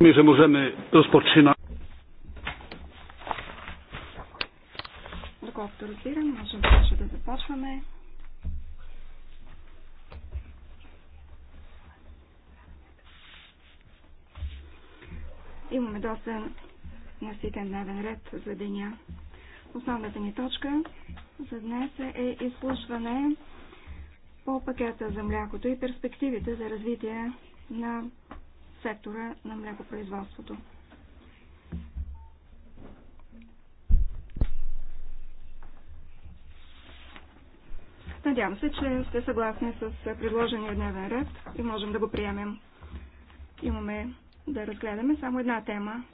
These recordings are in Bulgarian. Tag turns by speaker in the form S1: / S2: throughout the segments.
S1: Myślę, że możemy rozpoczynać.
S2: можем вече да започваме. Имаме доста наситен дневен ред за деня. Основната ни точка за днес е изслушване по пакета за млякото и перспективите за развитие на сектора на млекопроизводството. Надявам се, че сте съгласни с предложения дневен ред и можем да го приемем. Имаме да разгледаме само една тема.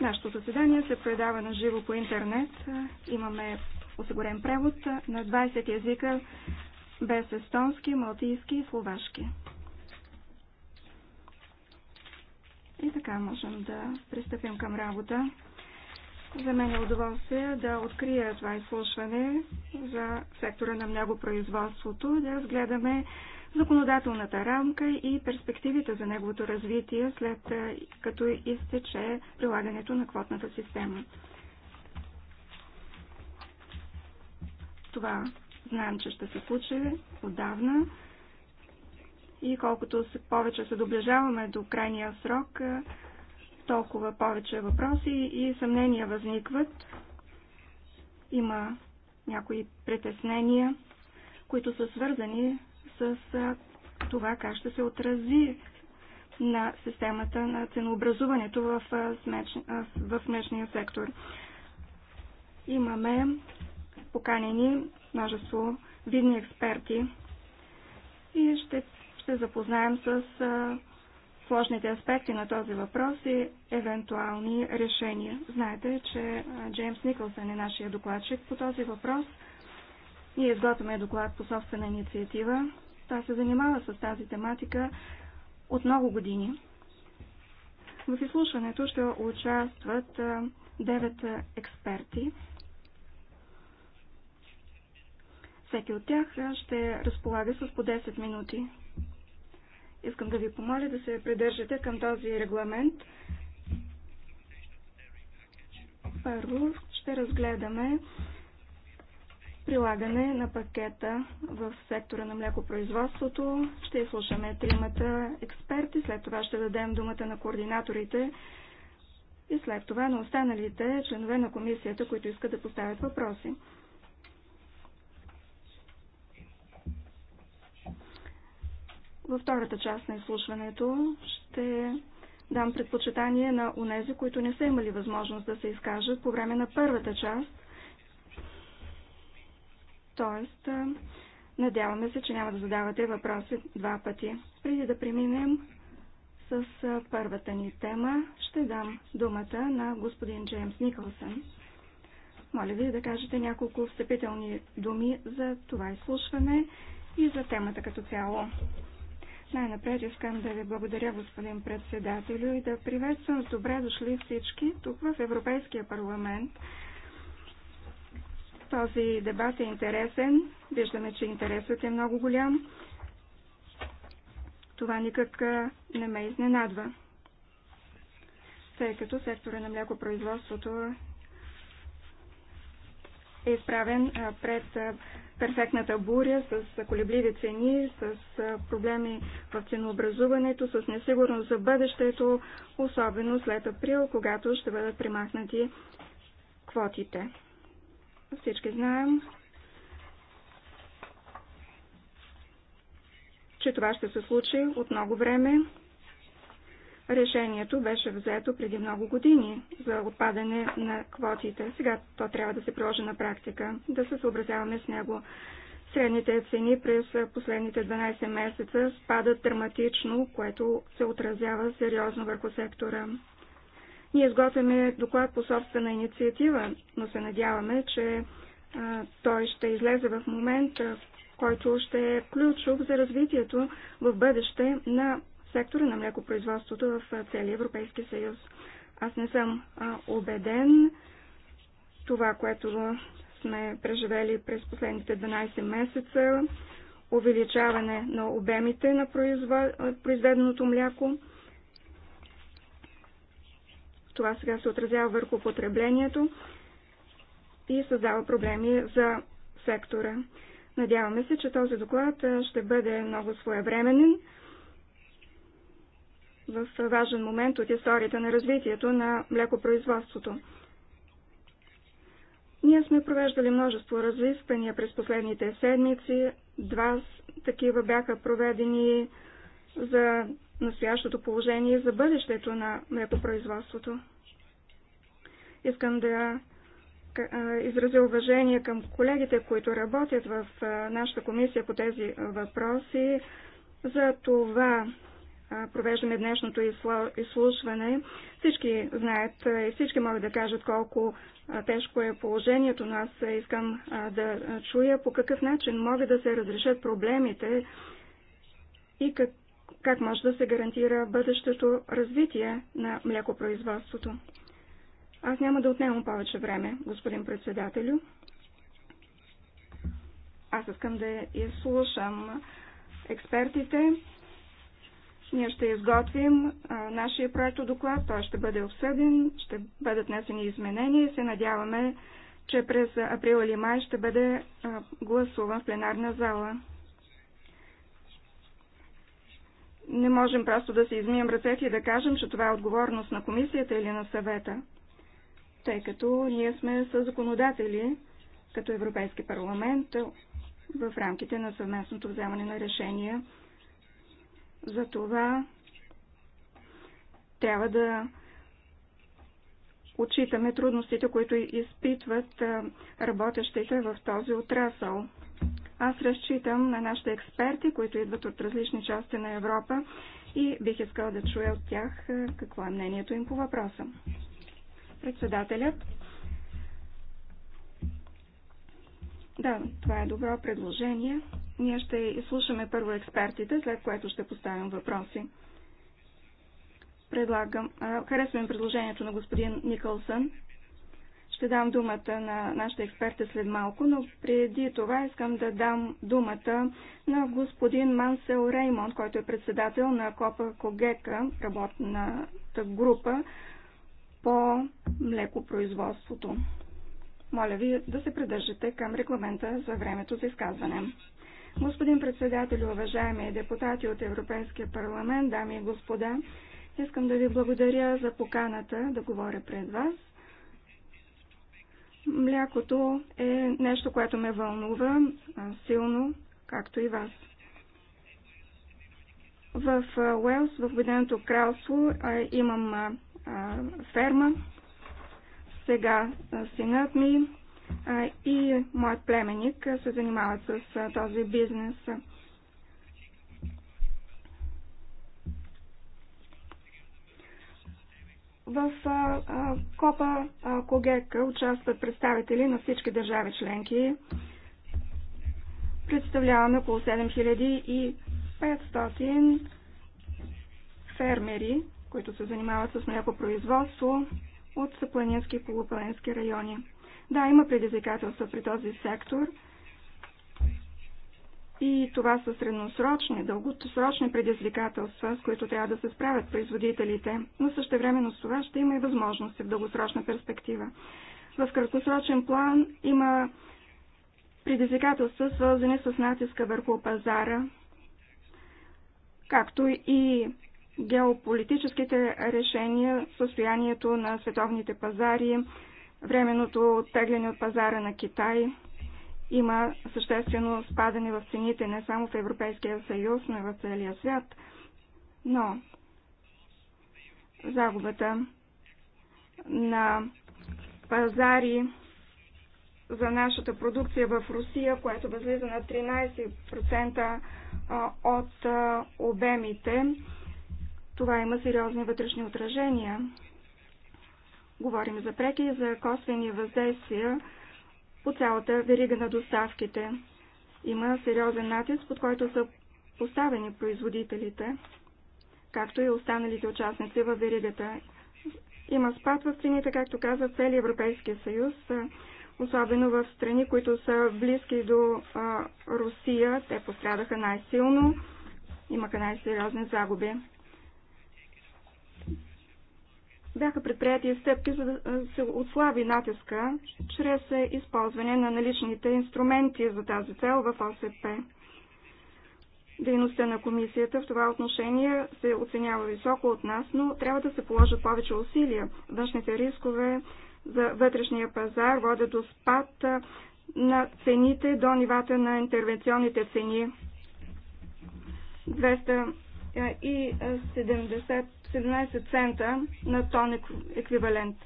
S2: Нашето заседание се предава на живо по интернет. Имаме осигурен превод на 20 езика без естонски, малтийски и словашки. И така можем да пристъпим към работа. За мен е удоволствие да открия това изслушване за сектора на млягопроизводството, да разгледаме законодателната рамка и перспективите за неговото развитие след като изтече прилагането на квотната система. Това Знаем, че ще се случи отдавна. И колкото се повече се доближаваме до крайния срок, е, толкова повече въпроси и съмнения възникват. Има някои притеснения, които са свързани с е, това как ще се отрази на системата на ценообразуването в, е, смеч... в млечния сектор. Имаме поканени множество видни експерти и ще, ще запознаем с сложните аспекти на този въпрос и евентуални решения. Знаете, че Джеймс Никълсън е нашия докладчик по този въпрос. Ние изготвяме доклад по собствена инициатива. Той се занимава с тази тематика от много години. В изслушването ще участват 9 експерти. Всеки от тях ще разполага с по 10 минути. Искам да ви помоля да се придържате към този регламент. Първо ще разгледаме прилагане на пакета в сектора на млекопроизводството. Ще изслушаме тримата експерти, след това ще дадем думата на координаторите и след това на останалите членове на комисията, които искат да поставят въпроси. Във втората част на изслушването ще дам предпочитание на унези, които не са имали възможност да се изкажат по време на първата част. Тоест, надяваме се, че няма да задавате въпроси два пъти. Преди да преминем с първата ни тема, ще дам думата на господин Джеймс Никълсън. Моля ви да кажете няколко встъпителни думи за това изслушване и за темата като цяло. Най-напред искам да ви благодаря, господин председателю, и да приветствам с добре дошли всички тук в Европейския парламент. Този дебат е интересен. Виждаме, че интересът е много голям. Това никак не ме изненадва, тъй като сектора на млекопроизводството е изправен пред перфектната буря, с колебливи цени, с проблеми в ценообразуването, с несигурност за бъдещето, особено след април, когато ще бъдат примахнати квотите. Всички знаем, че това ще се случи от много време. Решението беше взето преди много години за отпадане на квотите. Сега то трябва да се приложи на практика, да се съобразяваме с него. Средните цени през последните 12 месеца спадат драматично, което се отразява сериозно върху сектора. Ние изготвяме доклад по собствена инициатива, но се надяваме, че а, той ще излезе в момент, който ще е ключов за развитието в бъдеще на сектора на млекопроизводството в целия Европейски съюз. Аз не съм убеден това, което сме преживели през последните 12 месеца, увеличаване на обемите на произведеното мляко. Това сега се отразява върху потреблението и създава проблеми за сектора. Надяваме се, че този доклад ще бъде много своевременен в важен момент от историята на развитието на млекопроизводството. Ние сме провеждали множество разисквания през последните седмици. Два такива бяха проведени за настоящото положение и за бъдещето на млекопроизводството. Искам да изразя уважение към колегите, които работят в нашата комисия по тези въпроси, за това провеждаме днешното изслушване. Всички знаят и всички могат да кажат колко тежко е положението, но аз искам да чуя по какъв начин могат да се разрешат проблемите и как, как може да се гарантира бъдещето развитие на млекопроизводството. Аз няма да отнемам повече време, господин председателю. Аз искам да изслушам експертите, ние ще изготвим а, нашия проект доклад, той ще бъде обсъден, ще бъдат внесени изменения и се надяваме, че през април или май ще бъде а, гласуван в пленарна зала. Не можем просто да се измием ръцете и да кажем, че това е отговорност на комисията или на съвета, тъй като ние сме със законодатели, като Европейски парламент, в рамките на съвместното вземане на решения за това трябва да отчитаме трудностите, които изпитват работещите в този отрасъл. Аз разчитам на нашите експерти, които идват от различни части на Европа и бих искал да чуя от тях какво е мнението им по въпроса. Председателят Да, това е добро предложение. Ние ще изслушаме първо експертите, след което ще поставим въпроси. Предлагам, харесвам предложението на господин Никълсън. Ще дам думата на нашите експерти след малко, но преди това искам да дам думата на господин Мансел Реймон, който е председател на Копа Когека, работната група по млекопроизводството. Моля ви да се придържате към регламента за времето за изказване. Господин председател, уважаеми депутати от Европейския парламент, дами и господа, искам да ви благодаря за поканата да говоря пред вас. Млякото е нещо, което ме вълнува силно, както и вас. В Уелс, в Обединеното кралство, имам ферма, сега синът ми и моят племенник се занимават с този бизнес. В Копа Когека участват представители на всички държави членки. Представляваме около 7500 фермери, които се занимават с млекопроизводство. производство от планински и полупланински райони. Да, има предизвикателства при този сектор и това са средносрочни, дългосрочни предизвикателства, с които трябва да се справят производителите, но времено с това ще има и възможности в дългосрочна перспектива. В краткосрочен план има предизвикателства, свързани с натиска върху пазара, както и геополитическите решения, състоянието на световните пазари, временното оттегляне от пазара на Китай. Има съществено спадане в цените не само в Европейския съюз, но и в целия свят. Но загубата на пазари за нашата продукция в Русия, която възлиза на 13% от обемите, това има сериозни вътрешни отражения. Говорим за преки и за косвени въздействия по цялата верига на доставките. Има сериозен натиск, под който са поставени производителите, както и останалите участници във веригата. Има спад в цените, както каза цели Европейския съюз, особено в страни, които са близки до а, Русия. Те пострадаха най-силно, имаха най-сериозни загуби бяха предприятия стъпки, за да се отслаби натиска чрез използване на наличните инструменти за тази цел в ОСП. Дейността на комисията в това отношение се оценява високо от нас, но трябва да се положат повече усилия. Външните рискове за вътрешния пазар водят до спад на цените до нивата на интервенционните цени. 270 17 цента на тон еквивалент.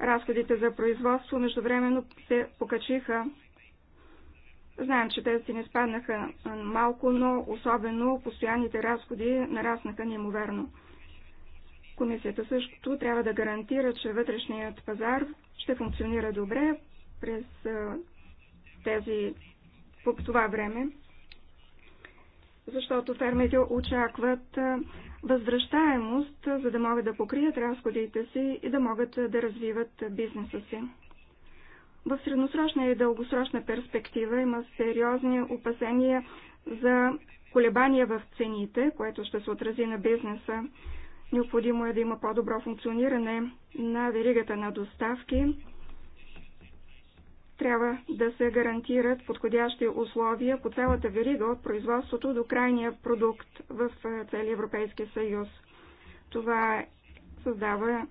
S2: Разходите за производство междувременно се покачиха. Знаем, че тези не спаднаха малко, но особено постоянните разходи нараснаха неимоверно. Комисията също трябва да гарантира, че вътрешният пазар ще функционира добре през тези, по това време, защото фермите очакват възвръщаемост, за да могат да покрият разходите си и да могат да развиват бизнеса си. В средносрочна и дългосрочна перспектива има сериозни опасения за колебания в цените, което ще се отрази на бизнеса. Необходимо е да има по-добро функциониране на веригата на доставки, трябва да се гарантират подходящи условия по цялата верига от производството до крайния продукт в целия Европейски съюз. Това създава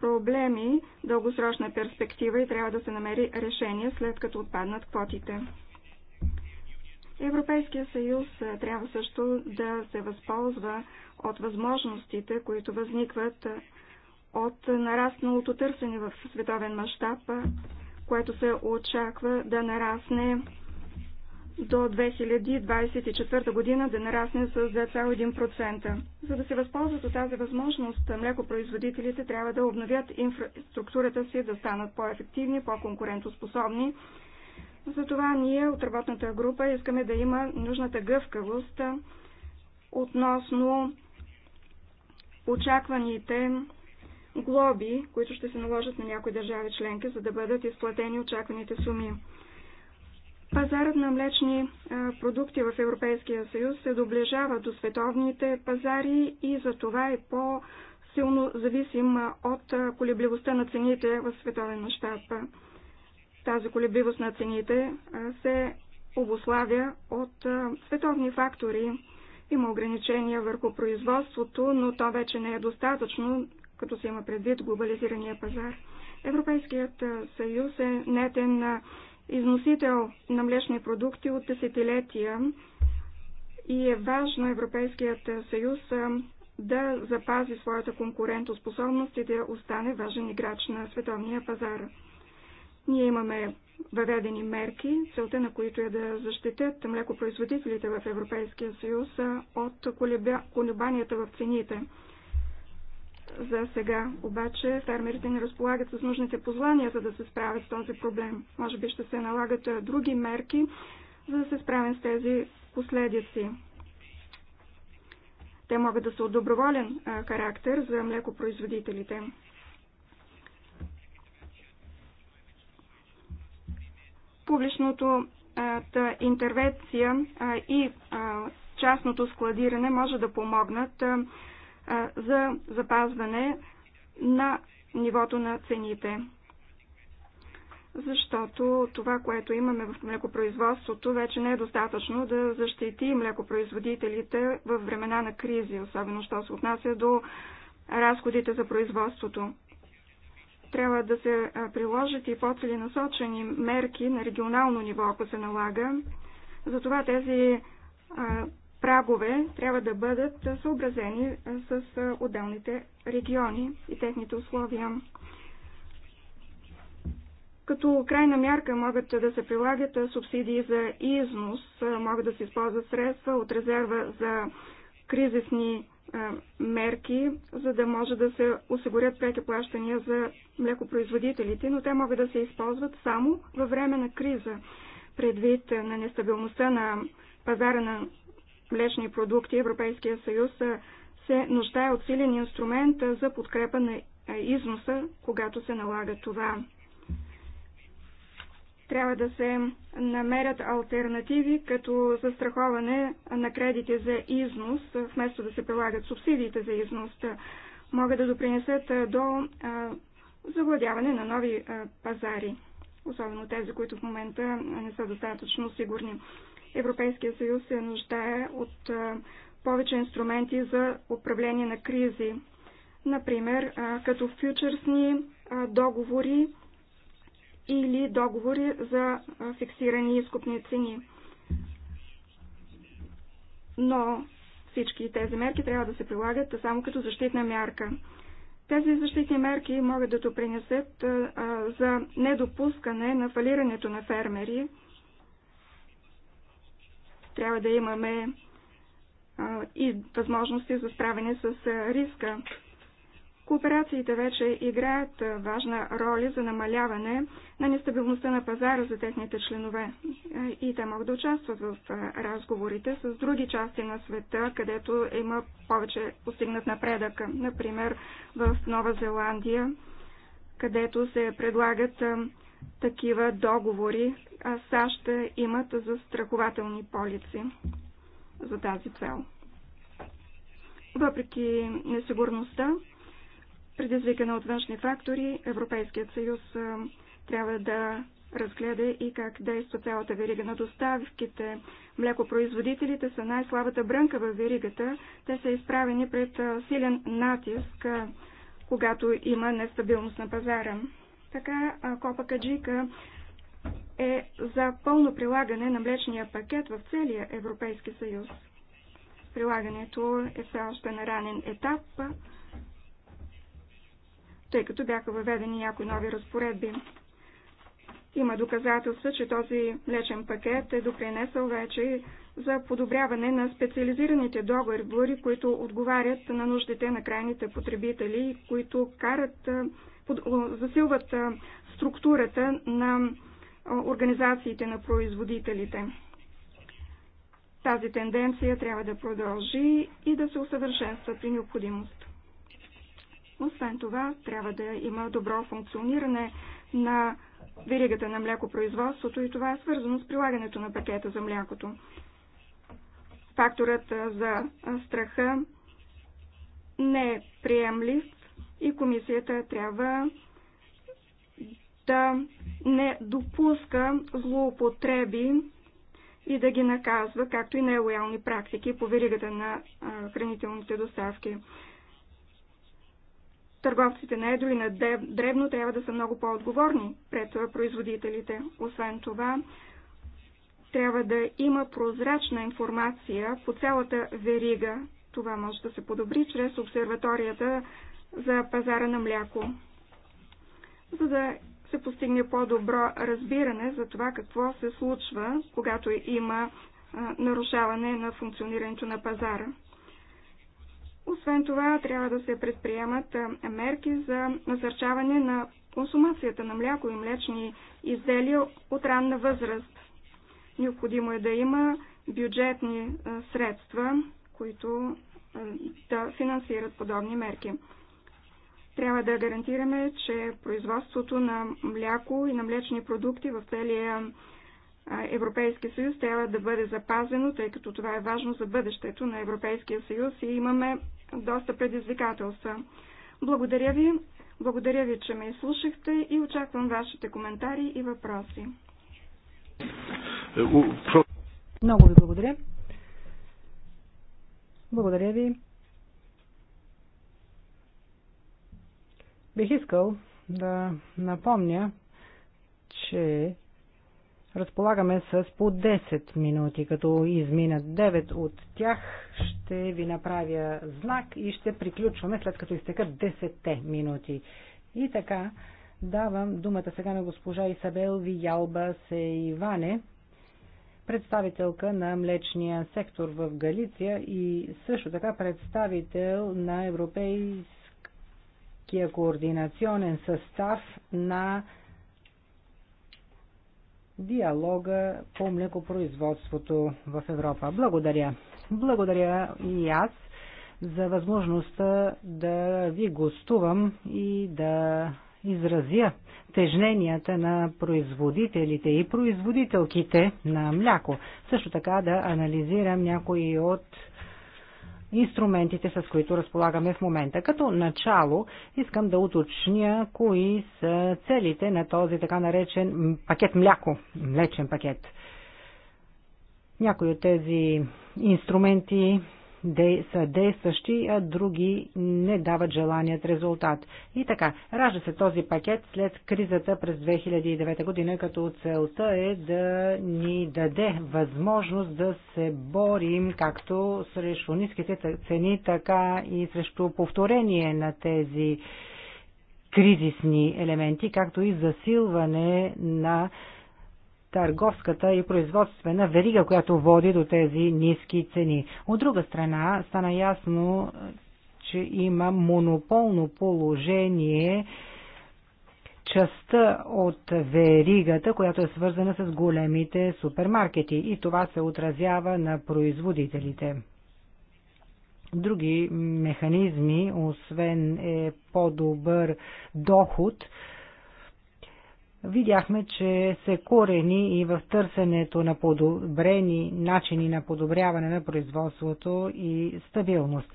S2: проблеми дългосрочна перспектива и трябва да се намери решение след като отпаднат квотите. Европейския съюз трябва също да се възползва от възможностите, които възникват от нарасналото търсене в световен мащаб което се очаква да нарасне до 2024 година да нарасне с 2,1%. За да се възползват от тази възможност, млекопроизводителите трябва да обновят инфраструктурата си, да станат по-ефективни, по-конкурентоспособни. Затова ние от работната група искаме да има нужната гъвкавост относно очакваните глоби, които ще се наложат на някои държави членки, за да бъдат изплатени очакваните суми. Пазарът на млечни продукти в Европейския съюз се доближава до световните пазари и за това е по-силно зависим от колебливостта на цените в световен мащаб. Тази колебливост на цените се обославя от световни фактори. Има ограничения върху производството, но то вече не е достатъчно като се има предвид глобализирания пазар. Европейският съюз е нетен износител на млечни продукти от десетилетия и е важно Европейският съюз да запази своята конкурентоспособност и да остане важен играч на световния пазар. Ние имаме въведени мерки, целта на които е да защитят млекопроизводителите в Европейския съюз от колебанията в цените. За сега обаче фермерите не разполагат с нужните позвания, за да се справят с този проблем. Може би ще се налагат други мерки, за да се справим с тези последици. Те могат да са от доброволен характер за млекопроизводителите. Публичното интервенция и частното складиране може да помогнат за запазване на нивото на цените. Защото това, което имаме в млекопроизводството, вече не е достатъчно да защити млекопроизводителите в времена на кризи, особено що се отнася до разходите за производството. Трябва да се приложат и по-целенасочени мерки на регионално ниво, ако се налага. Затова тези прагове трябва да бъдат съобразени с отделните региони и техните условия. Като крайна мярка могат да се прилагат субсидии за износ, могат да се използват средства от резерва за кризисни мерки, за да може да се осигурят преки плащания за млекопроизводителите, но те могат да се използват само във време на криза, предвид на нестабилността на пазара на млечни продукти Европейския съюз се нуждае от силен инструмент за подкрепа на износа, когато се налага това. Трябва да се намерят альтернативи, като застраховане на кредите за износ, вместо да се прилагат субсидиите за износ, могат да допринесат до завладяване на нови пазари, особено тези, които в момента не са достатъчно сигурни. Европейския съюз се нуждае от повече инструменти за управление на кризи. Например, като фьючерсни договори или договори за фиксирани изкупни цени. Но всички тези мерки трябва да се прилагат само като защитна мярка. Тези защитни мерки могат да допринесат за недопускане на фалирането на фермери, трябва да имаме и възможности за справяне с риска. Кооперациите вече играят важна роля за намаляване на нестабилността на пазара за техните членове и те могат да участват в разговорите с други части на света, където има повече постигнат напредък. Например, в Нова Зеландия, където се предлагат такива договори, а САЩ имат за страхователни полици за тази цел. Въпреки несигурността, предизвикана от външни фактори, Европейският съюз трябва да разгледа и как действа цялата верига на доставките. Млекопроизводителите са най-слабата брънка в веригата. Те са изправени пред силен натиск, когато има нестабилност на пазара. Така Копа Каджика е за пълно прилагане на млечния пакет в целия Европейски съюз. Прилагането е все още на ранен етап, тъй като бяха въведени някои нови разпоредби. Има доказателства, че този млечен пакет е допринесъл вече за подобряване на специализираните договори, които отговарят на нуждите на крайните потребители, които карат засилват структурата на организациите на производителите. Тази тенденция трябва да продължи и да се усъвършенства при необходимост. Освен това, трябва да има добро функциониране на веригата на млекопроизводството и това е свързано с прилагането на пакета за млякото. Факторът за страха не е приемлив и комисията трябва да не допуска злоупотреби и да ги наказва, както и нелоялни практики по веригата на хранителните доставки. Търговците на едро и на дребно трябва да са много по-отговорни пред производителите. Освен това, трябва да има прозрачна информация по цялата верига. Това може да се подобри чрез обсерваторията за пазара на мляко, за да се постигне по-добро разбиране за това какво се случва, когато има нарушаване на функционирането на пазара. Освен това, трябва да се предприемат мерки за насърчаване на консумацията на мляко и млечни изделия от ранна възраст. Необходимо е да има бюджетни средства, които да финансират подобни мерки. Трябва да гарантираме, че производството на мляко и на млечни продукти в целия Европейски съюз трябва да бъде запазено, тъй като това е важно за бъдещето на Европейския съюз и имаме доста предизвикателства. Благодаря ви. Благодаря ви, че ме изслушахте и очаквам вашите коментари и въпроси.
S1: Е,
S3: Много ви благодаря. Благодаря ви. Бих искал да напомня, че разполагаме с по 10 минути. Като изминат 9 от тях, ще ви направя знак и ще приключваме след като изтекат 10 те минути. И така, давам думата сега на госпожа Исабел Виялба Сейване, представителка на млечния сектор в Галиция и също така представител на Европейския Европейския координационен състав на диалога по млекопроизводството в Европа. Благодаря. Благодаря и аз за възможността да ви гостувам и да изразя тежненията на производителите и производителките на мляко. Също така да анализирам някои от инструментите, с които разполагаме в момента. Като начало искам да уточня кои са целите на този така наречен пакет мляко, млечен пакет. Някои от тези инструменти са действащи, а други не дават желаният резултат. И така, ражда се този пакет след кризата през 2009 година, като целта е да ни даде възможност да се борим както срещу ниските цени, така и срещу повторение на тези кризисни елементи, както и засилване на търговската и производствена верига, която води до тези ниски цени. От друга страна, стана ясно, че има монополно положение частта от веригата, която е свързана с големите супермаркети и това се отразява на производителите. Други механизми, освен е по-добър доход, видяхме, че се корени и в търсенето на подобрени начини на подобряване на производството и стабилност.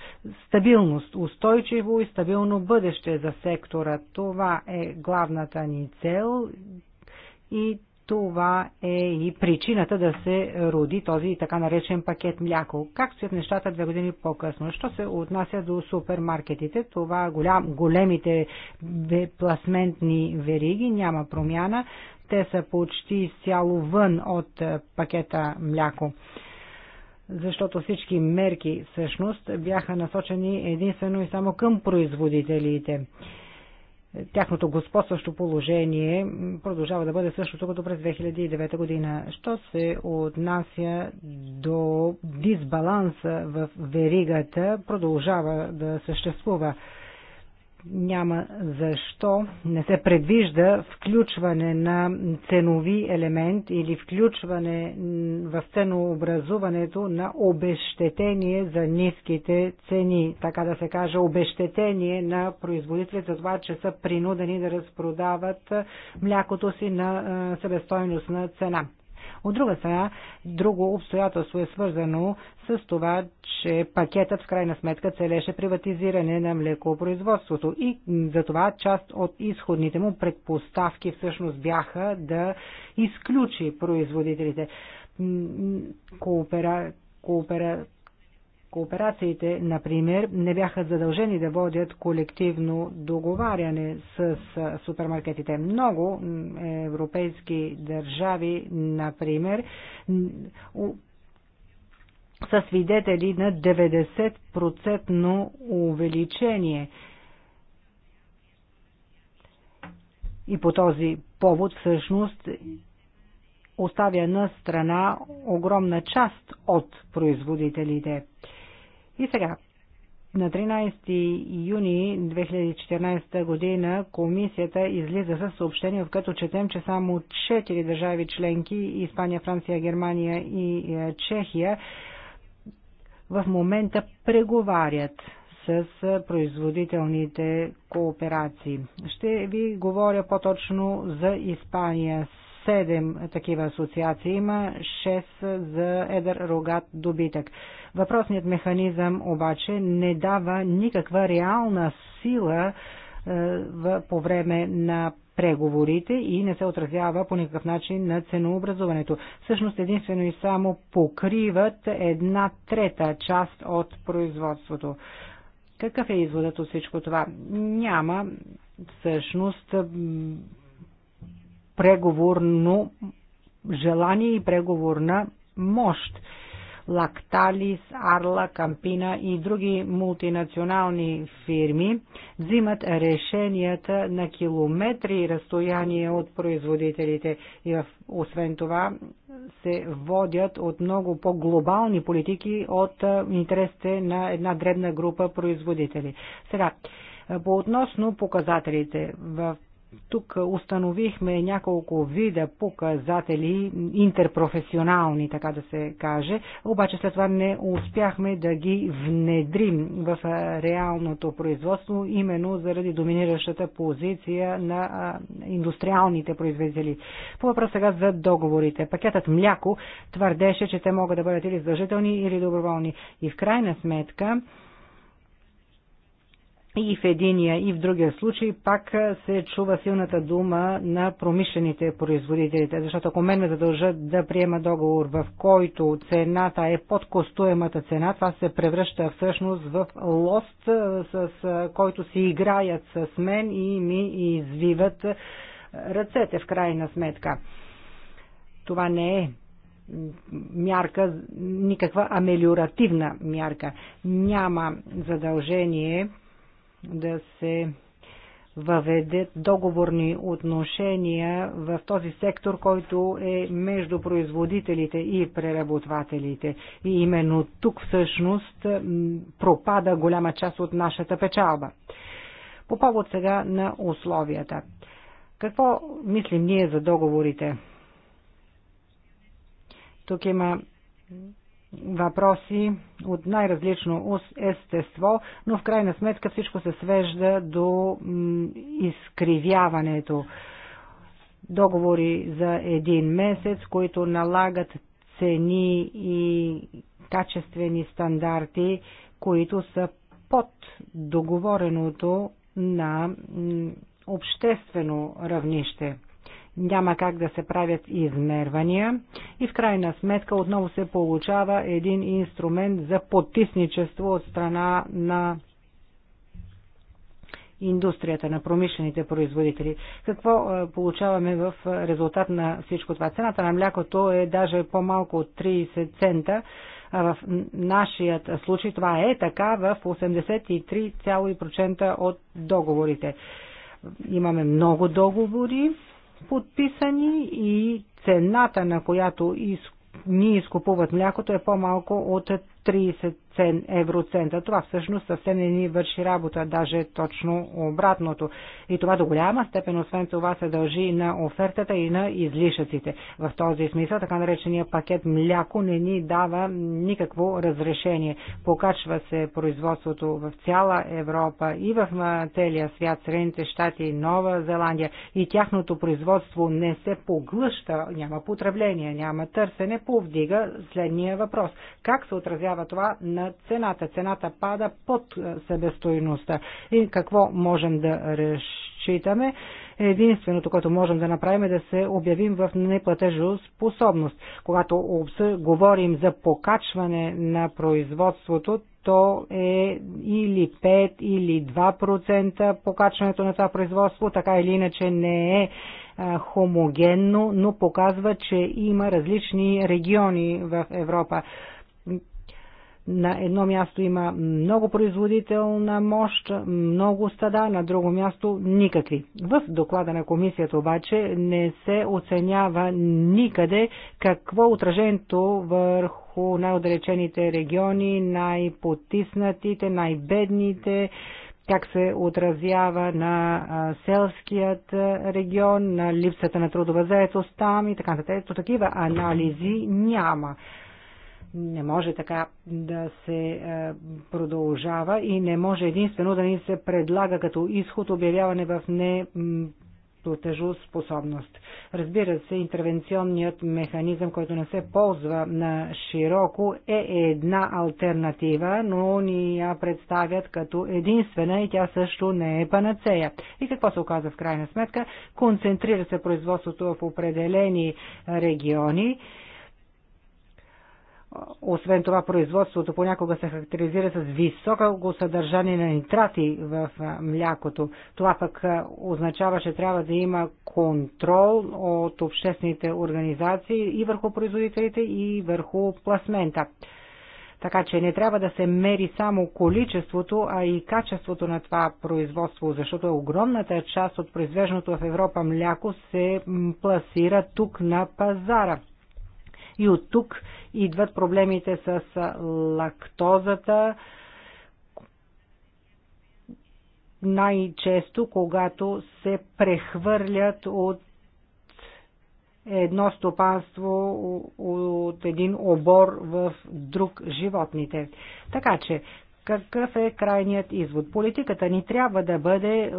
S3: Стабилност, устойчиво и стабилно бъдеще за сектора. Това е главната ни цел и това е и причината да се роди този така наречен пакет мляко. Как стоят нещата две години по-късно? Що се отнася до супермаркетите? Това голям, големите пласментни вериги няма промяна. Те са почти изцяло вън от е, пакета мляко защото всички мерки всъщност бяха насочени единствено и само към производителите тяхното господстващо положение продължава да бъде същото като през 2009 година. Що се отнася до дисбаланса в веригата, продължава да съществува няма защо не се предвижда включване на ценови елемент или включване в ценообразуването на обещетение за ниските цени, така да се каже обещетение на производителите за това, че са принудени да разпродават млякото си на себестойностна цена. От друга страна, друго обстоятелство е свързано с това, че пакетът в крайна сметка целеше приватизиране на млекопроизводството и за това част от изходните му предпоставки всъщност бяха да изключи производителите. Коопера... Коопера Кооперациите, например, не бяха задължени да водят колективно договаряне с супермаркетите. Много европейски държави, например, са свидетели на 90% увеличение. И по този повод всъщност оставя на страна огромна част от производителите. И сега, на 13 юни 2014 година комисията излиза със съобщение, в като четем, че само 4 държави членки Испания, Франция, Германия и е, Чехия в момента преговарят с е, производителните кооперации. Ще ви говоря по-точно за Испания седем такива асоциации има, 6 за едър рогат добитък. Въпросният механизъм обаче не дава никаква реална сила е, по време на преговорите и не се отразява по никакъв начин на ценообразуването. Всъщност единствено и само покриват една трета част от производството. Какъв е изводът от всичко това? Няма всъщност преговорно желание и преговорна мощ. Лакталис, Арла, Кампина и други мултинационални фирми взимат решенията на километри разстояние от производителите и освен това се водят от много по-глобални политики от интересите на една дребна група производители. Сега, по относно показателите, в тук установихме няколко вида показатели, интерпрофесионални, така да се каже, обаче след това не успяхме да ги внедрим в реалното производство, именно заради доминиращата позиция на индустриалните производители. По въпрос сега за договорите. Пакетът мляко твърдеше, че те могат да бъдат или задължителни, или доброволни. И в крайна сметка, и в единия и в другия случай пак се чува силната дума на промишлените производителите. Защото ако мен ме задължат да приема договор, в който цената е под костуемата цена, това се превръща всъщност в лост, с който си играят с мен и ми извиват ръцете в крайна сметка. Това не е мярка, никаква амелиоративна мярка. Няма задължение да се въведат договорни отношения в този сектор, който е между производителите и преработвателите. И именно тук всъщност пропада голяма част от нашата печалба. По повод сега на условията. Какво мислим ние за договорите? Тук има въпроси от най-различно естество, но в крайна сметка всичко се свежда до изкривяването. Договори за един месец, които налагат цени и качествени стандарти, които са под договореното на обществено равнище няма как да се правят измервания и в крайна сметка отново се получава един инструмент за потисничество от страна на индустрията, на промишлените производители. Какво е, получаваме в резултат на всичко това? Цената на млякото е даже по-малко от 30 цента. А в нашият случай това е така в 83,% от договорите. Имаме много договори подписани и цената, на която из... изкупуват млякото е по-малко от 30 цен, евроцента. Това всъщност съвсем не ни върши работа, даже точно обратното. И това до голяма степен, освен това, се дължи и на офертата и на излишъците. В този смисъл, така наречения пакет мляко не ни дава никакво разрешение. Покачва се производството в цяла Европа и в целия свят, Средните щати, Нова Зеландия и тяхното производство не се поглъща, няма потребление, няма търсене, повдига следния въпрос. Как се отразява отразява това на цената. Цената пада под е, себестойността. И какво можем да разчитаме? Единственото, което можем да направим е да се обявим в неплатежоспособност. Когато обсъ... говорим за покачване на производството, то е или 5 или 2% покачването на това производство, така или иначе не е хомогенно, но показва, че има различни региони в Европа на едно място има много производителна мощ, много стада, на друго място никакви. В доклада на комисията обаче не се оценява никъде какво е отражението върху най-отдалечените региони, най-потиснатите, най-бедните, как се отразява на селският регион, на липсата на трудова заедост там и така нататък. Такива анализи няма. Не може така да се е, продължава и не може единствено да ни се предлага като изход обявяване в не способност. Разбира се, интервенционният механизъм, който не се ползва на широко, е една альтернатива, но ни я представят като единствена и тя също не е панацея. И какво се оказа в крайна сметка? Концентрира се производството в определени региони освен това, производството понякога се характеризира с високо съдържание на нитрати в млякото. Това пък означава, че трябва да има контрол от обществените организации и върху производителите, и върху пласмента. Така че не трябва да се мери само количеството, а и качеството на това производство, защото огромната част от произвежното в Европа мляко се пласира тук на пазара. И от тук идват проблемите с лактозата, най-често, когато се прехвърлят от едно стопанство от един обор в друг животните. Така че, какъв е крайният извод? Политиката ни трябва да бъде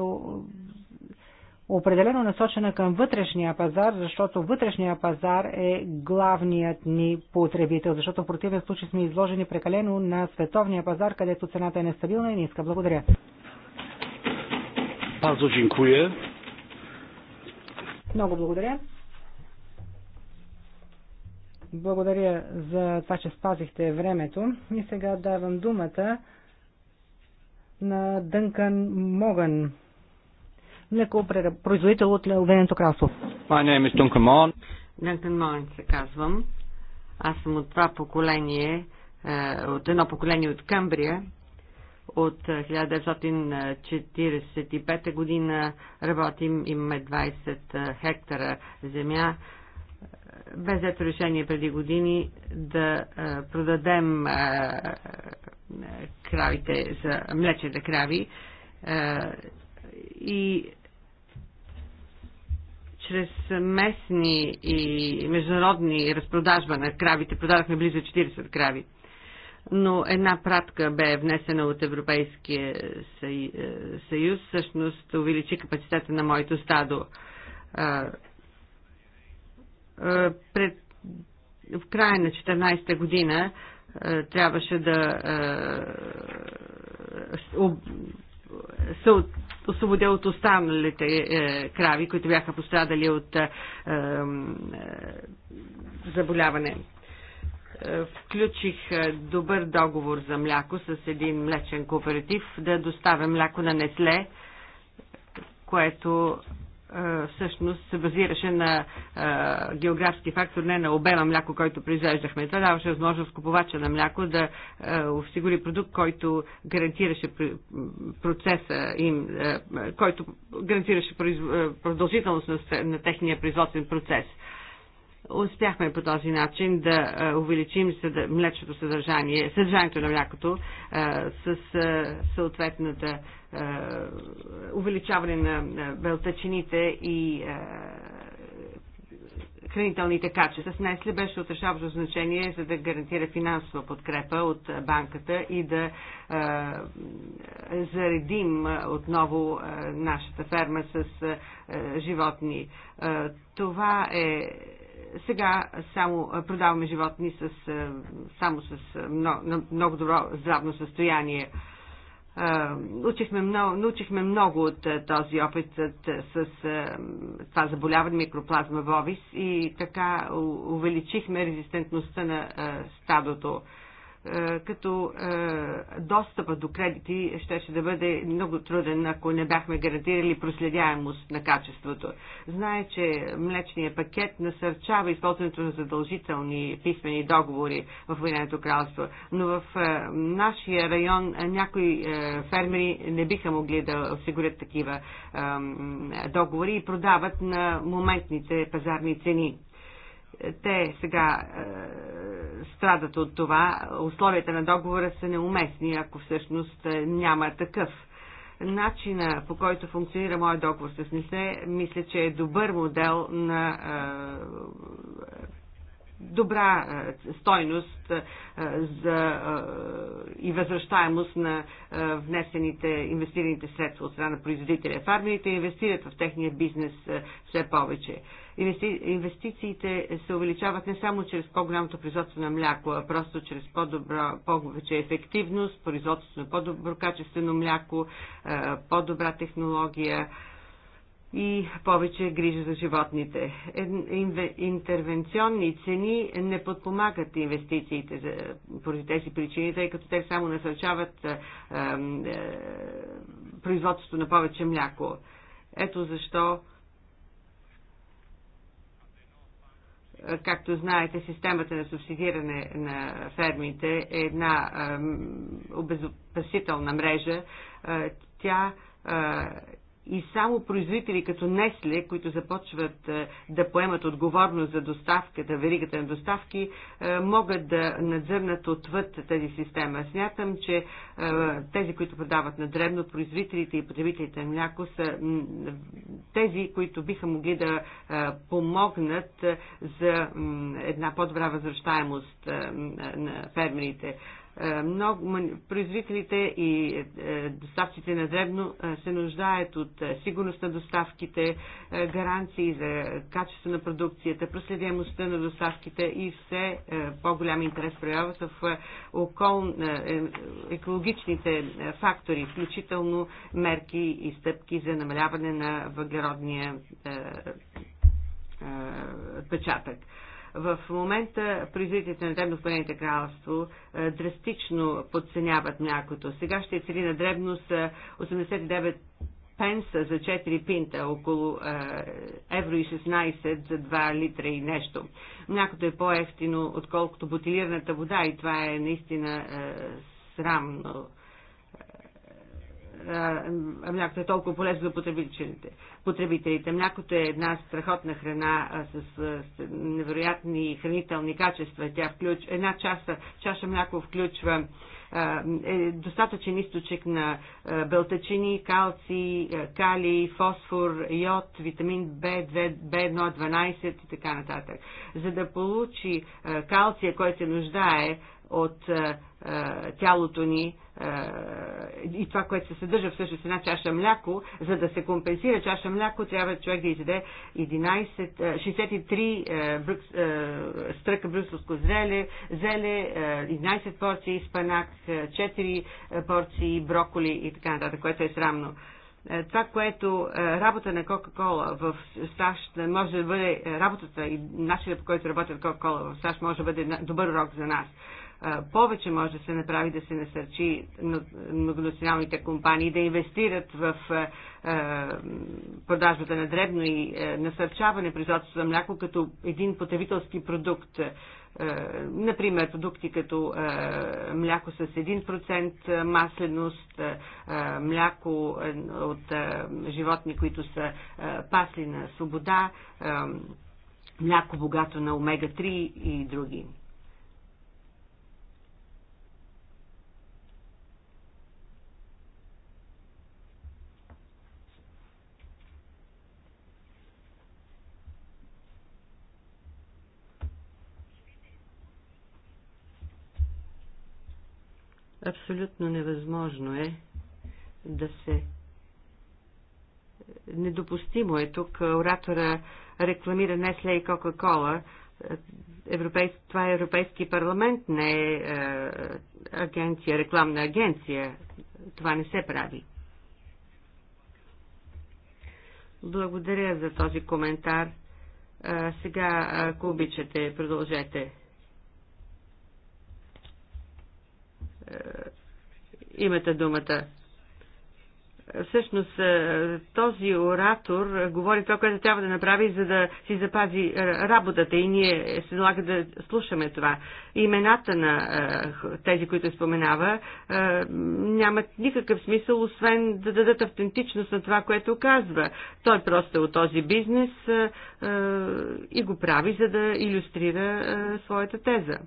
S3: определено насочена към вътрешния пазар, защото вътрешния пазар е главният ни потребител, защото в противен случай сме изложени прекалено на световния пазар, където цената е нестабилна и ниска. Благодаря.
S1: Пазо, dziękuję.
S3: Много благодаря. Благодаря за това, че спазихте времето. И сега давам думата на Дънкан Моган
S4: млекопроизводител от Обединеното кралство. My name is Duncan Morn. Duncan Morn се казвам. Аз съм от това поколение, от едно поколение от Камбрия, от 1945 е, година работим, имаме 20 е, хектара земя. Без ето решение преди години да е, продадем кравите за млечете крави и чрез местни и международни разпродажба на кравите. продавахме близо 40 крави. Но една пратка бе внесена от Европейския е, съюз, всъщност увеличи капацитета на моето стадо. Е, е, пред, в края на 14-та година трябваше да се освободя от останалите е, крави, които бяха пострадали от е, е, заболяване. Е, включих е, добър договор за мляко с един млечен кооператив да доставя мляко на Несле, което всъщност се базираше на а, географски фактор, не на обема мляко, който произвеждахме. Това даваше възможност купувача на мляко да осигури продукт, който гарантираше процеса им, а, който гарантираше продължителност на, на техния производствен процес. А, Успяхме по този начин да е, увеличим млечното съдържание, съдържанието на млякото е, с е, съответната увеличаване на белтачините и хранителните качества. С Несле беше от решаващо значение, за да гарантира финансова подкрепа от банката и да е, заредим отново е, нашата ферма с е, животни. Е, това е сега само продаваме животни с, само с много, много добро здравно състояние. Научихме много, научихме много от този опит с това заболяване микроплазма Овис и така увеличихме резистентността на стадото е, като е, достъпа до кредити ще, ще да бъде много труден, ако не бяхме гарантирали проследяемост на качеството. Знае, че млечният пакет насърчава използването на задължителни писмени договори в Военното кралство, но в е, нашия район някои фермери не биха могли да осигурят такива договори и продават на моментните пазарни цени те сега е, страдат от това. Условията на договора са неуместни, ако всъщност е, няма такъв. Начина по който функционира моят договор с НСЕ, мисля, че е добър модел на е, добра стойност за и възвръщаемост на внесените, инвестираните средства от страна на производителя. Фармерите инвестират в техния бизнес все повече. Инвестициите се увеличават не само чрез по-голямото производство на мляко, а просто чрез по-добра, повече ефективност, производство на по-добро качествено мляко, по-добра технология и повече грижа за животните. Интервенционни цени не подпомагат инвестициите за, поради тези причини, тъй като те само насърчават е, е, производството на повече мляко. Ето защо, както знаете, системата на субсидиране на фермите е една е, обезопасителна мрежа. Тя и само производители като Несле, които започват е, да поемат отговорност за доставката, веригата на доставки, е, могат да надзърнат отвъд тази система. Смятам, че е, тези, които продават на древно, производителите и потребителите на мляко са тези, които биха могли да помогнат за една по-добра възвръщаемост на фермерите. Е, много производителите и е, доставците на дребно е, се нуждаят от сигурност на доставките, гаранции за качество на продукцията, проследимостта на доставките и все по-голям интерес проявяват в окол, екологичните фактори, включително мерки и стъпки за намаляване на въглеродния печатък. В момента производителите на дребно в Парените кралство е, драстично подценяват млякото. Сега ще е цели на дребно с 89 пенса за 4 пинта, около е, евро и 16 за 2 литра и нещо. Млякото е по-ефтино, отколкото бутилираната вода и това е наистина срамно млякото е толкова полезно за потребителите. потребителите. Млякото е една страхотна храна с, невероятни хранителни качества. Тя включ... Една чаша, чаша мляко включва е достатъчен източник на белтачини, калци, кали, фосфор, йод, витамин B2, B1, 12 и така нататък. За да получи калция, който се нуждае от тялото ни, е, и това, което се съдържа всъщност една чаша мляко, за да се компенсира чаша мляко, трябва човек да изяде 63 е, е, стръка брюсовско зеле, зеле, 11 порции спанак, 4 порции броколи и така нататък, което е срамно това, което работа на Кока-Кола в САЩ може да бъде, работата и начинът по който работят Кока-Кола в САЩ може да бъде добър урок за нас повече може да се направи да се насърчи многонационалните компании да инвестират в продажбата на дребно и насърчаване производството на мляко като един потребителски продукт. Например, продукти като мляко с 1% масленост, мляко от животни, които са пасли на свобода, мляко богато на омега-3 и други. Абсолютно невъзможно е да се... Недопустимо е тук оратора рекламира Несле и Кока-Кола. Европейс... Това е Европейски парламент, не е, е агенция, рекламна агенция. Това не се прави. Благодаря за този коментар. А, сега, ако обичате, продължете. Е, имате думата. Всъщност е, този оратор говори това, което трябва да направи, за да си запази работата и ние се налага да слушаме това. Имената на е, тези, които споменава, нямат никакъв смисъл, освен да дадат автентичност на това, което казва. Той просто е от този бизнес и го прави, за да иллюстрира своята теза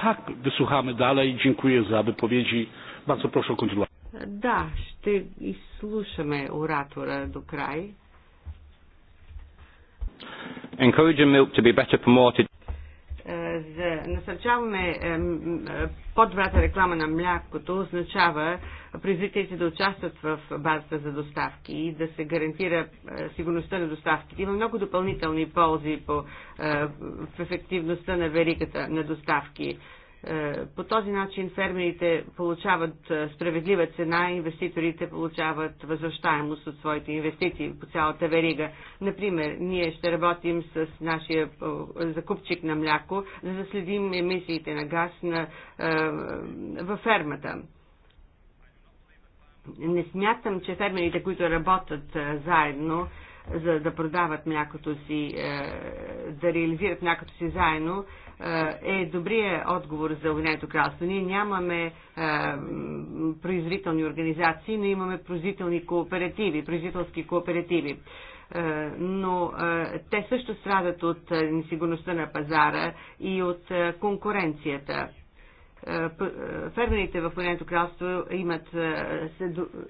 S1: tak, wysłuchamy dalej. Dziękuję za wypowiedzi. Bardzo proszę o kontynuację.
S4: Da, ty i słyszymy оратора do kraju.
S1: Encouraging milk to be
S4: better promoted за насърчаваме е, е, по-добрата реклама на млякото означава производителите да участват в базата за доставки и да се гарантира е, сигурността на доставките. Има много допълнителни ползи по, в ефективността на веригата на доставки. Е, по този начин фермерите получават е, справедлива цена, инвеститорите получават възвръщаемост от своите инвестиции по цялата верига. Например, ние ще работим с нашия е, закупчик на мляко, за да следим емисиите на газ на, във фермата. Не смятам, че фермерите, които работят заедно, за да продават млякото си, да реализират млякото си заедно, е добрия отговор за Обединеното кралство. Ние нямаме е, производителни организации, но имаме производителни кооперативи, производителски кооперативи е, но е, те също страдат от несигурността на пазара и от конкуренцията. Фермерите в Обединеното кралство имат,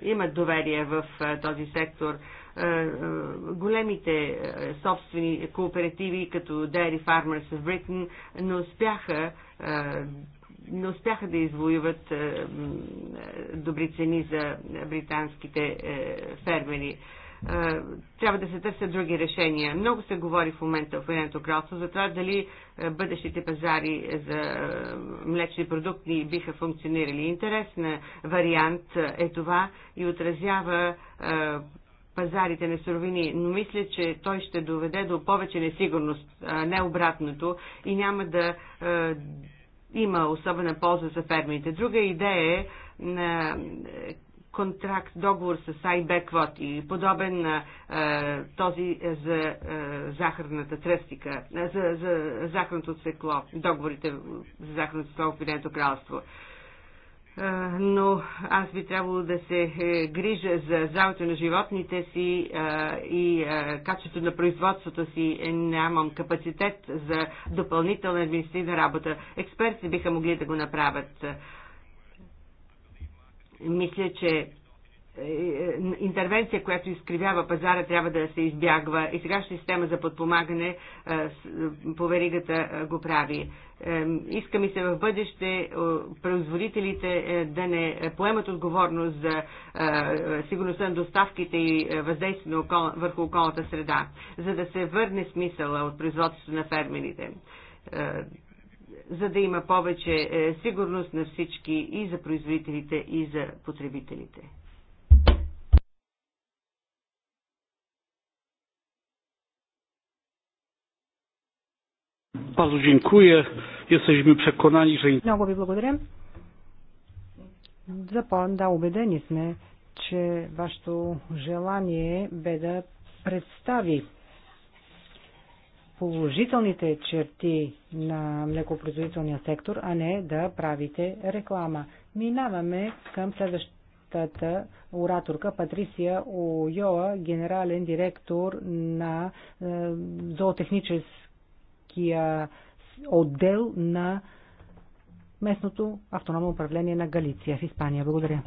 S4: имат доверие в този сектор е, е, големите е, собствени кооперативи, като Dairy Farmers of Britain, не успяха не успяха да извоюват добри цени за британските фермери. Трябва да се търсят други решения. Много се говори в момента в Уединеното кралство за това дали бъдещите пазари за млечни продукти биха функционирали. Интересен вариант е това и отразява пазарите на суровини, но мисля, че той ще доведе до повече несигурност, а не обратното и няма да а, има особена полза за фермите. Друга идея е на контракт, договор с Айбе квоти, подобен на а, този за а, захарната тръстика, за, за захарното цекло, договорите за захарното цекло в Обединеното кралство. А, но аз би трябвало да се е, грижа за здравето на животните си и качеството на производството си. Нямам капацитет за допълнителна административна работа. Експерти биха могли да го направят. Мисля, че е, е, интервенция, която изкривява пазара, трябва да се избягва. И сегашната система за подпомагане по веригата го прави. Иска ми се в бъдеще е, производителите е, да не поемат отговорност за е, сигурността на доставките и въздействие върху околната среда, за да се върне смисъла от производството на фермерите за да има повече сигурност на всички и за производителите, и за потребителите.
S1: Bardzo dziękuję. Jesteśmy przekonani, że... Много ви благодаря.
S3: За да, убедени сме, че вашето желание бе да представи положителните черти на млекопроизводителния сектор, а не да правите реклама. Минаваме към следващата ораторка Патрисия Ойоа, генерален директор на е, зоотехническия отдел на местното автономно управление на Галиция в Испания. Благодаря.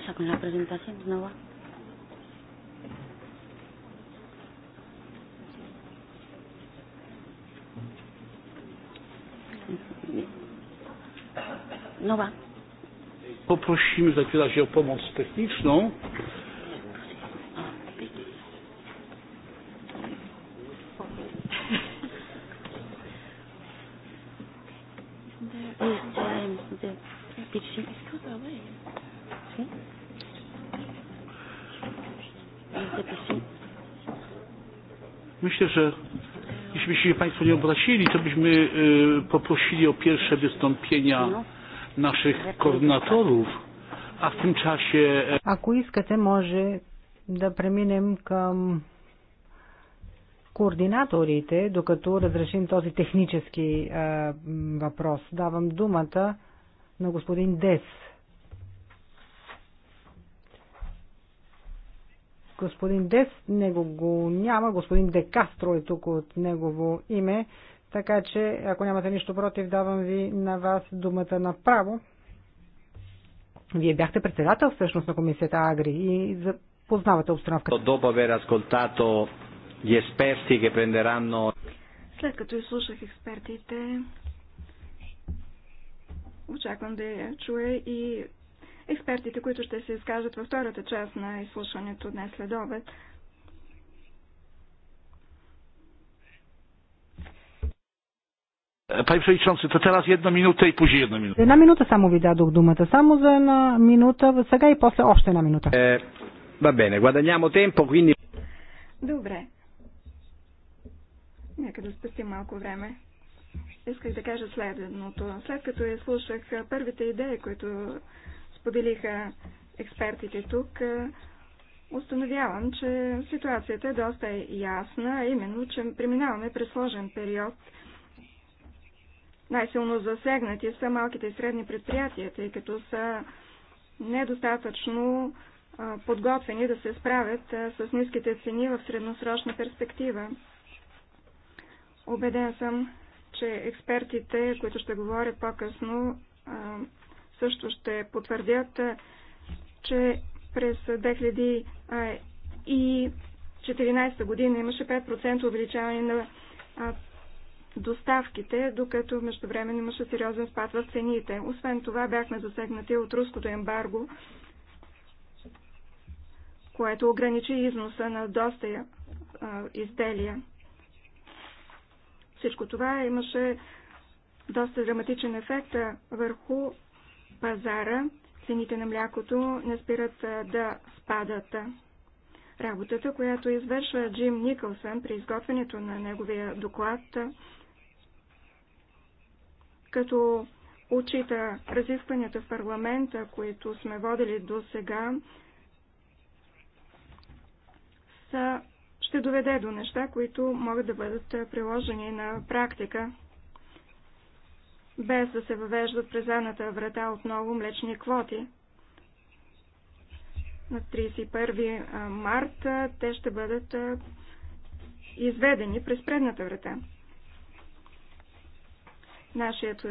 S5: pasa con la presentación? ¿No va?
S1: No va. Poprosimy w takim razie o pomoc techniczną. się Państwo nie obrazili, to byśmy e, poprosili o pierwsze wystąpienia naszych koordynatorów, a w tym czasie... E,
S3: Ако искате, może да преминем към координаторите, докато разрешим този технически е, въпрос. Давам думата на господин Дес. господин Дес, него го няма, господин Декастро е тук от негово име, така че ако нямате нищо против, давам ви на вас думата направо. Вие бяхте председател всъщност на комисията Агри и познавате обстановката.
S2: след като изслушах експертите, очаквам да я чуя и експертите, които ще се изкажат във втората част на изслушването днес след обед.
S3: Една минута само ви дадох думата. Само за една минута, сега и после още една минута. Е,
S1: va bene, guadagniamo
S2: Добре. Нека да спестим малко време. Исках да кажа следното. След като изслушах първите идеи, които споделиха експертите тук, е, установявам, че ситуацията е доста ясна, именно, че преминаваме през сложен период. Най-силно засегнати са малките и средни предприятия, тъй като са недостатъчно подготвени да се справят с ниските цени в средносрочна перспектива. Обеден съм, че експертите, които ще говорят по-късно, също ще потвърдят, че през 2014 година имаше 5% увеличаване на доставките, докато междувременно имаше сериозен спад в цените. Освен това бяхме засегнати от руското ембарго, което ограничи износа на доста изделия. Всичко това имаше доста драматичен ефект върху пазара, цените на млякото не спират да спадат. Работата, която извършва Джим Никълсън при изготвянето на неговия доклад, като отчита разискванията в парламента, които сме водили до сега, ще доведе до неща, които могат да бъдат приложени на практика без да се въвеждат през едната врата отново млечни квоти. На 31 март те ще бъдат изведени през предната врата. Нашият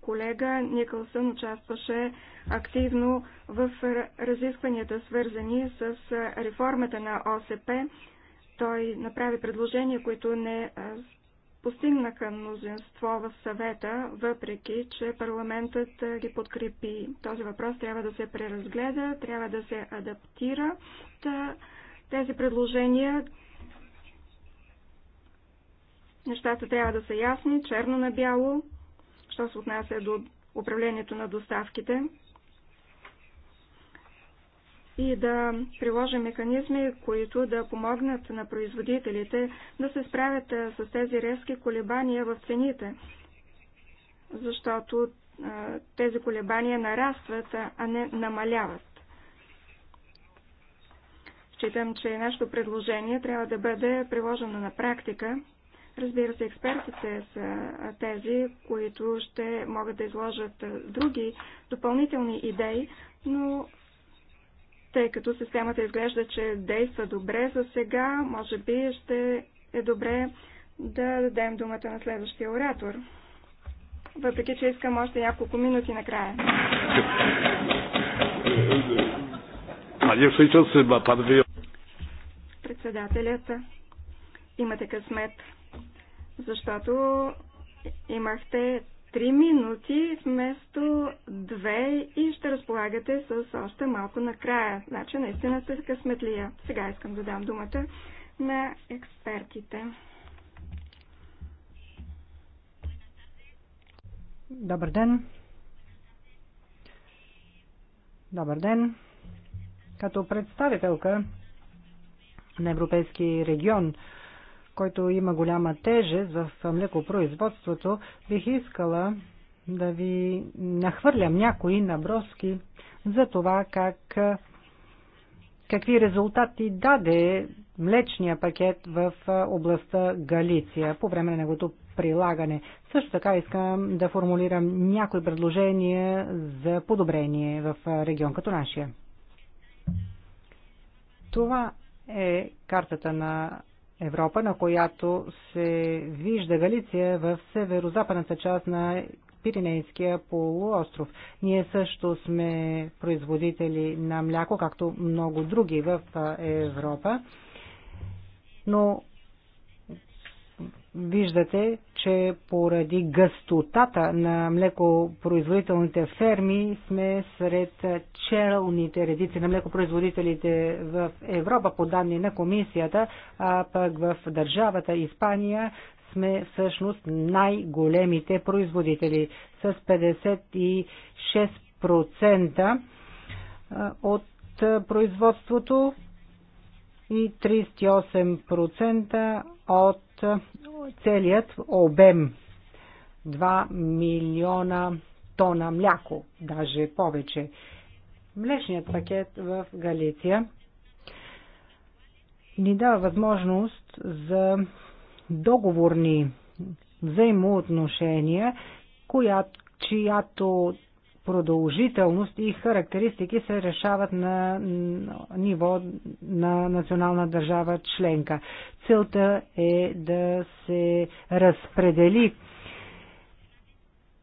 S2: колега Никълсън участваше активно в разискванията, свързани с реформата на ОСП. Той направи предложения, които не постигнаха мнозинство в съвета, въпреки че парламентът ги подкрепи. Този въпрос трябва да се преразгледа, трябва да се адаптира. Тези предложения нещата трябва да са ясни, черно на бяло, що се отнася до управлението на доставките и да приложи механизми, които да помогнат на производителите да се справят с тези резки колебания в цените, защото тези колебания нарастват, а не намаляват. Считам, че нашето предложение трябва да бъде приложено на практика. Разбира се, експертите са тези, които ще могат да изложат други допълнителни идеи, но тъй като системата изглежда, че действа добре за сега, може би ще е добре да дадем думата на следващия оратор. Въпреки, че искам още няколко минути накрая.
S1: Председателята.
S2: Председателят, имате късмет, защото имахте три минути вместо две и ще разполагате с още малко накрая. Значи наистина сте късметлия. Сега искам да дам думата на експертите.
S3: Добър ден! Добър ден! Като представителка на Европейски регион, който има голяма тежест в млекопроизводството, бих искала да ви нахвърлям някои наброски за това как, какви резултати даде млечния пакет в областта Галиция по време на негото прилагане. Също така искам да формулирам някои предложения за подобрение в регион като нашия. Това е картата на Европа, на която се вижда Галиция в северо-западната част на Пиринейския полуостров. Ние също сме производители на мляко, както много други в Европа, но Виждате, че поради гъстотата на млекопроизводителните ферми сме сред челните редици на млекопроизводителите в Европа, по данни на комисията, а пък в държавата Испания сме всъщност най-големите производители с 56% от производството и 38% от целият обем 2 милиона тона мляко, даже повече. Млечният пакет в Галиция ни дава възможност за договорни взаимоотношения, която, чиято продължителност и характеристики се решават на ниво на национална държава членка. Целта е да се разпредели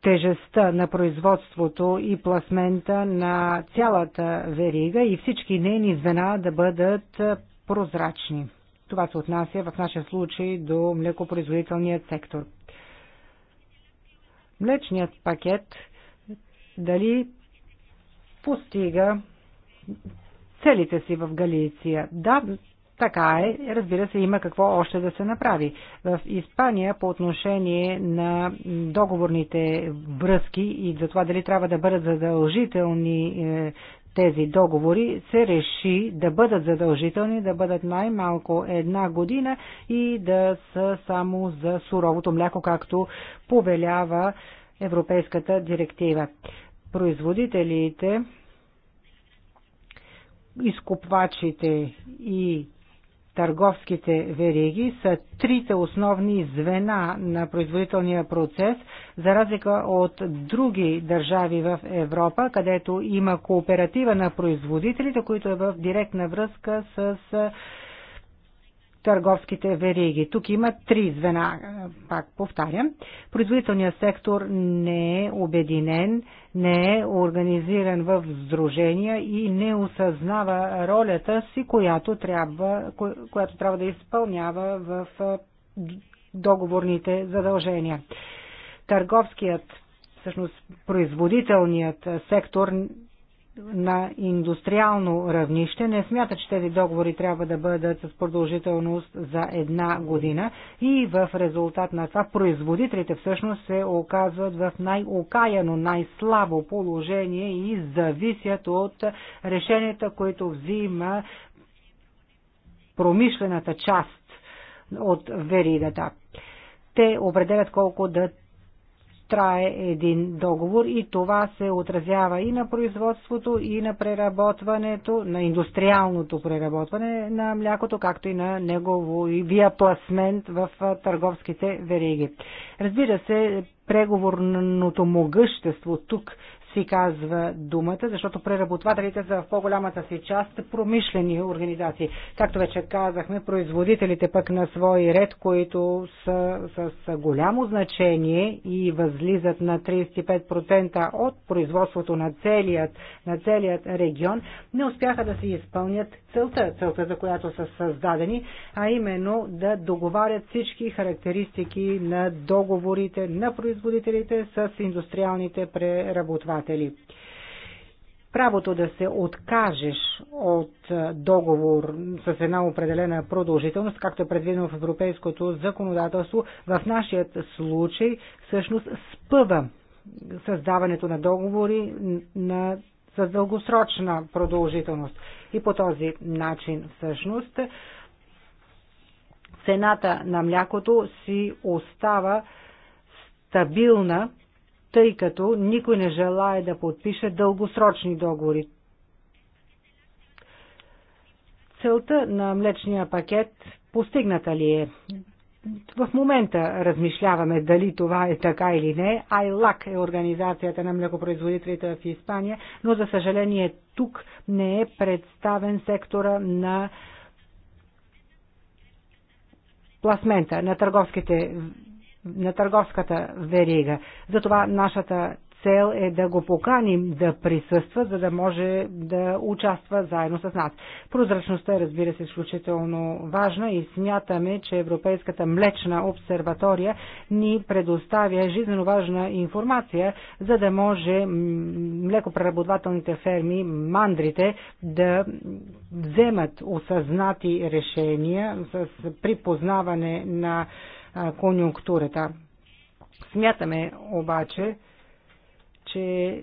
S3: тежестта на производството и пласмента на цялата верига и всички нейни звена да бъдат прозрачни. Това се отнася в нашия случай до млекопроизводителният сектор. Млечният пакет – дали постига целите си в Галиция. Да, така е. Разбира се, има какво още да се направи. В Испания по отношение на договорните връзки и за това дали трябва да бъдат задължителни е, тези договори, се реши да бъдат задължителни, да бъдат най-малко една година и да са само за суровото мляко, както повелява Европейската директива производителите, изкупвачите и търговските вериги са трите основни звена на производителния процес, за разлика от други държави в Европа, където има кооператива на производителите, които е в директна връзка с търговските вериги. Тук има три звена, пак повтарям. Производителният сектор не е обединен, не е организиран в сдружения и не осъзнава ролята си, която трябва, която трябва да изпълнява в договорните задължения. Търговският, всъщност производителният сектор на индустриално равнище. Не смята, че тези договори трябва да бъдат с продължителност за една година и в резултат на това производителите всъщност се оказват в най-окаяно, най-слабо положение и зависят от решенията, които взима промишлената част от веригата. Те определят колко да трае един договор и това се отразява и на производството, и на преработването, на индустриалното преработване на млякото, както и на неговия пласмент в търговските вериги. Разбира се, преговорното могъщество тук си казва думата, защото преработвателите са в по-голямата си част промишлени организации. Както вече казахме, производителите пък на свой ред, които са с голямо значение и възлизат на 35% от производството на целият, на целият регион, не успяха да си изпълнят целта, целта за която са създадени, а именно да договарят всички характеристики на договорите на производителите с индустриалните преработватели работодатели. Правото да се откажеш от договор с една определена продължителност, както е предвидено в европейското законодателство, в нашия случай всъщност спъва създаването на договори на, с дългосрочна продължителност. И по този начин всъщност цената на млякото си остава стабилна тъй като никой не желая да подпише дългосрочни договори. Целта на млечния пакет постигната ли е? В момента размишляваме дали това е така или не. Айлак е организацията на млекопроизводителите в Испания, но за съжаление тук не е представен сектора на пласмента, на търговските на търговската верига. Затова нашата цел е да го поканим да присъства, за да може да участва заедно с нас. Прозрачността е, разбира се, е изключително важна и смятаме, че Европейската млечна обсерватория ни предоставя жизненно важна информация, за да може млекопреработвателните ферми, мандрите, да вземат осъзнати решения с припознаване на конюнктурата. Смятаме обаче, че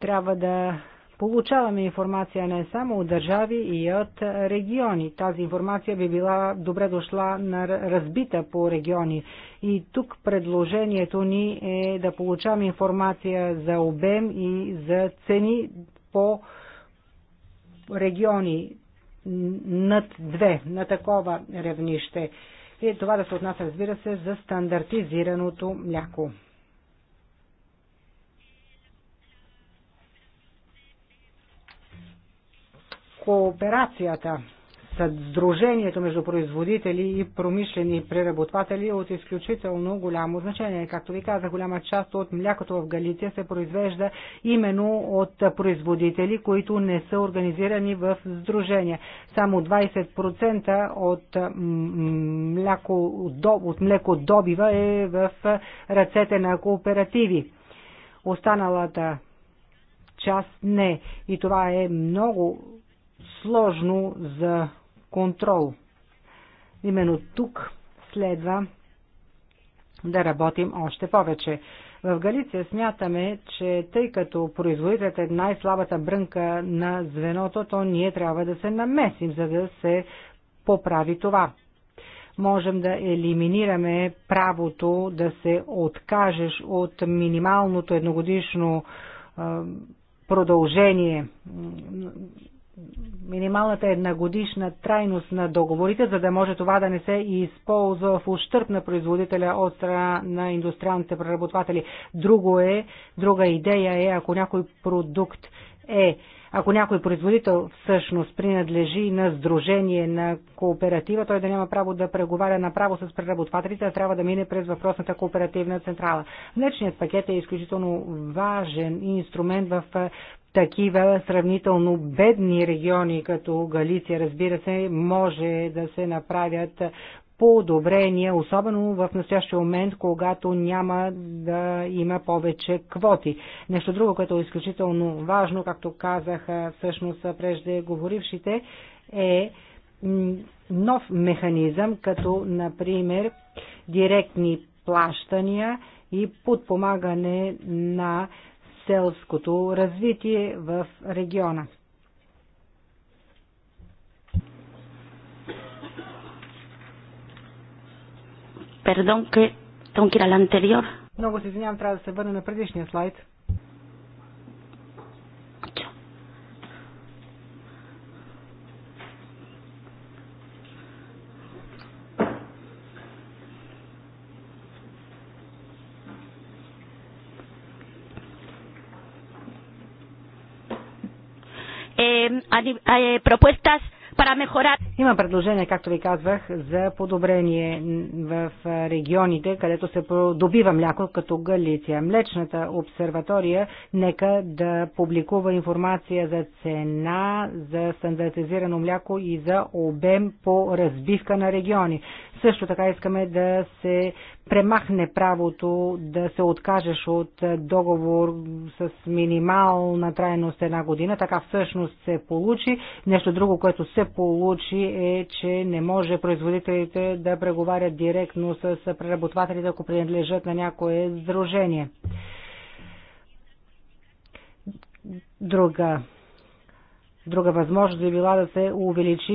S3: трябва да получаваме информация не само от държави и от региони. Тази информация би била добре дошла на разбита по региони. И тук предложението ни е да получаваме информация за обем и за цени по региони над две, на такова ревнище. И това да се отнася, разбира се, за стандартизираното мляко. Кооперацията сдружението между производители и промишлени преработватели е от изключително голямо значение. Както ви казах, голяма част от млякото в Галиция се произвежда именно от производители, които не са организирани в сдружения. Само 20% от, мляко, от добива е в ръцете на кооперативи. Останалата част не. И това е много сложно за контрол. Именно тук следва да работим още повече. В Галиция смятаме, че тъй като производителят е най-слабата брънка на звеното, то ние трябва да се намесим, за да се поправи това. Можем да елиминираме правото да се откажеш от минималното едногодишно продължение минималната една годишна трайност на договорите, за да може това да не се използва в ущърп на производителя от страна на индустриалните преработватели. Друго е, друга идея е, ако някой продукт е ако някой производител всъщност принадлежи на сдружение на кооператива, той да няма право да преговаря направо с преработвателите, а трябва да мине през въпросната кооперативна централа. Млечният пакет е изключително важен инструмент в такива сравнително бедни региони като Галиция, разбира се, може да се направят подобрения, особено в настоящия момент, когато няма да има повече квоти. Нещо друго, което е изключително важно, както казаха всъщност преждеговорившите, е нов механизъм, като например директни плащания и подпомагане на селското развитие в региона.
S1: Perdón, que tengo que ir al anterior.
S3: Много се извинявам, трябва да се върна на предишния слайд.
S1: Е, пропуестас пара мехорат.
S3: Има предложение, както ви казвах, за подобрение в регионите, където се добива мляко, като Галиция. Млечната обсерватория нека да публикува информация за цена, за стандартизирано мляко и за обем по разбивка на региони. Също така искаме да се премахне правото да се откажеш от договор с минимална трайност една година. Така всъщност се получи. Нещо друго, което се получи е, че не може производителите да преговарят директно с преработвателите, ако принадлежат на някое сдружение. Друга Друга възможност е била да се увеличи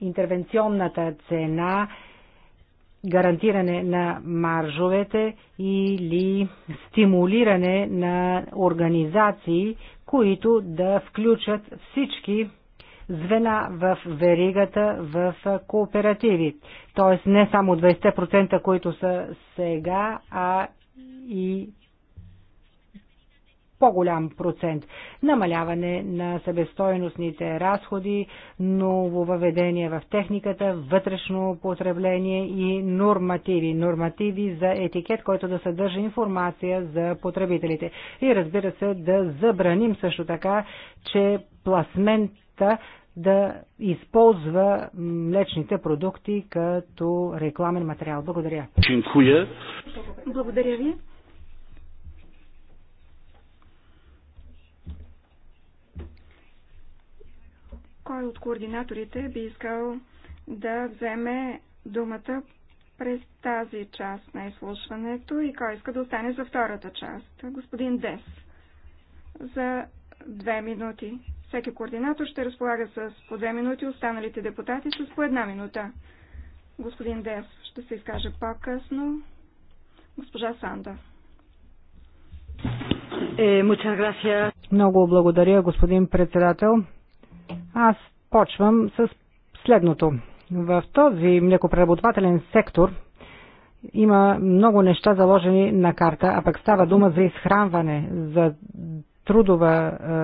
S3: интервенционната цена гарантиране на маржовете или стимулиране на организации, които да включат всички звена в веригата в кооперативи. Тоест не само 20%, които са сега, а и по-голям процент. Намаляване на себестойностните разходи, ново въведение в техниката, вътрешно потребление и нормативи. Нормативи за етикет, който да съдържа информация за потребителите. И разбира се, да забраним също така, че пласмента да използва млечните продукти като рекламен материал. Благодаря. Благодаря ви.
S2: Кой от координаторите би искал да вземе думата през тази част на изслушването и кой иска да остане за втората част? Господин Дес. За две минути. Всеки координатор ще разполага с по две минути, останалите депутати с по една минута. Господин Дес ще се изкаже по-късно. Госпожа Санда.
S3: Е, Много благодаря, господин председател. Аз почвам с следното. В този млекопреработвателен сектор има много неща заложени на карта, а пък става дума за изхранване, за трудова е,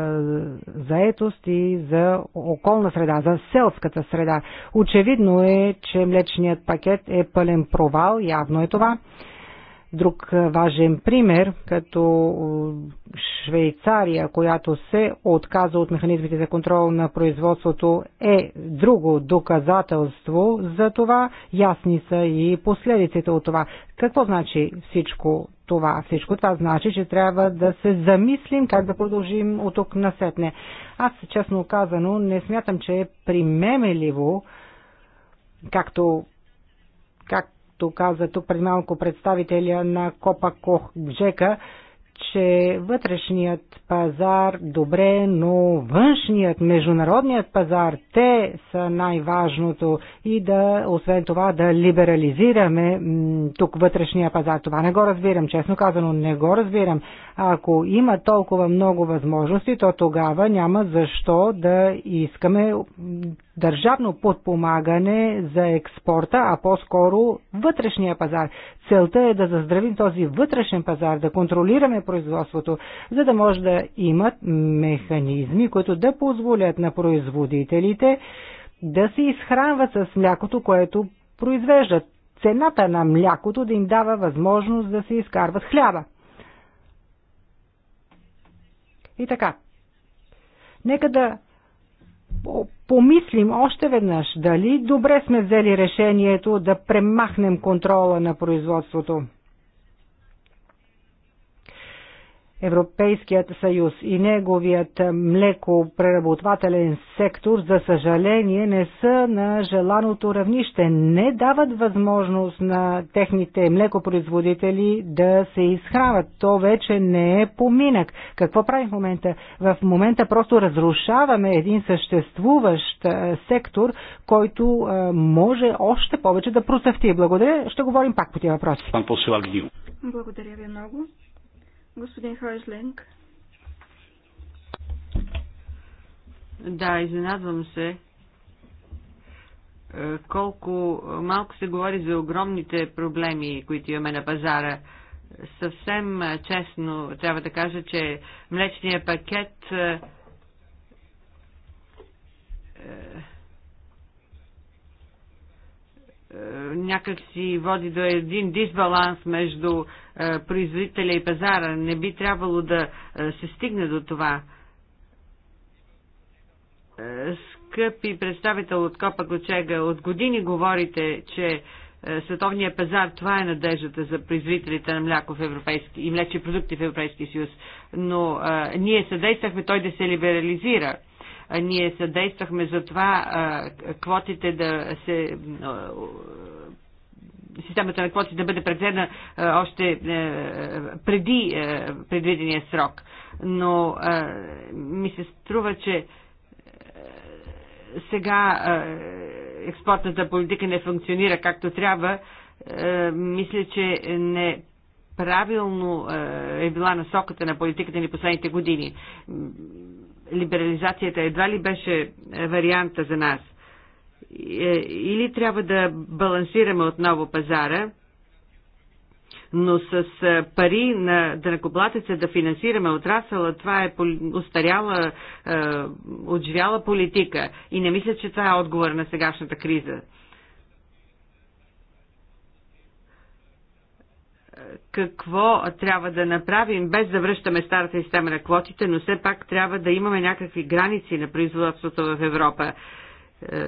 S3: заетост и за околна среда, за селската среда. Очевидно е, че млечният пакет е пълен провал, явно е това. Друг е, важен пример, като Швейцария, която се отказа от механизмите за контрол на производството, е друго доказателство за това. Ясни са и последиците от това. Какво значи всичко това? Всичко това значи, че трябва да се замислим как да продължим от тук насетне. Аз, честно казано, не смятам, че е примемеливо, както как както каза тук пред малко представителя на Копа Кох Джека, че вътрешният пазар добре, но външният, международният пазар, те са най-важното и да, освен това, да либерализираме тук вътрешния пазар. Това не го разбирам, честно казано, не го разбирам. Ако има толкова много възможности, то тогава няма защо да искаме държавно подпомагане за експорта, а по-скоро вътрешния пазар. Целта е да заздравим този вътрешен пазар, да контролираме производството, за да може да имат механизми, които да позволят на производителите да се изхранват с млякото, което произвеждат. Цената на млякото да им дава възможност да се изкарват хляба. И така. Нека да помислим още веднъж дали добре сме взели решението да премахнем контрола на производството. Европейският съюз и неговият млекопреработвателен сектор, за съжаление, не са на желаното равнище. Не дават възможност на техните млекопроизводители да се изхранват. То вече не е поминък. Какво правим в момента? В момента просто разрушаваме един съществуващ сектор, който може още повече да процъфти. Благодаря. Ще говорим пак по тези въпроси.
S1: Благодаря ви
S4: много. Господин Хойзлинг. Да, изненадвам се. Е, колко малко се говори за огромните проблеми, които имаме на пазара. Съвсем е, честно трябва да кажа, че млечният пакет е, някак си води до един дисбаланс между е, производителя и пазара. Не би трябвало да е, се стигне до това. Е, скъпи представител от Копа Кочега, от години говорите, че световният пазар, това е надеждата за производителите на мляко в европейски, и млечни продукти в Европейския съюз. Но а, ние съдействахме той да се либерализира. Ние съдействахме за това квотите да се системата на квоти да бъде преведена още преди предвидения срок. Но ми се струва, че сега експортната политика не функционира както трябва. Мисля, че не правилно е била насоката на политиката ни последните години либерализацията едва ли беше е, варианта за нас. Е, или трябва да балансираме отново пазара, но с е, пари на дънакоплатеца да финансираме отрасъла, това е устаряла, отживяла политика. И не мисля, че това е отговор на сегашната криза. какво трябва да направим, без да връщаме старата система на квотите, но все пак трябва да имаме някакви граници на производството в Европа. Е,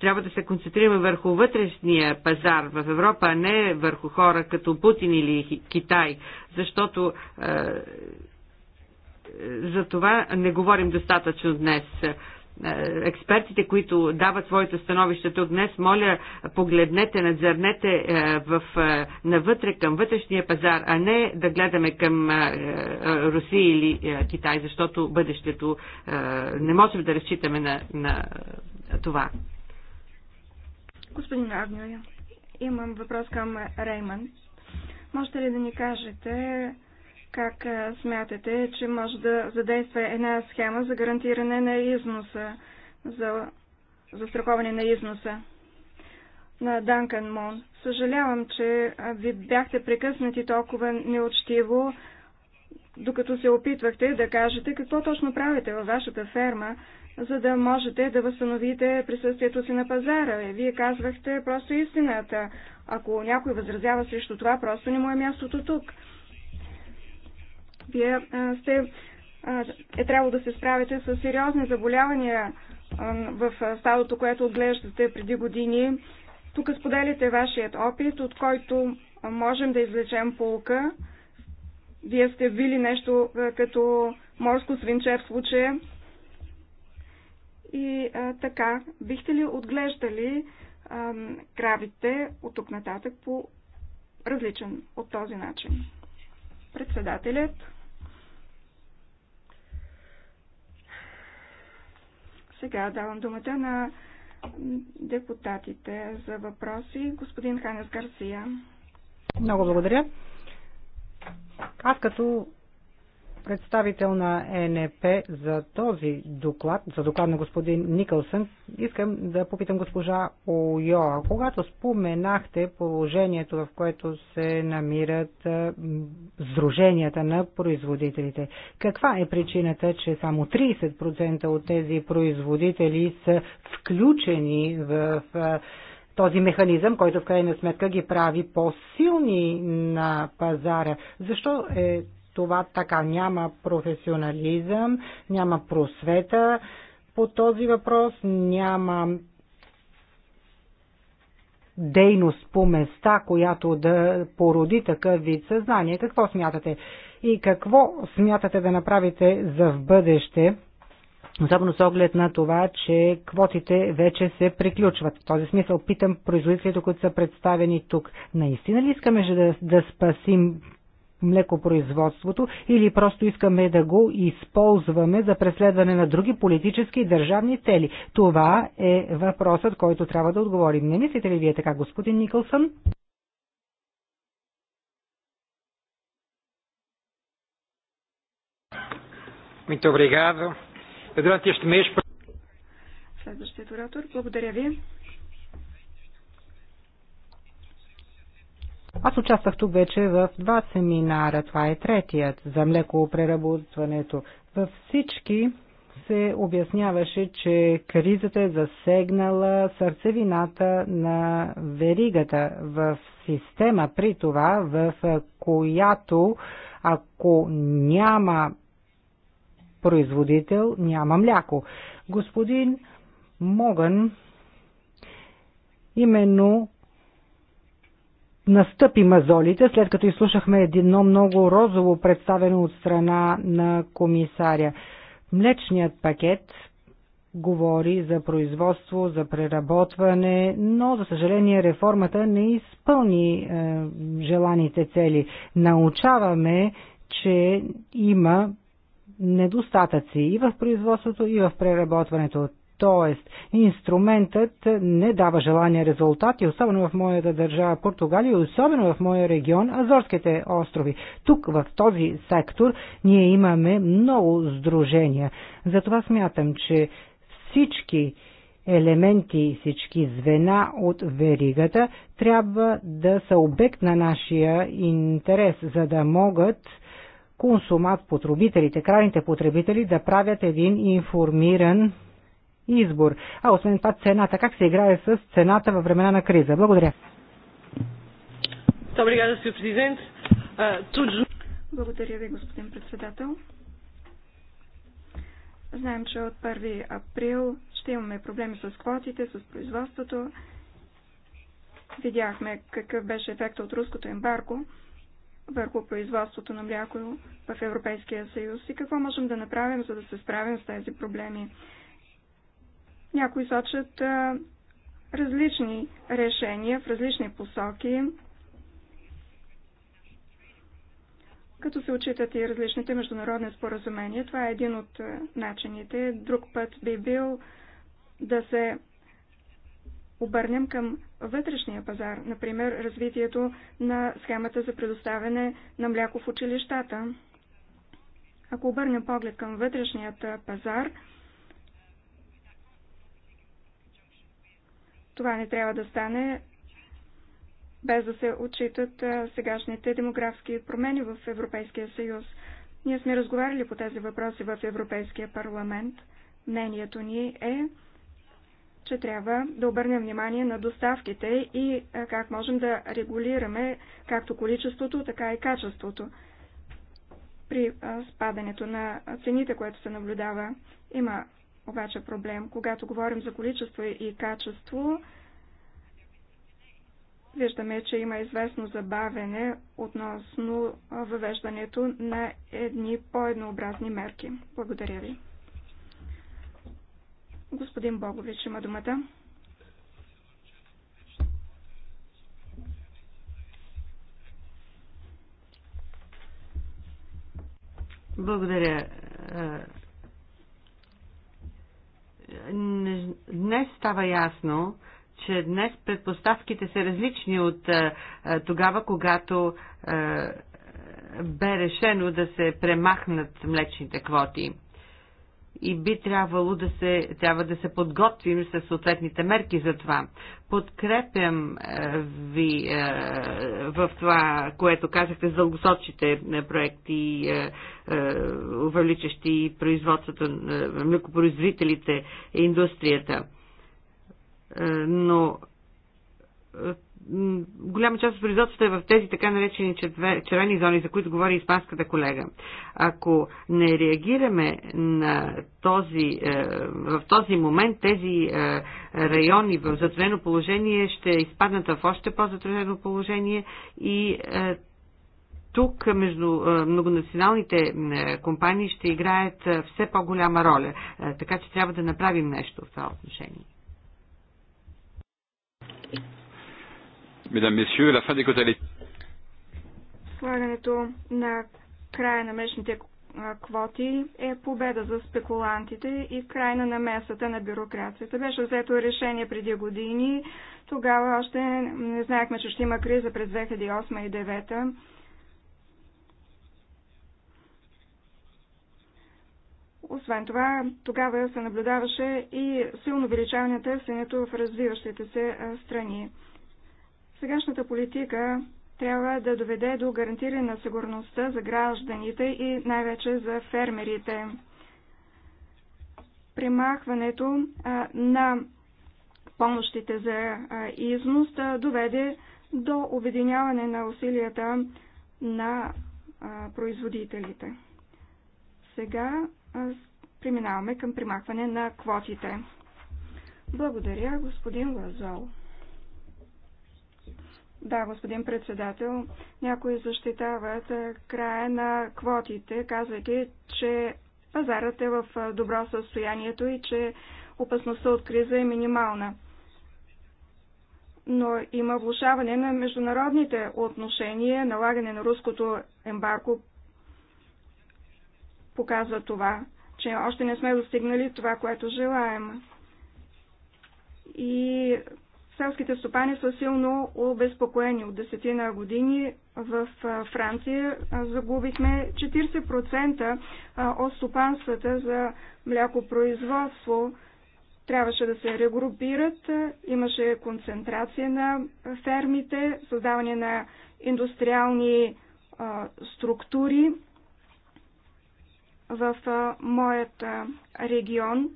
S4: трябва да се концентрираме върху вътрешния пазар в Европа, а не върху хора като Путин или Китай, защото е, е, за това не говорим достатъчно днес. Е, експертите, които дават своите становища тук днес, моля, погледнете, надзърнете е, в, е, навътре към вътрешния пазар, а не да гледаме към Русия или Китай, защото бъдещето не можем да разчитаме на, на това.
S2: Господин Агнио, имам въпрос към Рейман. Можете ли да ни кажете как смятате, че може да задейства една схема за гарантиране на износа, за застраховане на износа? на Данкан Мон. Съжалявам, че ви бяхте прекъснати толкова неочтиво, докато се опитвахте да кажете какво точно правите във вашата ферма, за да можете да възстановите присъствието си на пазара. Е, вие казвахте просто истината. Ако някой възразява срещу това, просто не му е мястото тук. Вие сте, е трябвало да се справите с сериозни заболявания в стадото, което отглеждате преди години. Тук споделите вашият опит, от който можем да извлечем полка. Вие сте били нещо като морско свинче в случая. И а, така, бихте ли отглеждали а, кравите от тук нататък по различен от този начин? Председателят Сега давам думата на депутатите за въпроси. Господин Ханес Гарсия.
S3: Много благодаря. Аз като представител на ЕНП за този доклад, за доклад на господин Никълсън, искам да попитам госпожа Ойоа. Когато споменахте положението, в което се намират сдруженията на производителите, каква е причината, че само 30% от тези производители са включени в този механизъм, който в крайна сметка ги прави по-силни на пазара. Защо е това така. Няма професионализъм, няма просвета по този въпрос, няма дейност по места, която да породи такъв вид съзнание. Какво смятате? И какво смятате да направите за в бъдеще? Особено с оглед на това, че квотите вече се приключват. В този смисъл питам производителите, които са представени тук. Наистина ли искаме да, да спасим млекопроизводството или просто искаме да го използваме за преследване на други политически и държавни цели? Това е въпросът, който трябва да отговорим. Не мислите ли вие така, господин Никълсън?
S2: Следващият оратор. Благодаря ви.
S3: Аз участвах тук вече в два семинара, това е третият, за млекопреработването. Във всички се обясняваше, че кризата е засегнала сърцевината на веригата в система, при това в която ако няма производител, няма мляко. Господин Моган именно настъпи мазолите, след като изслушахме едно много розово представено от страна на комисаря. Млечният пакет говори за производство, за преработване, но за съжаление реформата не изпълни е, желаните цели. Научаваме, че има недостатъци и в производството, и в преработването. Тоест, инструментът не дава желания резултати, особено в моята държава Португалия, особено в моя регион Азорските острови. Тук, в този сектор, ние имаме много сдружения. Затова смятам, че всички елементи, всички звена от веригата трябва да са обект на нашия интерес, за да могат консумат потребителите, крайните потребители да правят един информиран избор. А освен това цената, как се играе с цената във времена на криза? Благодаря.
S2: Благодаря ви, господин председател. Знаем, че от 1 април ще имаме проблеми с квотите, с производството. Видяхме какъв беше ефектът от руското ембарго върху производството на мляко в Европейския съюз и какво можем да направим, за да се справим с тези проблеми. Някои сочат различни решения в различни посоки, като се отчитат и различните международни споразумения. Това е един от начините. Друг път би бил да се обърнем към вътрешния пазар, например развитието на схемата за предоставяне на мляко в училищата. Ако обърнем поглед към вътрешният пазар, Това не трябва да стане без да се отчитат сегашните демографски промени в Европейския съюз. Ние сме разговаряли по тези въпроси в Европейския парламент. Мнението ни е, че трябва да обърнем внимание на доставките и как можем да регулираме както количеството, така и качеството. При спадането на цените, което се наблюдава, има обаче е проблем. Когато говорим за количество и качество, виждаме, че има известно забавене относно въвеждането на едни по-еднообразни мерки. Благодаря ви. Господин Богович има думата.
S4: Благодаря, Днес става ясно, че днес предпоставките са различни от е, е, тогава, когато е, бе решено да се премахнат млечните квоти и би трябвало да се, трябва да се подготвим със съответните мерки за това. Подкрепям е, ви е, в това, което казахте за дългосочите е, проекти, увеличащи производството, млекопроизводителите, индустрията. Но голяма част от производството е в тези така наречени червени зони, за които говори испанската колега. Ако не реагираме на този, е, в този момент, тези е, райони в затруднено положение ще изпаднат в още по-затруднено положение и е, тук между многонационалните компании ще играят все по-голяма роля. Така че трябва да направим нещо в това отношение.
S1: Mesdames, Messieurs, la fin des quotas
S2: Слагането на края на мъжните квоти е победа за спекулантите и край на намесата на бюрокрацията. Беше взето решение преди години. Тогава още не знаехме, че ще има криза през 2008 и 2009. Освен това, тогава се наблюдаваше и силно увеличаване на търсенето в развиващите се страни. Сегашната политика трябва да доведе до гарантиране на сигурността за гражданите и най-вече за фермерите. Примахването на помощите за износ доведе до обединяване на усилията на производителите. Сега преминаваме към примахване на квотите. Благодаря, господин Лазол. Да, господин председател, някои защитават е, края на квотите, казвайки, че пазарът е в е, добро състоянието и че опасността от криза е минимална. Но има влушаване на международните отношения, налагане на руското ембарко показва това, че още не сме достигнали това, което желаем. И селските стопани са силно обезпокоени. От десетина години в Франция загубихме 40% от стопанствата за млякопроизводство. Трябваше да се регрупират, имаше концентрация на фермите, създаване на индустриални структури в моят регион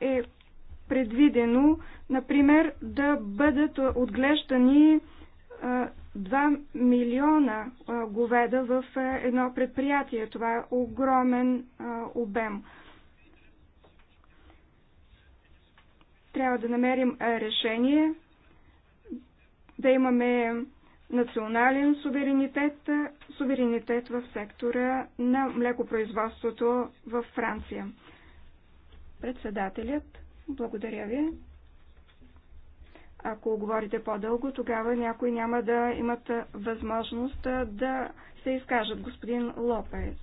S2: е предвидено, например, да бъдат отглеждани 2 милиона говеда в едно предприятие. Това е огромен обем. Трябва да намерим решение, да имаме национален суверенитет, суверенитет в сектора на млекопроизводството в Франция. Председателят благодаря ви. Ако говорите по-дълго, тогава някои няма да имат възможност да се изкажат. Господин Лопес.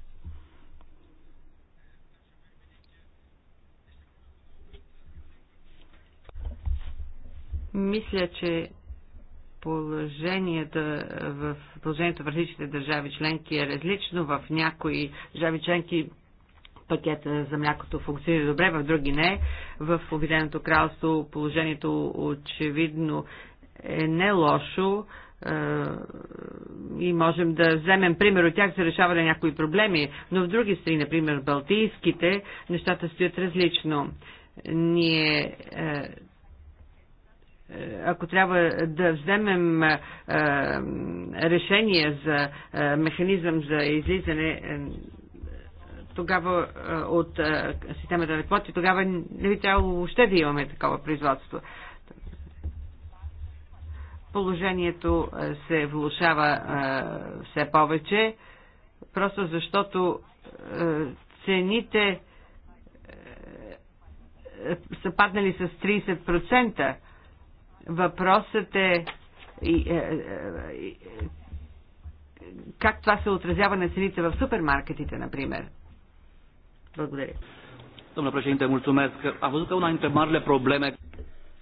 S4: Мисля, че положението в, положението в различните държави членки е различно. В някои държави членки пакета за млякото функционира добре, в други не. В Обединеното кралство положението очевидно е не лошо е, и можем да вземем пример от тях за решаване на някои проблеми, но в други страни, например Балтийските, нещата стоят различно. Ние е, е, ако трябва да вземем решение за механизъм за излизане тогава е, от е, системата на квоти, тогава не би трябвало въобще да имаме такова производство. Положението е, се влушава все повече, просто защото цените са паднали с 30%. Въпросът е как това се отразява на цените в супермаркетите, например.
S5: Благодаря. Domnule președinte, mulțumesc. Am văzut că una dintre marile probleme...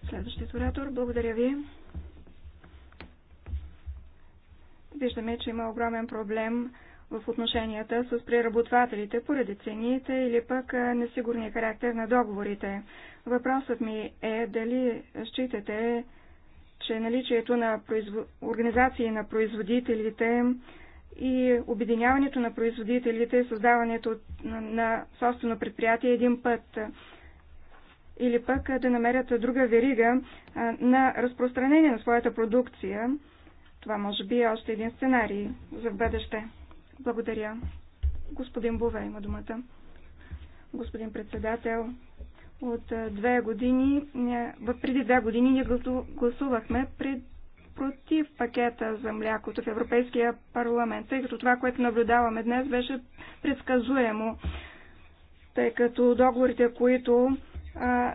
S4: Следващият
S2: оратор, благодаря ви. Виждаме, че има огромен проблем в отношенията с преработвателите поради цените или пък несигурния характер на договорите. Въпросът ми е дали считате, че наличието на организации на производителите и обединяването на производителите, създаването на собствено предприятие един път или пък да намерят друга верига на разпространение на своята продукция. Това може би е още един сценарий за в бъдеще. Благодаря. Господин Бове има думата. Господин председател, от две години, преди две години ние гласувахме пред против пакета за млякото в Европейския парламент, тъй като това, което наблюдаваме днес, беше предсказуемо, тъй като договорите, които а,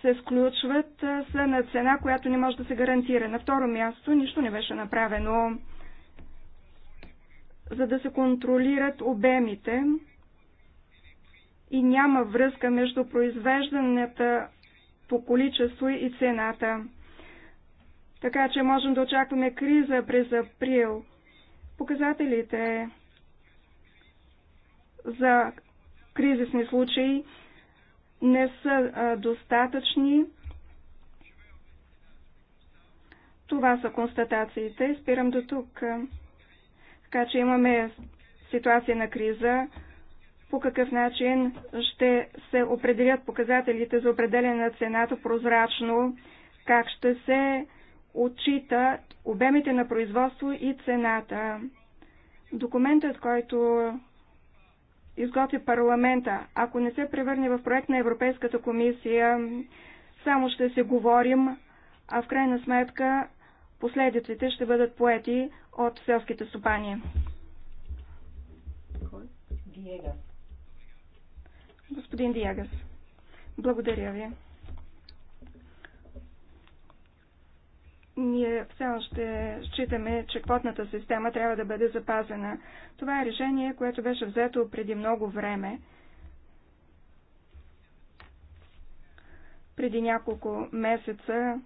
S2: се сключват, са на цена, която не може да се гарантира. На второ място нищо не беше направено, за да се контролират обемите и няма връзка между произвеждането по количество и цената. Така че можем да очакваме криза през април. Показателите за кризисни случаи не са достатъчни. Това са констатациите. Спирам до тук. Така че имаме ситуация на криза. По какъв начин ще се определят показателите за определена на цената прозрачно? Как ще се отчита обемите на производство и цената. Документът, който изготви парламента, ако не се превърне в проект на Европейската комисия, само ще се говорим, а в крайна сметка последиците ще бъдат поети от селските стопани. Господин Диагас, благодаря ви. ние все още считаме, че квотната система трябва да бъде запазена. Това е решение, което беше взето преди много време. Преди няколко месеца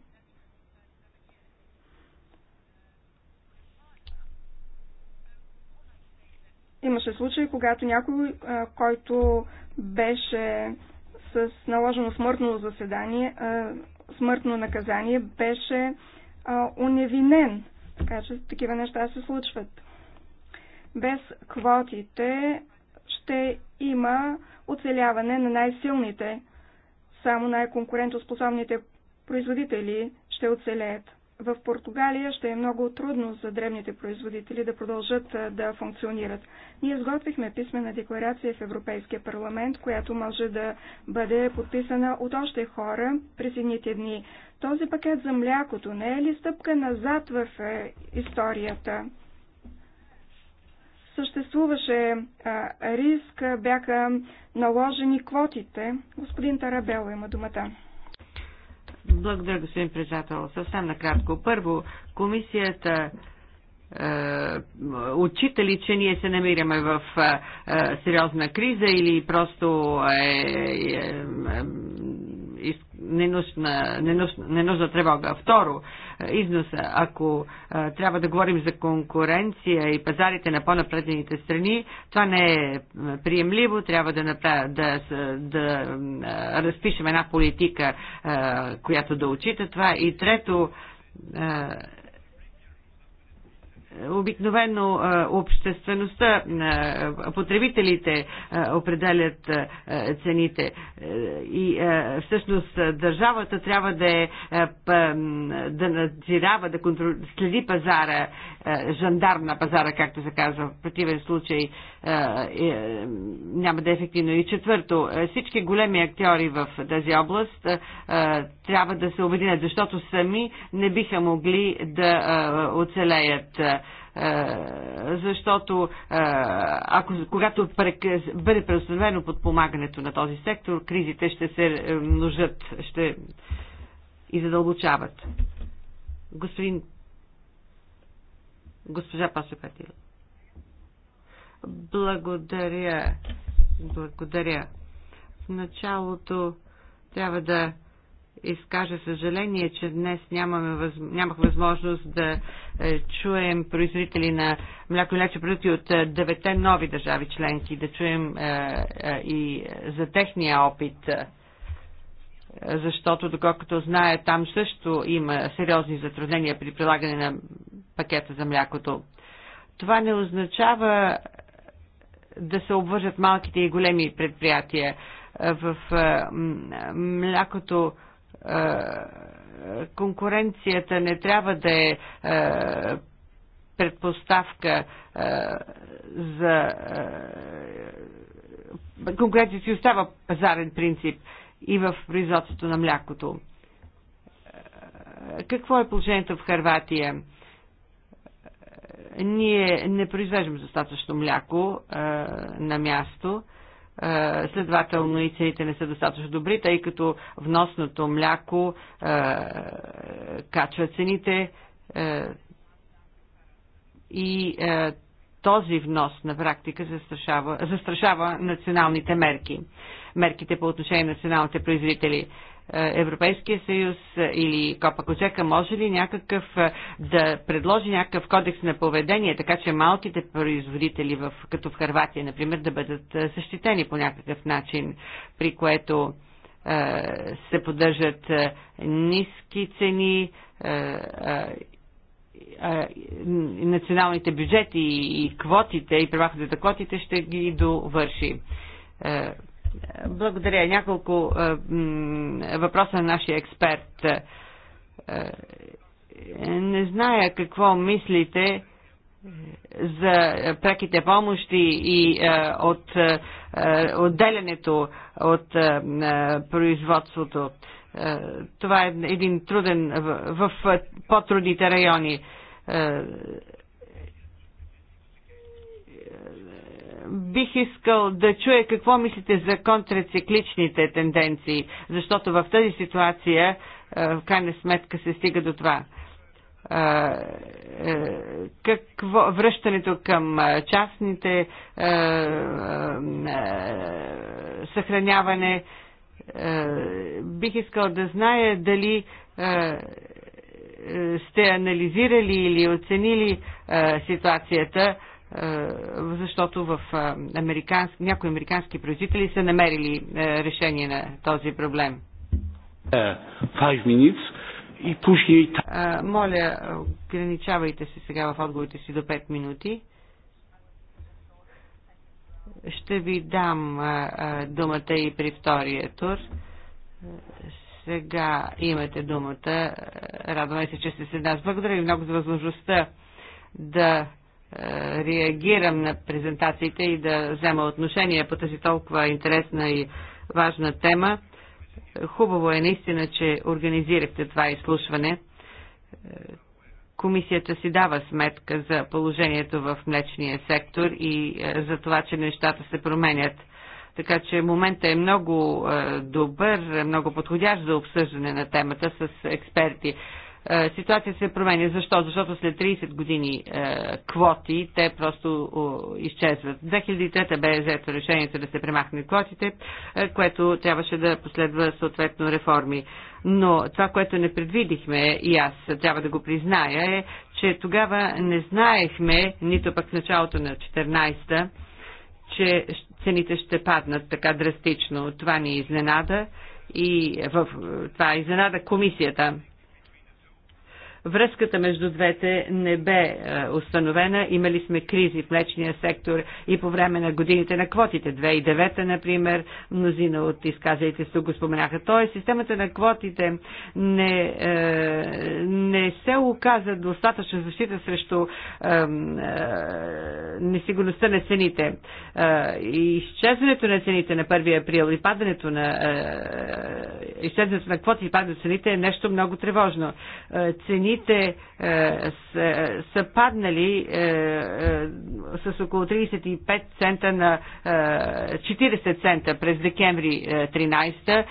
S2: имаше случаи, когато някой, който беше с наложено смъртно заседание, смъртно наказание, беше а, уневинен. Така че такива неща се случват. Без квотите ще има оцеляване на най-силните. Само най-конкурентоспособните производители ще оцелеят в Португалия ще е много трудно за древните производители да продължат да функционират. Ние изготвихме писмена декларация в Европейския парламент, която може да бъде подписана от още хора през едните дни. Този пакет за млякото не е ли стъпка назад в историята? Съществуваше риск, бяха наложени квотите. Господин Тарабело има думата.
S4: Благодаря, господин председател. Съвсем накратко. Първо, комисията е, отчита ли, че ние се намираме в е, е, сериозна криза или просто е, е, е ненужна, ненужна, ненужна тревога. Второ, износа. Ако трябва да говорим за конкуренция и пазарите на по-напредените страни, това не е приемливо. Трябва да, направя, да, да разпишем една политика, която да отчита това. И трето, обикновено обществеността, потребителите определят цените и всъщност държавата трябва да, е, да надзирава, да контрол... следи пазара, жандар на пазара, както се казва. В противен случай е, няма да е ефективно. И четвърто, е, всички големи актьори в тази област е, трябва да се обединят, защото сами не биха могли да оцелеят защото ако, когато бъде преустановено подпомагането на този сектор, кризите ще се множат, ще и задълбочават. Господин госпожа Пасепатила. Благодаря. Благодаря. В началото трябва да изкажа съжаление, че днес нямаме, въз... нямах възможност да е, чуем производители на мляко и лече продукти от е, девете нови държави членки, да чуем е, е, и за техния опит, е, защото, доколкото знае, там също има сериозни затруднения при прилагане на пакета за млякото. Това не означава да се обвържат малките и големи предприятия е, в е, млякото е, конкуренцията не трябва да е предпоставка за конкуренцията си остава пазарен принцип и в производството на млякото. Какво е положението в Харватия? ние не произвеждаме достатъчно мляко а, е, на място. А, е, следователно и цените не са достатъчно добри, тъй като вносното мляко а, е, качва цените а, и а, този внос на практика застрашава, застрашава националните мерки, мерките по отношение на националните производители. Е, Европейския съюз е, или Копакочека може ли някакъв е, да предложи някакъв кодекс на поведение, така че малките производители, в, като в Харватия, например, да бъдат защитени по някакъв начин, при което е, се поддържат ниски цени, е, е, националните бюджети и квотите и премахването за квотите ще ги довърши благодаря. Няколко е, въпроса на нашия експерт. Е, не зная какво мислите е, за преките помощи и от отделянето от производството. Това е един труден в, в по-трудните райони бих искал да чуя какво мислите за контрацикличните тенденции, защото в тази ситуация е, в крайна сметка се стига до това. Е, е, какво, връщането към частните съхраняване. Бих искал да зная дали сте анализирали или оценили ситуацията е, защото в е, американски, някои американски производители са намерили е, решение на този проблем. и uh, Моля, ограничавайте се сега в отговорите си до 5 минути. Ще ви дам думата и при втория тур. Сега имате думата. Радваме се, че сте с нас. Благодаря ви много за възможността да е, реагирам на презентациите и да взема отношение по тази толкова интересна и важна тема. Хубаво е наистина, че организирахте това изслушване. Е, комисията си дава сметка за положението в млечния сектор и е, за това, че нещата се променят. Така че момента е много добър, много подходящ за обсъждане на темата с експерти. Е, ситуация се променя. Защо? Защото след 30 години е, квоти те просто изчезват. 2003 бе взето решението да се премахне квотите, е, което трябваше да последва съответно реформи. Но това, което не предвидихме и аз трябва да го призная е, че тогава не знаехме, нито пък в началото на 14-та, че цените ще паднат така драстично. Това ни изненада и в това изненада комисията Връзката между двете не бе е, установена. Имали сме кризи в млечния сектор и по време на годините на квотите. 2009, например, мнозина от изказалите се го споменаха. Тоест, системата на квотите не, е, не се оказа достатъчна защита срещу е, несигурността на цените. И изчезването на цените на 1 април и падането на изчезването на квоти и падането на цените е нещо много тревожно. Цените цените е, са, са паднали е, е, с около 35 цента на 40 цента през декември 13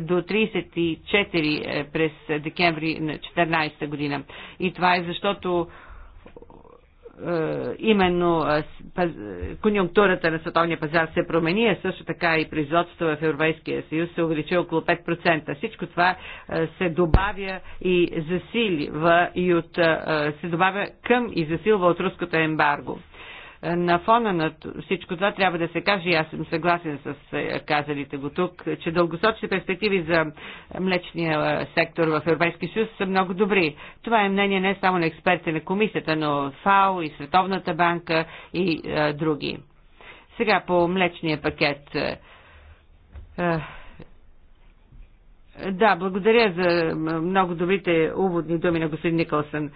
S4: до 34 през декември 14 година. И това е защото е, именно е, конъюнктурата на световния пазар се промени, а също така и производството в Европейския съюз се увеличи около 5%. Всичко това е, се добавя и засилва и от, се добавя към и засилва от руското ембарго. На фона на всичко това трябва да се каже, и аз съм съгласен с е, казалите го тук, че дългосочни перспективи за млечния е, сектор в Европейския съюз са много добри. Това е мнение не само на експерти на комисията, но ФАО и Световната банка и а, е, други. Сега по млечния пакет. да, благодаря за много добрите уводни думи на господин Николсън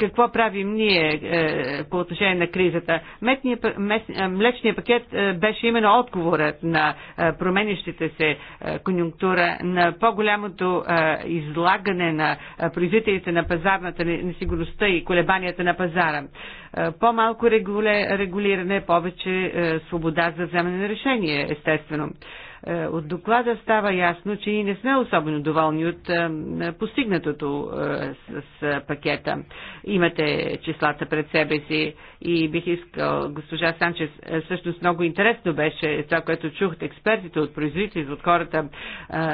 S4: какво правим ние е, по отношение на кризата. Е, Млечният пакет е, беше именно отговорът на променящите се конъюнктура, конюнктура, на по-голямото излагане на производителите на пазарната несигурността и колебанията на пазара. по-малко регулиране, повече свобода за вземане на решение, естествено. Е, от доклада става ясно, че ние не сме особено доволни от е, постигнатото е, с пакета. Имате числата пред себе си и бих искал, госпожа Санчес, всъщност много интересно беше това, което чух от експертите, от производителите, от хората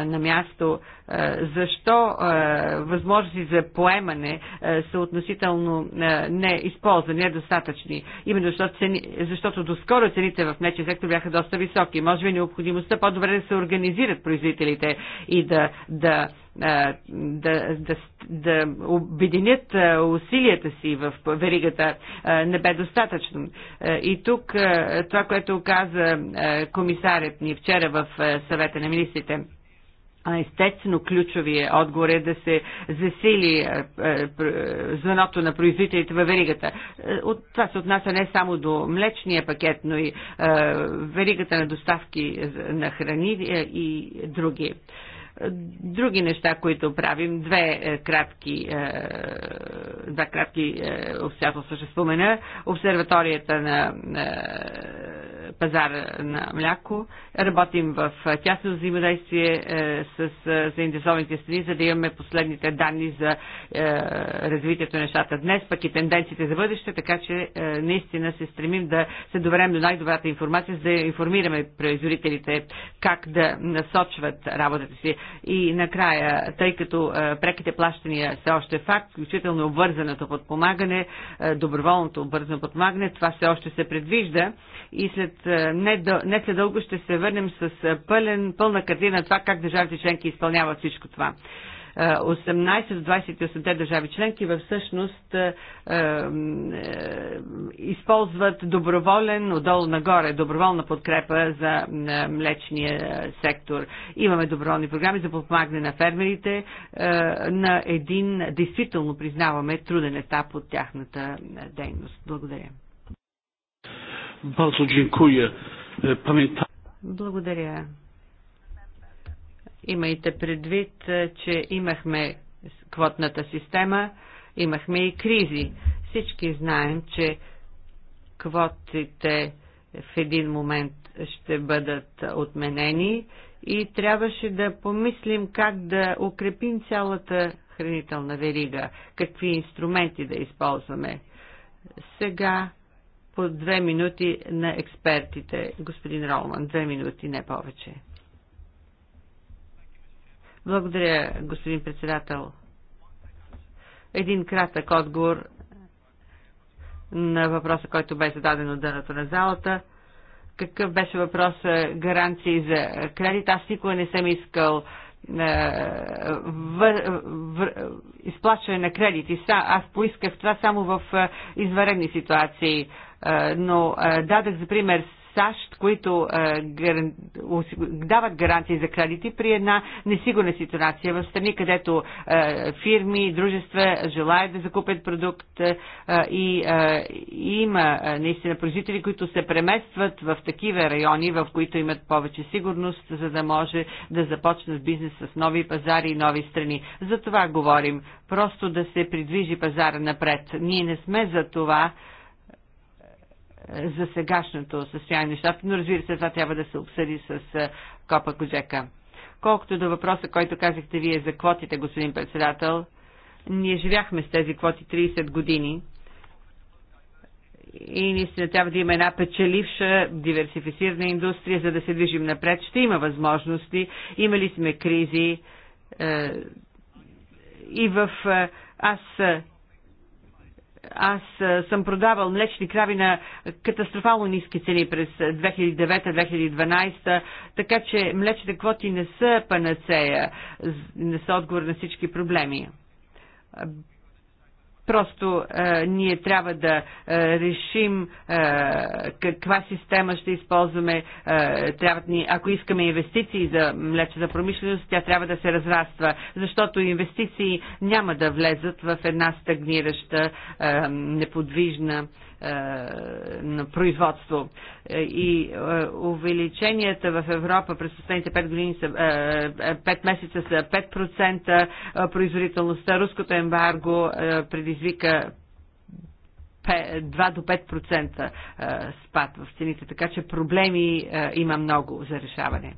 S4: на място. Е, защо е, възможности за поемане е, са относително неизползвани, недостатъчни? Именно защото, цени, защото доскоро цените в млечен сектор бяха доста високи. Може би необходимостта по-добре да се организират производителите и да, да да, да, да обединят усилията си в веригата не бе достатъчно. И тук това, което каза комисарят ни вчера в съвета на министрите, а естествено ключовия отговор е да се засили е, е, е, звеното на производителите във веригата. От това се отнася не само до млечния пакет, но и веригата на доставки на храни и други други неща, които правим. Две е, кратки, е, два кратки е, обстоятелства ще спомена. Обсерваторията на пазара на мляко. Работим в тясно взаимодействие с заинтересованите страни, за да имаме последните данни за развитието на нещата днес, пък и тенденциите за бъдеще, така че наистина се стремим да се доверем до най-добрата информация, за да информираме производителите как да насочват работата си. И накрая, тъй като е, преките плащания все още е факт, включително обвързаното подпомагане, е, доброволното обвързано подпомагане, това все още се предвижда и след е, не, след дълго ще се върнем с пълен, пълна картина на това как държавите членки изпълняват всичко това. 18 от 28-те държави членки всъщност е, е, е, използват доброволен, отдолу нагоре, доброволна подкрепа за млечния сектор. Имаме доброволни програми за подпомагане на фермерите на един, действително признаваме, труден етап от тяхната дейност. Благодаря. Благодаря. Имайте предвид, е, че имахме квотната система, имахме и кризи. Всички знаем, че квотите в един момент ще бъдат отменени и трябваше да помислим как да укрепим цялата хранителна верига, какви инструменти да използваме. Сега по две минути на експертите. Господин Ролман, две минути, не повече. Благодаря, господин председател. Един кратък отговор на въпроса, който бе зададен от дъното на залата. Какъв беше въпрос гаранции за кредит? Аз никога не съм искал е, изплащане на кредити. Аз поисках това само в е, изваредни ситуации, е, но дадах за пример САЩ, които е, дават гаранции за кредити при една несигурна ситуация в страни, където е, фирми, дружества желаят да закупят продукт е, и има наистина производители, които се преместват в такива райони, в които имат повече сигурност, за да може да започнат бизнес с нови пазари и нови страни. За това говорим. Просто да се придвижи пазара напред. Ние не сме за това е, за сегашното състояние нещата, но разбира се, това трябва да се обсъди с е, Копа Коджека. Колкото до въпроса, който казахте вие за квотите, господин председател, ние живяхме с тези квоти 30 години и наистина трябва да има една печеливша, диверсифицирана индустрия, за да се движим напред. Ще има възможности, имали сме кризи е, и в... Е, аз аз съм продавал млечни крави на катастрофално ниски цени през 2009-2012, така че млечните квоти не са панацея, не са отговор на всички проблеми. Просто е, ние трябва да е, решим е, каква система ще използваме. Е, трябва ни, ако искаме инвестиции за за промишленост, тя трябва да се разраства, защото инвестиции няма да влезат в една стагнираща, е, неподвижна е, е, на производство. Е, и е, увеличенията в Европа през последните 5 години са 5 месеца са 5% производителността. Руското ембарго предизвика 2 до 5% спад в цените, така че проблеми има много за решаване.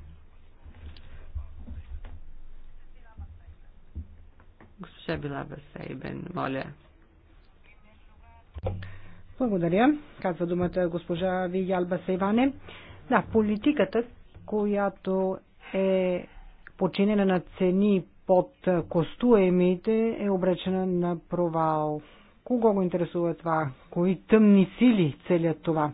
S4: Госпожа Била Басейбен, моля.
S3: Благодаря. Казва думата госпожа Виялба Сейване. Да, политиката, която е починена на цени под костуемите, е обречена на провал. Кого го интересува това? Кои тъмни сили целят това?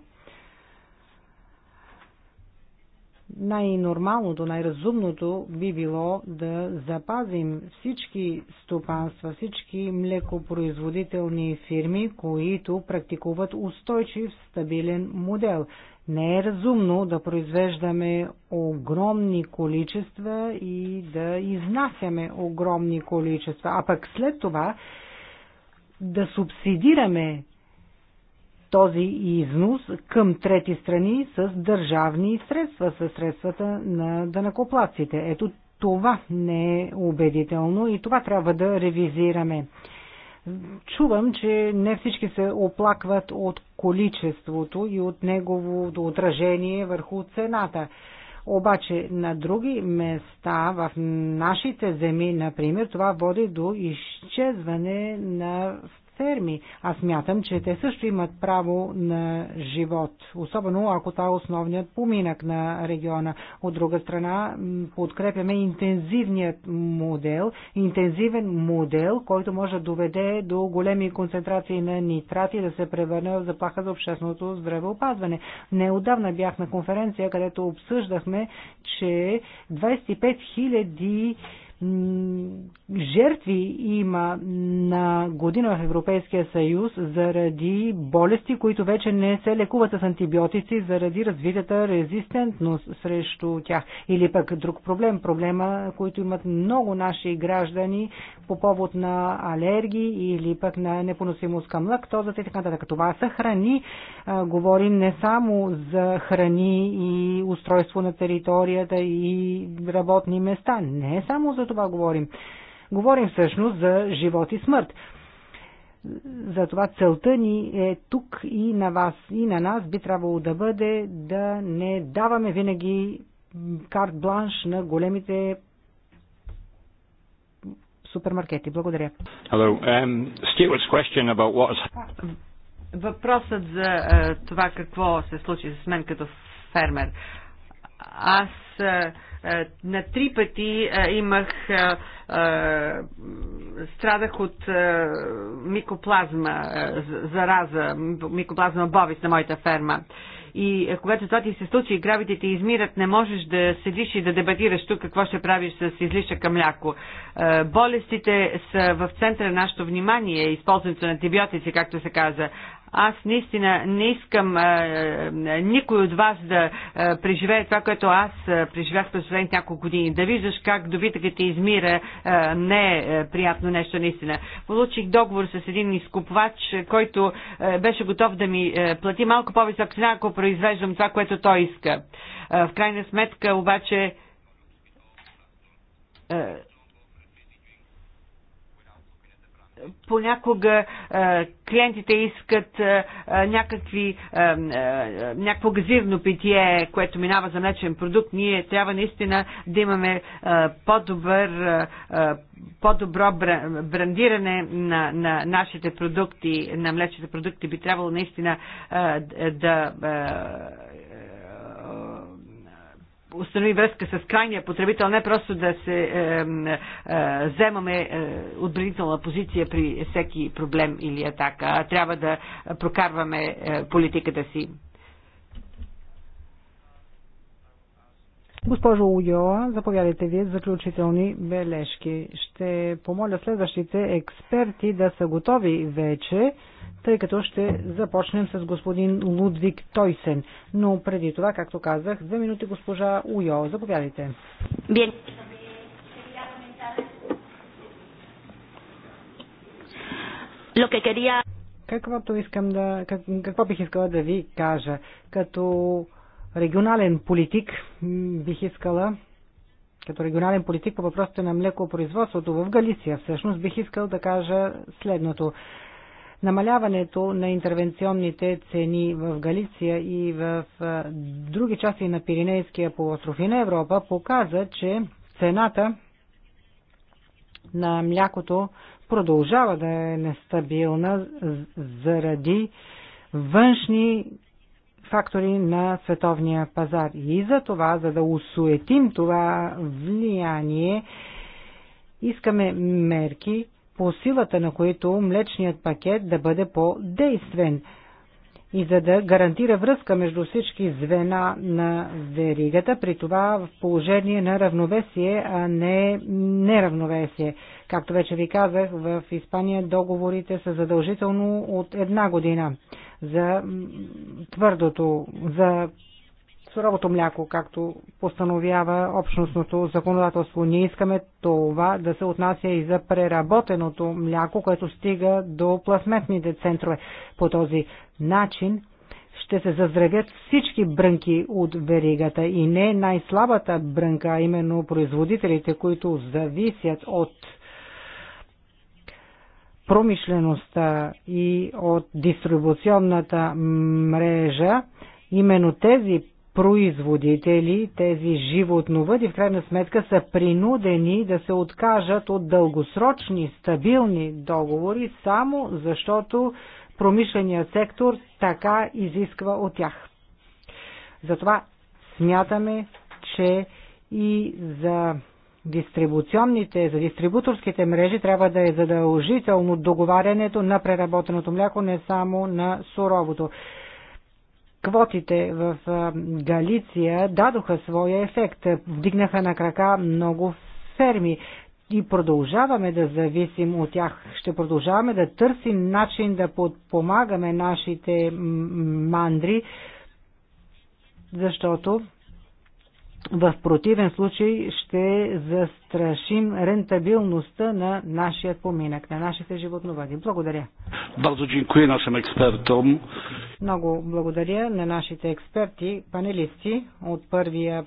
S3: най-нормалното, най-разумното би било да запазим всички стопанства, всички млекопроизводителни фирми, които практикуват устойчив, стабилен модел. Не е разумно да произвеждаме огромни количества и да изнасяме огромни количества, а пък след това да субсидираме този износ към трети страни с държавни средства, с средствата на данакоплаците. Ето това не е убедително и това трябва да ревизираме. Чувам, че не всички се оплакват от количеството и от неговото отражение върху цената. Обаче на други места, в нашите земи, например, това води до изчезване на ферми. Аз мятам, че те също имат право на живот, особено ако това е основният поминък на региона. От друга страна, подкрепяме интензивният модел, интензивен модел, който може да доведе до големи концентрации на нитрати да се превърне в заплаха за общественото здравеопазване. Неодавна бях на конференция, където обсъждахме, че 25 000 жертви има на година в Европейския съюз заради болести, които вече не се лекуват с антибиотици, заради развитата резистентност срещу тях. Или пък друг проблем, проблема, който имат много наши граждани по повод на алергии или пък на непоносимост към лактозата и така нататък. Това са храни. Говорим не само за храни и устройство на територията и работни места. Не само за това говорим. Говорим всъщност за живот и смърт. Затова целта ни е тук и на вас, и на нас би трябвало да бъде да не даваме винаги карт бланш на големите супермаркети.
S4: Благодаря.
S5: Hello. Um, Stuart's question about what
S4: Въпросът за uh, това какво се случи с мен като фермер. Аз uh, е, на три пъти е, имах, е, страдах от микоплазма, зараза, микоплазма бобис на моята ферма. И когато това ти се случи и гравите ти измират, не можеш да седиш и да дебатираш тук какво ще правиш с излишъка мляко. Болестите са в центъра на нашето внимание, използването на антибиотици, както се каза. Аз наистина не искам а, никой от вас да а, преживее това, което аз а, преживях през последните няколко години. Да виждаш как добитъкът измира а, не е приятно нещо наистина. Получих договор с един изкупвач, който а, беше готов да ми а, плати малко по-висок цена, ако произвеждам това, което той иска. А, в крайна сметка обаче а, понякога е, клиентите искат е, е, някакви, някакво газивно питие, което минава за млечен продукт. Ние трябва наистина да имаме по-добър, по-добро брандиране на, на нашите продукти, на млечните продукти. Би трябвало наистина да установи връзка с крайния потребител, не просто да се е, е, вземаме е, отбранителна позиция при всеки проблем или атака, а трябва да прокарваме е, политиката си.
S3: Госпожо Уйола, заповядайте вие заключителни бележки. Ще помоля следващите експерти да са готови вече, тъй като ще започнем с господин Лудвиг Тойсен. Но преди това, както казах, две минути госпожа Уйоа. Заповядайте. Бен. Каквото искам да... Какво бих искала да ви кажа? Като регионален политик бих искала като регионален политик по въпросите на млекопроизводството в Галиция, всъщност бих искал да кажа следното. Намаляването на интервенционните цени в Галиция и в други части на Пиринейския полуостров и на Европа показа, че цената на млякото продължава да е нестабилна заради външни фактори на световния пазар. И за това, за да усуетим това влияние, искаме мерки, по силата на които млечният пакет да бъде по-действен и за да гарантира връзка между всички звена на веригата, при това в положение на равновесие, а не неравновесие. Както вече ви казах, в Испания договорите са задължително от една година за твърдото, за суровото мляко, както постановява общностното законодателство. Ние искаме това да се отнася и за преработеното мляко, което стига до пластметните центрове. По този начин ще се заздравят всички брънки от веригата и не най-слабата брънка, а именно производителите, които зависят от промишлеността и от дистрибуционната мрежа, именно тези производители, тези животновъди, в крайна сметка са принудени да се откажат от дългосрочни, стабилни договори, само защото промишленият сектор така изисква от тях. Затова смятаме, че и за дистрибуционните, за дистрибуторските мрежи трябва да е задължително договарянето на преработеното мляко, не само на суровото. Квотите в Галиция дадоха своя ефект, вдигнаха на крака много ферми и продължаваме да зависим от тях. Ще продължаваме да търсим начин да подпомагаме нашите мандри, защото в противен случай ще застрашим рентабилността на нашия поминък, на нашите животновъди. Благодаря.
S1: Бързо дякую нашим експертам.
S3: Много благодаря на нашите експерти, панелисти от първия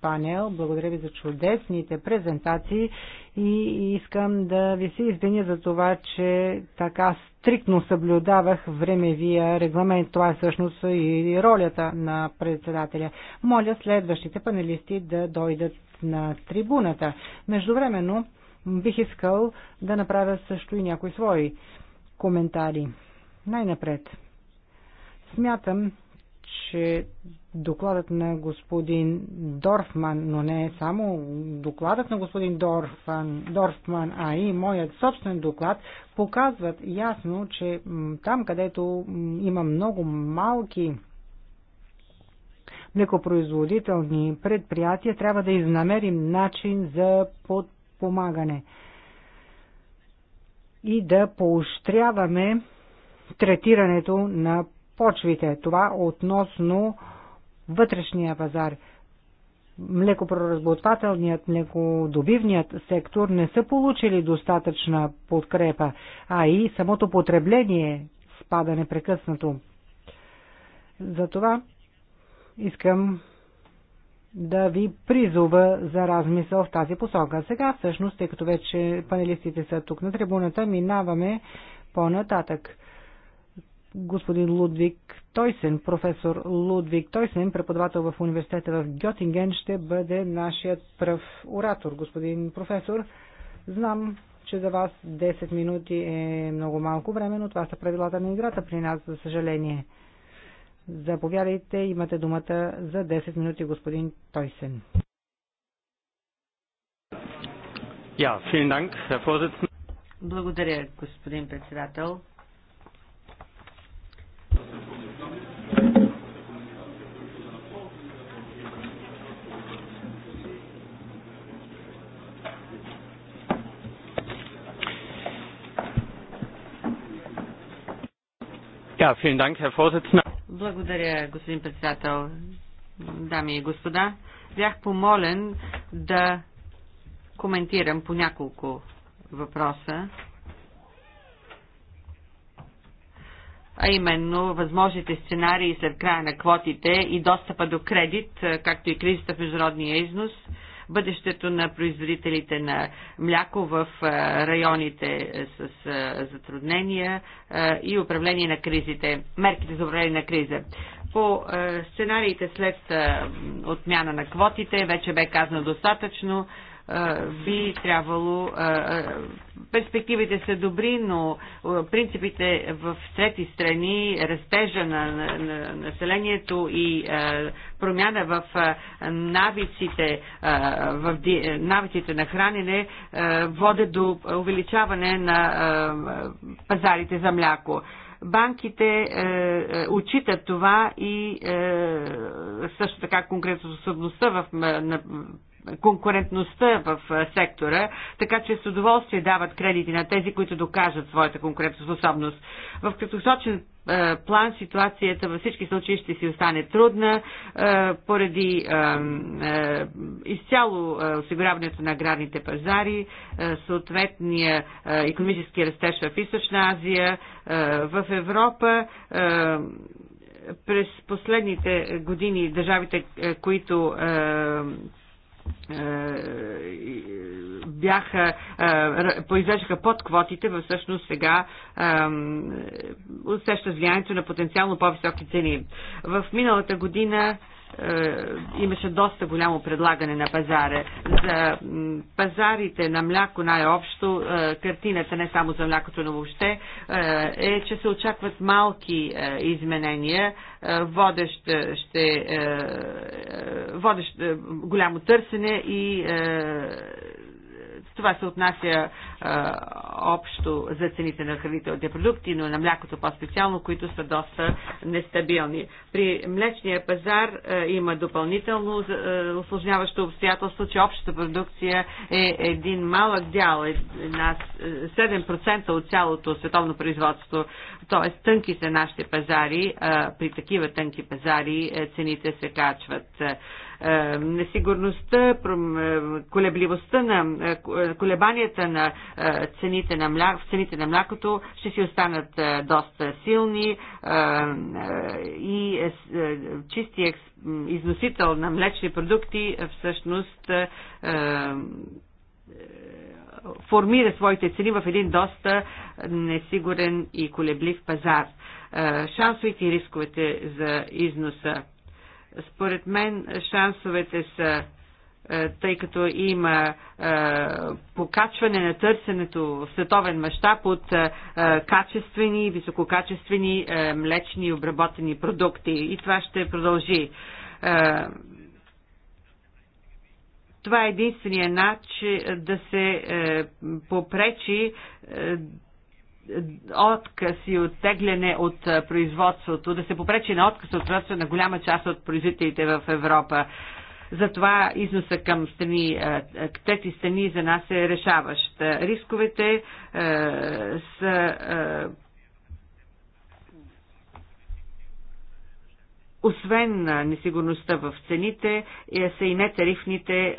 S3: панел. Благодаря ви за чудесните презентации и искам да ви се извиня за това, че така стриктно съблюдавах времевия регламент. Това е всъщност и ролята на председателя. Моля следващите панелисти да дойдат на трибуната. Междувременно бих искал да направя също и някои свои коментари. Най-напред. Смятам, че докладът на господин Дорфман, но не е само докладът на господин Дорфман, Дорфман, а и моят собствен доклад, показват ясно, че там, където има много малки млекопроизводителни предприятия, трябва да изнамерим начин за подпомагане и да поощряваме третирането на почвите. Това относно вътрешния пазар. Млекопроразботвателният, млекодобивният сектор не са получили достатъчна подкрепа, а и самото потребление спада непрекъснато. Затова искам да ви призова за размисъл в тази посока. Сега, всъщност, тъй като вече панелистите са тук на трибуната, минаваме по-нататък господин Лудвик Тойсен, професор Лудвик Тойсен, преподавател в университета в Гьотинген, ще бъде нашият пръв оратор. Господин професор, знам, че за вас 10 минути е много малко време, но това са правилата на играта при нас, за съжаление. Заповядайте, имате думата за 10 минути, господин Тойсен.
S4: Благодаря, господин председател.
S5: Ja, vielen Dank, Herr Vorsitzender.
S4: Благодаря, господин председател. Дами и господа, бях помолен да коментирам по няколко въпроса, а именно възможните сценарии след края на квотите и достъпа до кредит, както и кризата в международния износ – бъдещето на производителите на мляко в районите е, с затруднения и управление на кризите, мерките за управление на криза. По сценариите след отмяна на квотите вече бе казано достатъчно би трябвало. Перспективите са добри, но принципите в трети страни, растежа на, на, на населението и промяна в навиците, в навиците на хранене водят до увеличаване на пазарите за мляко банките е, е, това и е, също така конкретно способността в, на конкурентността в сектора, така че с удоволствие дават кредити на тези, които докажат своята конкурентоспособност. В краткосрочен план ситуацията във всички случаи ще си остане трудна поради изцяло осигуряването на аграрните пазари, съответния економически растеж в Източна Азия, в Европа през последните години държавите, които е, е, бяха, е, произвеждаха под квотите, всъщност сега усеща влиянието на потенциално по-високи цени. В миналата година е, имаше доста голямо предлагане на пазара. За пазарите на мляко най-общо, е, картината не само за млякото, но въобще е, е че се очакват малки изменения. Водещ ще водещ голямо търсене и това се отнася а, общо за цените на хранителните продукти, но на млякото по-специално, които са доста нестабилни. При млечния пазар а, има допълнително а, осложняващо обстоятелство, че общата продукция е един малък дял, е на 7% от цялото световно производство. т.е. тънки са нашите пазари, а, при такива тънки пазари а, е, цените се качват. А, е, несигурността, е, колебливостта на е, колебанията на цените на мляко, в цените на млякото ще си останат доста силни и чисти износител на млечни продукти всъщност формира своите цени в един доста несигурен и колеблив пазар. Шансовете и рисковете за износа според мен шансовете са е, тъй като има е, покачване на търсенето в световен мащаб от е, качествени висококачествени млечни обработени продукти. И това ще продължи. Това е единствения начин да се попречи отказ и оттегляне от производството, да се попречи на отказ от производството на голяма част от производителите в Европа. Затова износа към страни, трети страни за нас е решаващ. Рисковете е, са е, освен несигурността в цените, е, са и нетарифните е,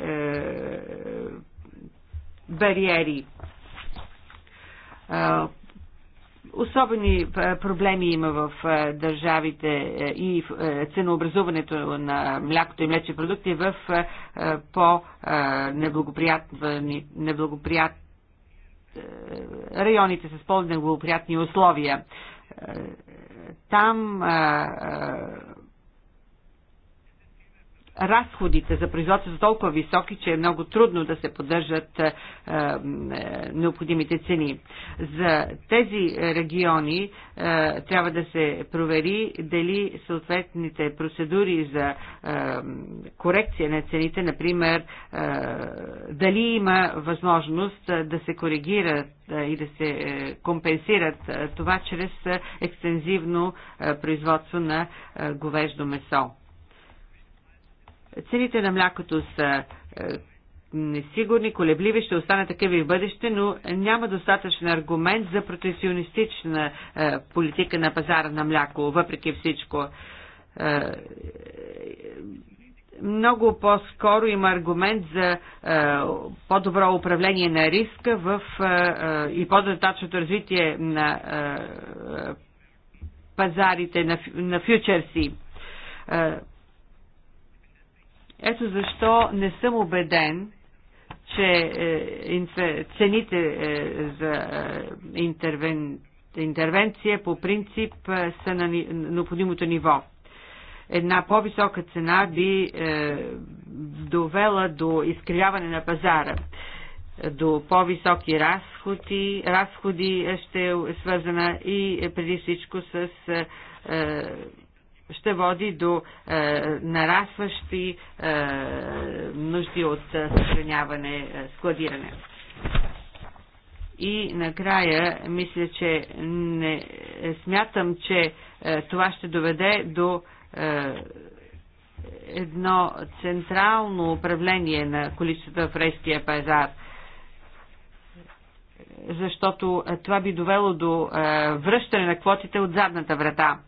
S4: бариери Особени е, проблеми има в е, държавите е, и в ценообразуването на млякото и млечни продукти в по-неблагоприятни районите с по-неблагоприятни условия. Там разходите за производство са толкова високи, че е много трудно да се поддържат е, е, необходимите цени. За тези региони е, трябва да се провери дали съответните процедури за е, корекция на цените, например, е, дали има възможност да се коригират е, и да се е, компенсират това чрез екстензивно производство на говеждо месо. Цените на млякото са е, несигурни, колебливи, ще останат такива и в бъдеще, но няма достатъчен аргумент за протекционистична е, политика на пазара на мляко, въпреки всичко. Е, много по-скоро има аргумент за по-добро управление на риска в, и по дотачното развитие на пазарите на, на фьючерси ето защо не съм убеден, че е, цените е, за е, интервенция по принцип са на необходимото ниво. Една по-висока цена би довела до изкривяване на пазара до по-високи разходи, разходи ще е свързана и преди всичко с е, ще води до е, нарастващи е, нужди от е, съхраняване, е, складиране. И накрая, мисля, че не е, смятам, че е, това ще доведе до е, едно централно управление на количеството в рейския пазар защото е, това би довело до връщане на квотите от задната врата.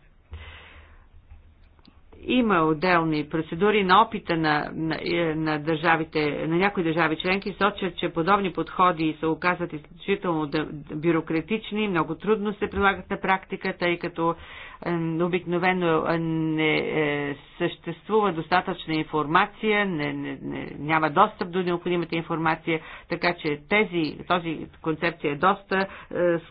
S4: Има отделни процедури на опита на, на, е, на, държавите, на някои държави членки сочат, че подобни подходи се оказват изключително бюрократични, много трудно се прилагат на практика, тъй като обикновено е, не е, съществува достатъчна информация, не, не, не, няма достъп до необходимата информация, така че тези, този концепция е доста е,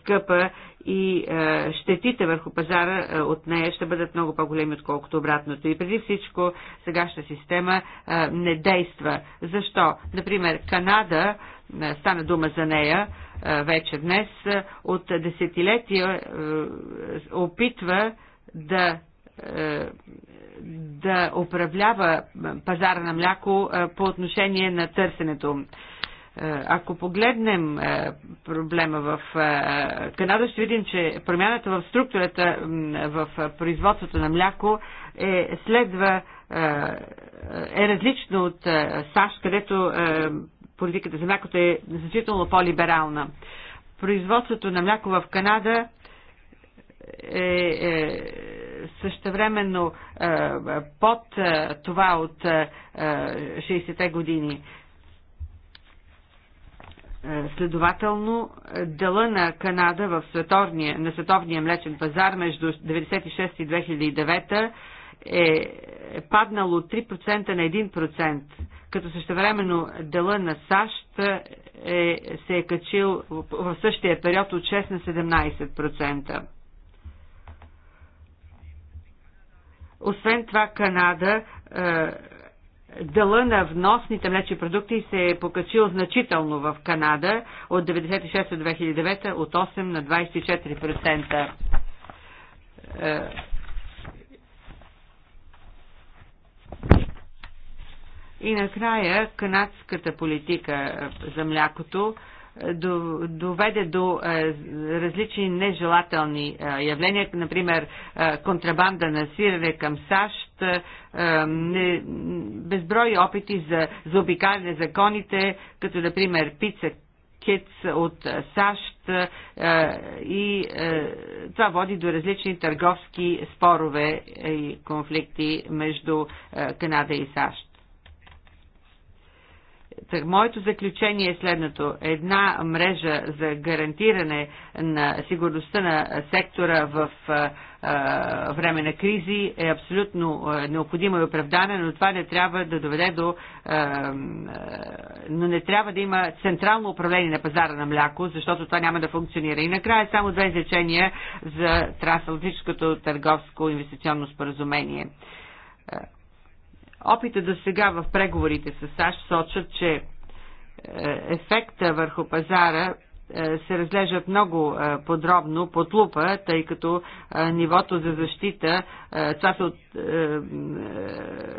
S4: скъпа и е, щетите върху пазара е, от нея ще бъдат много по-големи, отколкото обратното. И преди всичко сегашната система е, не действа. Защо? Например, Канада, е, стана дума за нея, е, вече днес, от десетилетия опитва да да управлява пазара на мляко по отношение на търсенето. Ако погледнем проблема в Канада, ще видим, че промяната в структурата в производството на мляко е, следва е различно от САЩ, където политиката за млякото е значително по-либерална. Производството на мляко в Канада е, е същевременно е, под е, това от е, 60-те е, години. Е, следователно, дела на Канада в световния, на световния млечен пазар между 1996 и 2009 е паднал от 3% на 1% като същевременно дела на САЩ е, се е качил в същия период от 6 на 17%. Освен това Канада е, дела на вносните млечни продукти се е покачил значително в Канада от 96 до 2009 от 8 на 24%. И накрая канадската политика е, за млякото е, доведе до е, различни нежелателни явления, например контрабанда на сирене към САЩ, безброй опити за заобикаляне законите, като например пица Китс от САЩ и това води до различни търговски спорове и конфликти между Канада и САЩ. Моето заключение е следното. Една мрежа за гарантиране на сигурността на сектора в време на кризи е абсолютно необходима и оправдана, но това не трябва да доведе до... Но не трябва да има централно управление на пазара на мляко, защото това няма да функционира. И накрая само две изречения за трансатлантическото търговско инвестиционно споразумение Опита до сега в преговорите с САЩ сочат, че е, ефекта върху пазара е, се разглеждат много е, подробно под лупа, тъй като нивото за защита, част от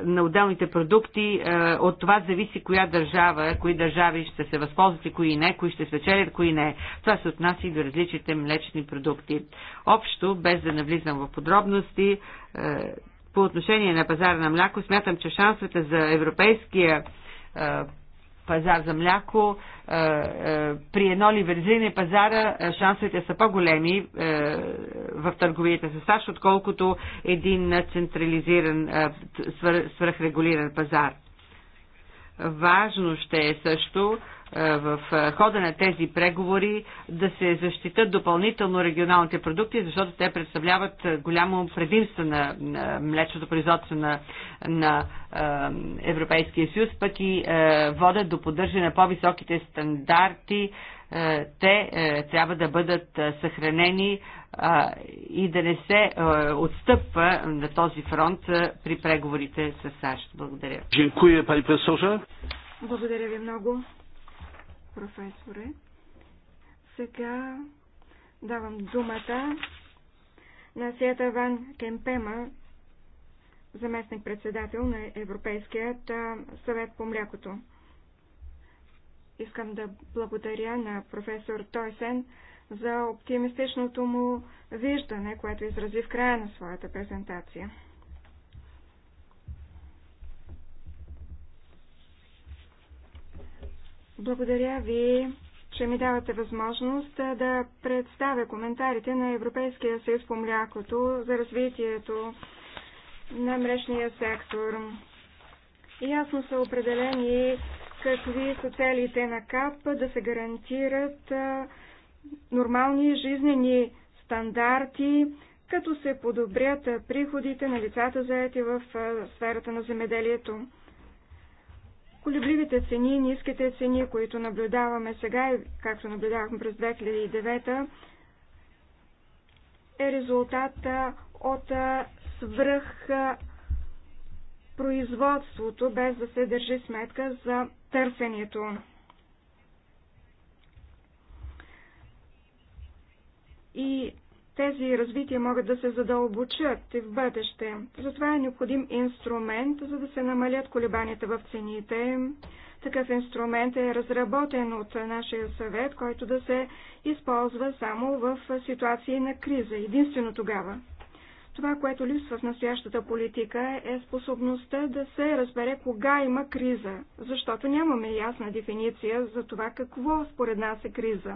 S4: на отделните продукти, от това зависи коя държава, кои държави ще се възползват и кои не, кои ще спечелят, кои не. Това се отнася и до различните млечни продукти. Общо, без да навлизам в подробности, по отношение на пазара на мляко, смятам, че шансовете за европейския е, пазар за мляко, е, е, при едно либерализиране пазара шансовете са по-големи в търговията с САЩ, отколкото един централизиран, свръхрегулиран пазар. Важно ще е също е, в е, хода на тези преговори да се защитат допълнително регионалните продукти, защото те представляват е, голямо предимство на млечното производство на, на Европейския съюз, пък и водят до поддържане на по-високите стандарти. Те трябва да бъдат съхранени и да не се отстъпва на този фронт при преговорите с САЩ. Благодаря. Благодаря
S2: ви много професоре. Сега давам думата на Сията Ван Кемпема, заместник-председател на Европейският съвет по млякото. Искам да благодаря на професор Тойсен за оптимистичното му виждане, което изрази в края на своята презентация. Благодаря ви, че ми давате възможност да представя коментарите на Европейския съюз по млякото за развитието на мрежния сектор. Ясно са определени какви са целите на КАП да се гарантират нормални жизнени стандарти, като се подобрят приходите на лицата заети в сферата на земеделието. Колебливите цени, ниските цени, които наблюдаваме сега, както наблюдавахме през 2009, е резултата от свръх производството, без да се държи сметка за търсенето. И тези развития могат да се задълбочат и в бъдеще. Затова е необходим инструмент, за да се намалят колебанията в цените. Такъв инструмент е разработен от нашия съвет, който да се използва само в ситуации на криза, единствено тогава. Това, което липсва в настоящата политика е способността да се разбере кога има криза, защото нямаме ясна дефиниция за това какво според нас е криза.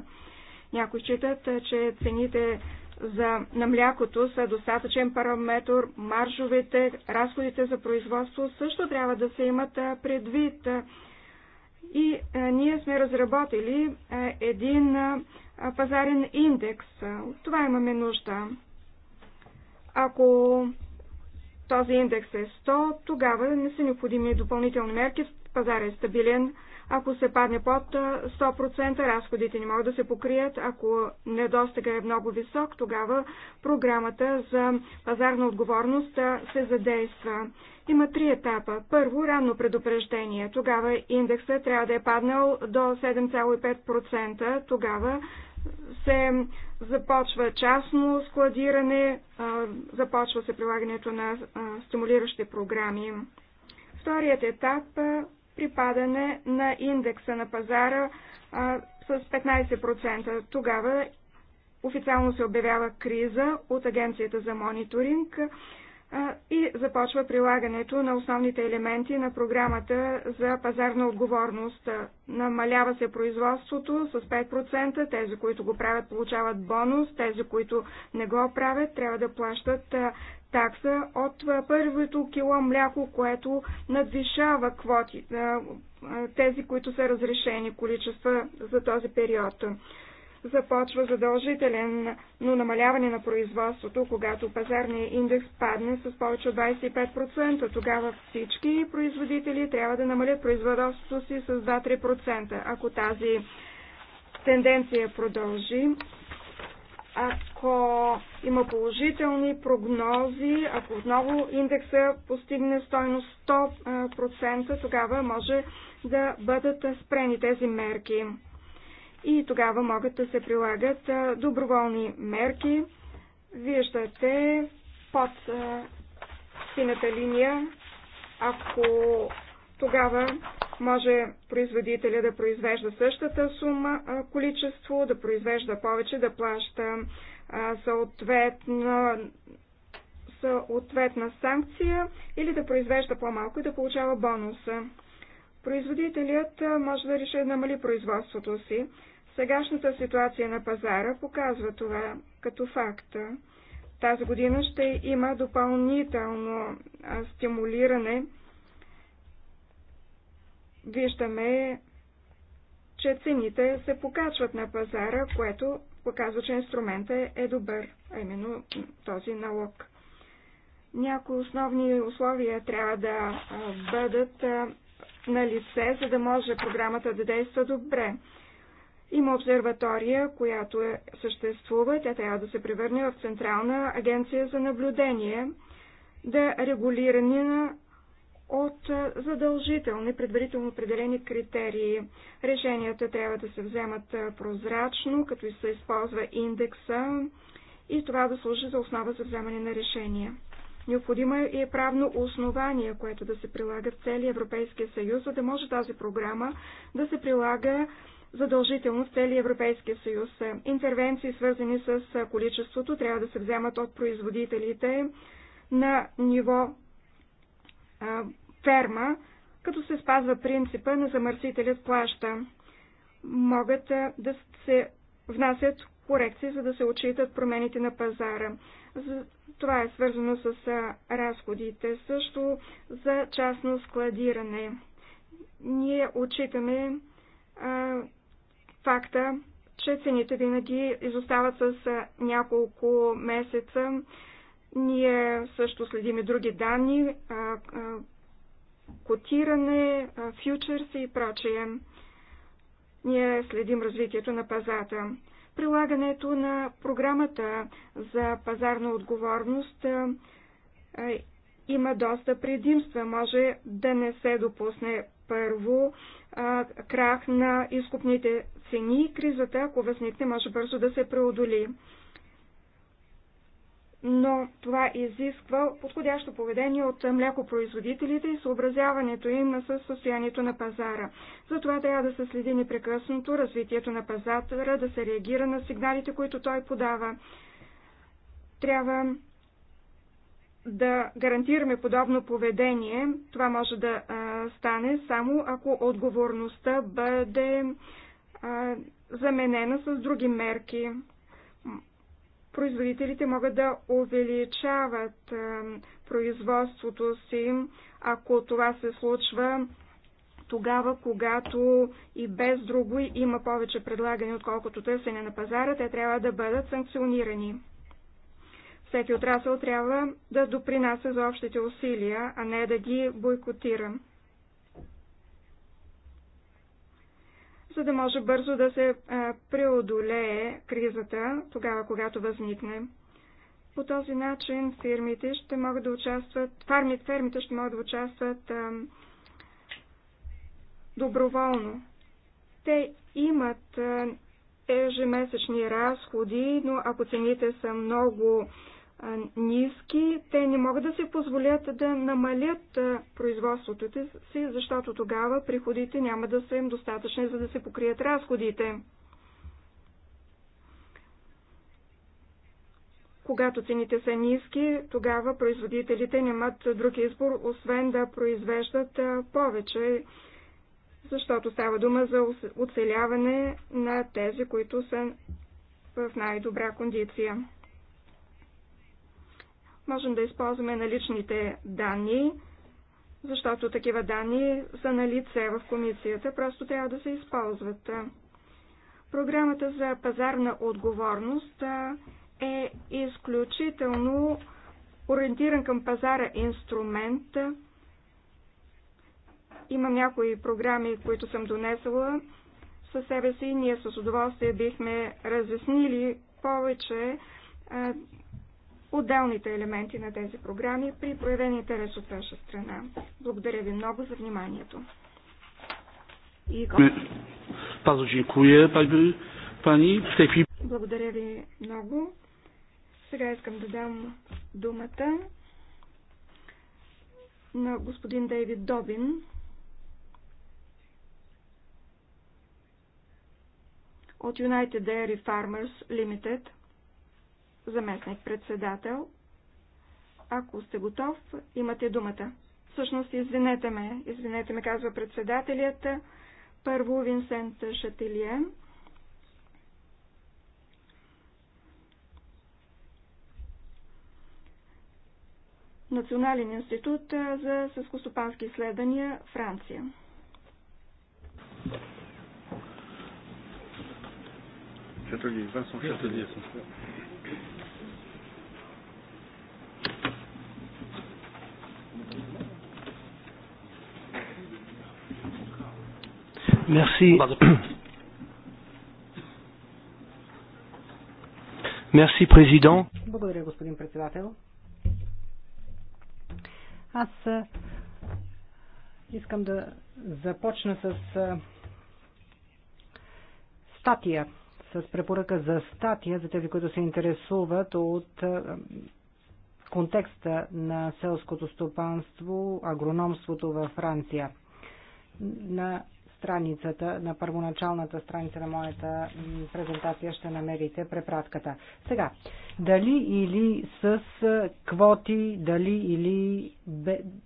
S2: Някои считат, че цените за, на млякото са достатъчен параметр, маржовете, разходите за производство също трябва да се имат предвид. И а, ние сме разработили а, един а, пазарен индекс. От това имаме нужда. Ако този индекс е 100, тогава не са необходими допълнителни мерки, пазар е стабилен. Ако се падне под 100%, разходите не могат да се покрият. Ако недостига е много висок, тогава програмата за пазарна отговорност се задейства. Има три етапа. Първо, ранно предупреждение. Тогава индекса трябва да е паднал до 7,5%. Тогава се започва частно складиране, започва се прилагането на стимулиращи програми. Вторият етап припадане на индекса на пазара а, с 15%. Тогава официално се обявява криза от Агенцията за мониторинг а, и започва прилагането на основните елементи на програмата за пазарна отговорност. Намалява се производството с 5%, тези, които го правят, получават бонус, тези, които не го правят, трябва да плащат такса от първото кило мляко, което надвишава квоти, тези, които са разрешени количества за този период. Започва задължителен, но намаляване на производството, когато пазарният индекс падне с повече от 25%. Тогава всички производители трябва да намалят производството си с 2-3%. Ако тази тенденция продължи, ако има положителни прогнози, ако отново индекса постигне стойност 100%, тогава може да бъдат спрени тези мерки. И тогава могат да се прилагат доброволни мерки. Виждате под сината линия, ако тогава може производителя да произвежда същата сума, количество, да произвежда повече, да плаща съответна, съответна санкция или да произвежда по-малко и да получава бонуса. Производителят може да реши да намали производството си. Сегашната ситуация на пазара показва това като факт, Тази година ще има допълнително стимулиране виждаме, че цените се покачват на пазара, което показва, че инструментът е добър, а именно този налог. Някои основни условия трябва да бъдат на лице, за да може програмата да действа добре. Има обсерватория, която е, съществува, тя трябва да се превърне в Централна агенция за наблюдение, да регулиране на от задължителни предварително определени критерии. Решенията трябва да се вземат прозрачно, като и се използва индекса и това да служи за основа за вземане на решения. Необходимо е правно основание, което да се прилага в целия Европейския съюз, за да може тази програма да се прилага задължително в целия Европейския съюз. Интервенции, свързани с количеството, трябва да се вземат от производителите на ниво ферма, като се спазва принципа на замърсителят плаща. Могат да се внасят корекции, за да се отчитат промените на пазара. Това е свързано с разходите също за частно складиране. Ние отчитаме а, факта, че цените винаги изостават с няколко месеца ние също следим и други данни, котиране, фьючерси и прочее. Ние следим развитието на пазата. Прилагането на програмата за пазарна отговорност има доста предимства. Може да не се допусне първо а, крах на изкупните цени. и Кризата, ако възникне, може бързо да се преодоли но това изисква подходящо поведение от млекопроизводителите и съобразяването им с състоянието на пазара. Затова трябва да се следи непрекъснато развитието на пазара, да се реагира на сигналите, които той подава. Трябва да гарантираме подобно поведение. Това може да а, стане само ако отговорността бъде а, заменена с други мерки производителите могат да увеличават производството си, ако това се случва тогава, когато и без друго има повече предлагане, отколкото търсене на пазара, те трябва да бъдат санкционирани. Всеки отрасъл трябва да допринася за общите усилия, а не да ги бойкотира. за да може бързо да се преодолее кризата тогава, когато възникне. По този начин фирмите ще могат да участват, фармите, фермите ще могат да участват а, доброволно. Те имат ежемесечни разходи, но ако цените са много ниски, те не могат да се позволят да намалят производството си, защото тогава приходите няма да са им достатъчни, за да се покрият разходите. Когато цените са ниски, тогава производителите нямат друг избор, освен да произвеждат повече, защото става дума за оцеляване на тези, които са в най-добра кондиция. Можем да използваме наличните данни, защото такива данни са на лице в комисията, просто трябва да се използват. Програмата за пазарна отговорност е изключително ориентиран към пазара инструмент. Имам някои програми, които съм донесла със себе си и ние с удоволствие бихме разяснили повече отделните елементи на тези програми при проявен интерес от ваша страна. Благодаря ви много за вниманието. И... Благодаря ви много. Сега искам да дам думата на господин Дейвид Добин от United Dairy Farmers Limited заместник-председател. Ако сте готов, имате думата. Всъщност, извинете ме, извинете ме, казва председателят. Първо Винсент Шателиен. Национален институт за съскостопански изследвания, Франция.
S1: Châtelier, Vincent Châtelier. Merci. Merci, Président.
S3: Благодаря, господин председател. Аз искам да започна с статия, с препоръка за статия за тези, които се интересуват от контекста на селското стопанство, агрономството във Франция. На страницата, на първоначалната страница на моята презентация ще намерите препратката. Сега, дали или с квоти, дали или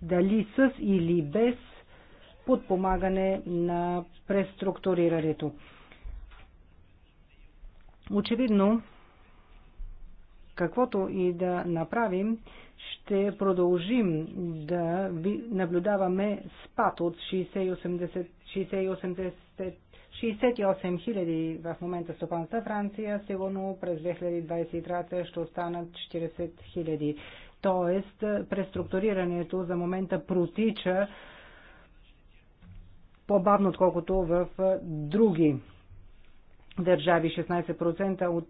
S3: дали с или без подпомагане на преструктурирането. Очевидно, каквото и да направим, ще продължим да наблюдаваме спад от 60 и 68 000 в момента стопанства Франция, сигурно през 2023 ще останат 40 000. Тоест, преструктурирането за момента протича по-бавно, отколкото в други държави. 16% от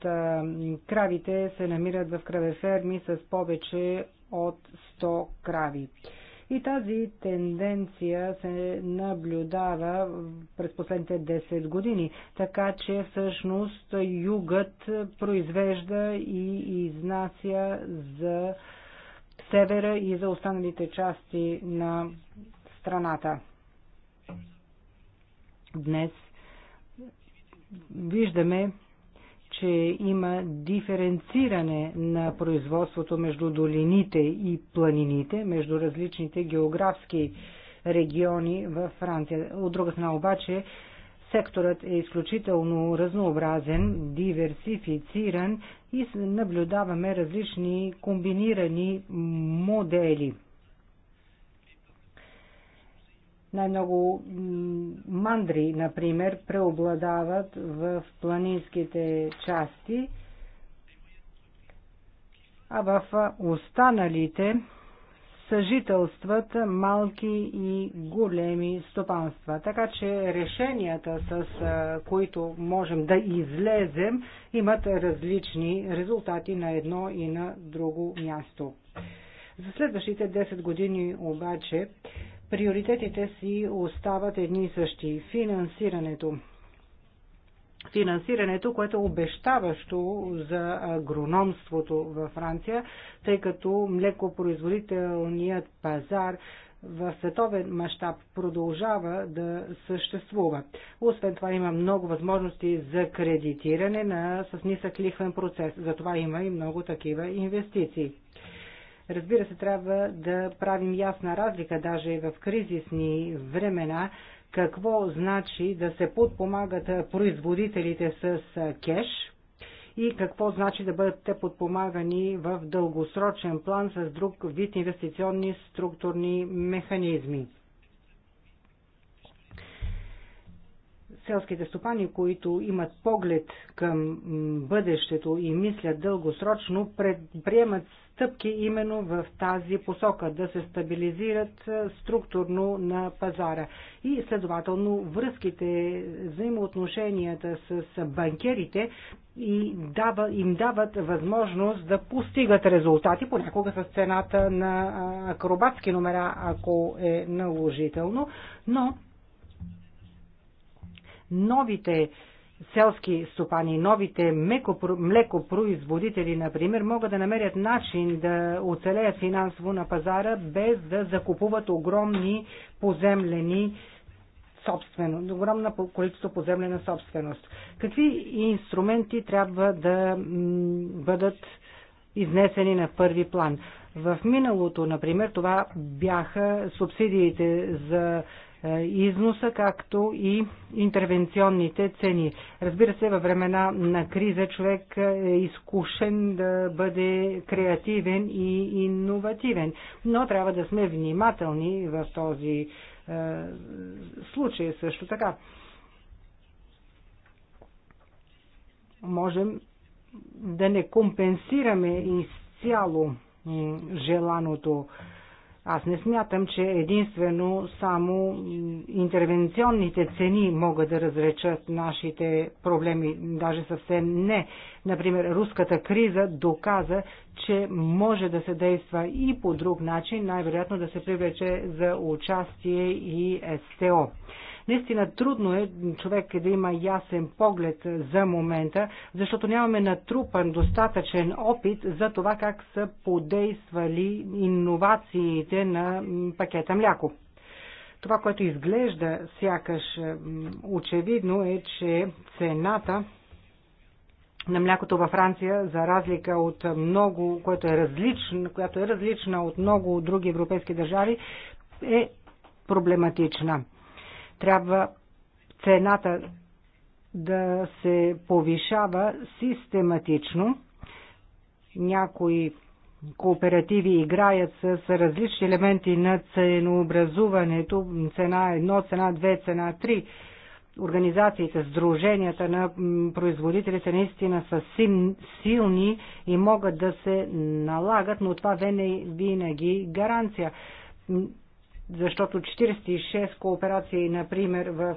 S3: кравите се намират в кравеферми с повече от 100 крави. И тази тенденция се наблюдава през последните 10 години. Така че всъщност югът произвежда и изнася за севера и за останалите части на страната. Днес виждаме че има диференциране на производството между долините и планините, между различните географски региони във Франция. От друга страна обаче, секторът е изключително разнообразен, диверсифициран и наблюдаваме различни комбинирани модели – най-много мандри, например, преобладават в планинските части, а в останалите съжителстват малки и големи стопанства. Така че решенията, с които можем да излезем, имат различни резултати на едно и на друго място. За следващите 10 години обаче приоритетите си остават едни и същи. Финансирането. Финансирането, което е обещаващо за агрономството във Франция, тъй като млекопроизводителният пазар в световен мащаб продължава да съществува. Освен това има много възможности за кредитиране на, с нисък лихвен процес. Затова има и много такива инвестиции. Разбира се, трябва да правим ясна разлика, даже и в кризисни времена, какво значи да се подпомагат производителите с кеш и какво значи да бъдат те подпомагани в дългосрочен план с друг вид инвестиционни структурни механизми. селските стопани, които имат поглед към бъдещето и мислят дългосрочно, предприемат стъпки именно в тази посока, да се стабилизират структурно на пазара. И следователно връзките, взаимоотношенията с банкерите и дава, им дават възможност да постигат резултати, понякога с цената на акробатски номера, ако е наложително, но новите селски стопани, новите млекопроизводители, например, могат да намерят начин да оцелеят финансово на пазара, без да закупуват огромни поземлени собствено, огромна количество поземлена собственост. Какви инструменти трябва да бъдат изнесени на първи план? В миналото, например, това бяха субсидиите за е, износа, както и интервенционните цени. Разбира се, във времена на криза човек е, е изкушен да бъде креативен и иновативен, но трябва да сме внимателни в този е, случай също така. Можем да не компенсираме изцяло желаното аз не смятам, че единствено само интервенционните цени могат да разречат нашите проблеми. Даже съвсем не. Например, руската криза доказа, че може да се действа и по друг начин, най-вероятно да се привлече за участие и СТО. Наистина трудно е човек да има ясен поглед за момента, защото нямаме натрупан достатъчен опит за това как са подействали иновациите на пакета мляко. Това, което изглежда сякаш очевидно е, че цената на млякото във Франция, за разлика от много, което е различна, която е различна от много други европейски държави, е проблематична трябва цената да се повишава систематично. Някои кооперативи играят с различни елементи на ценообразуването, цена 1, цена 2, цена 3. Организациите, сдруженията на производителите наистина са силни и могат да се налагат, но това не е винаги гаранция защото 46 кооперации, например, в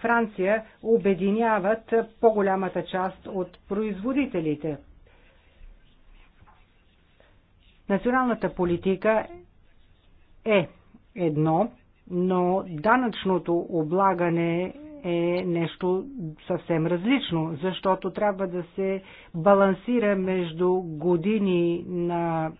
S3: Франция обединяват по-голямата част от производителите. Националната политика е едно, но данъчното облагане е нещо съвсем различно, защото трябва да се балансира между години на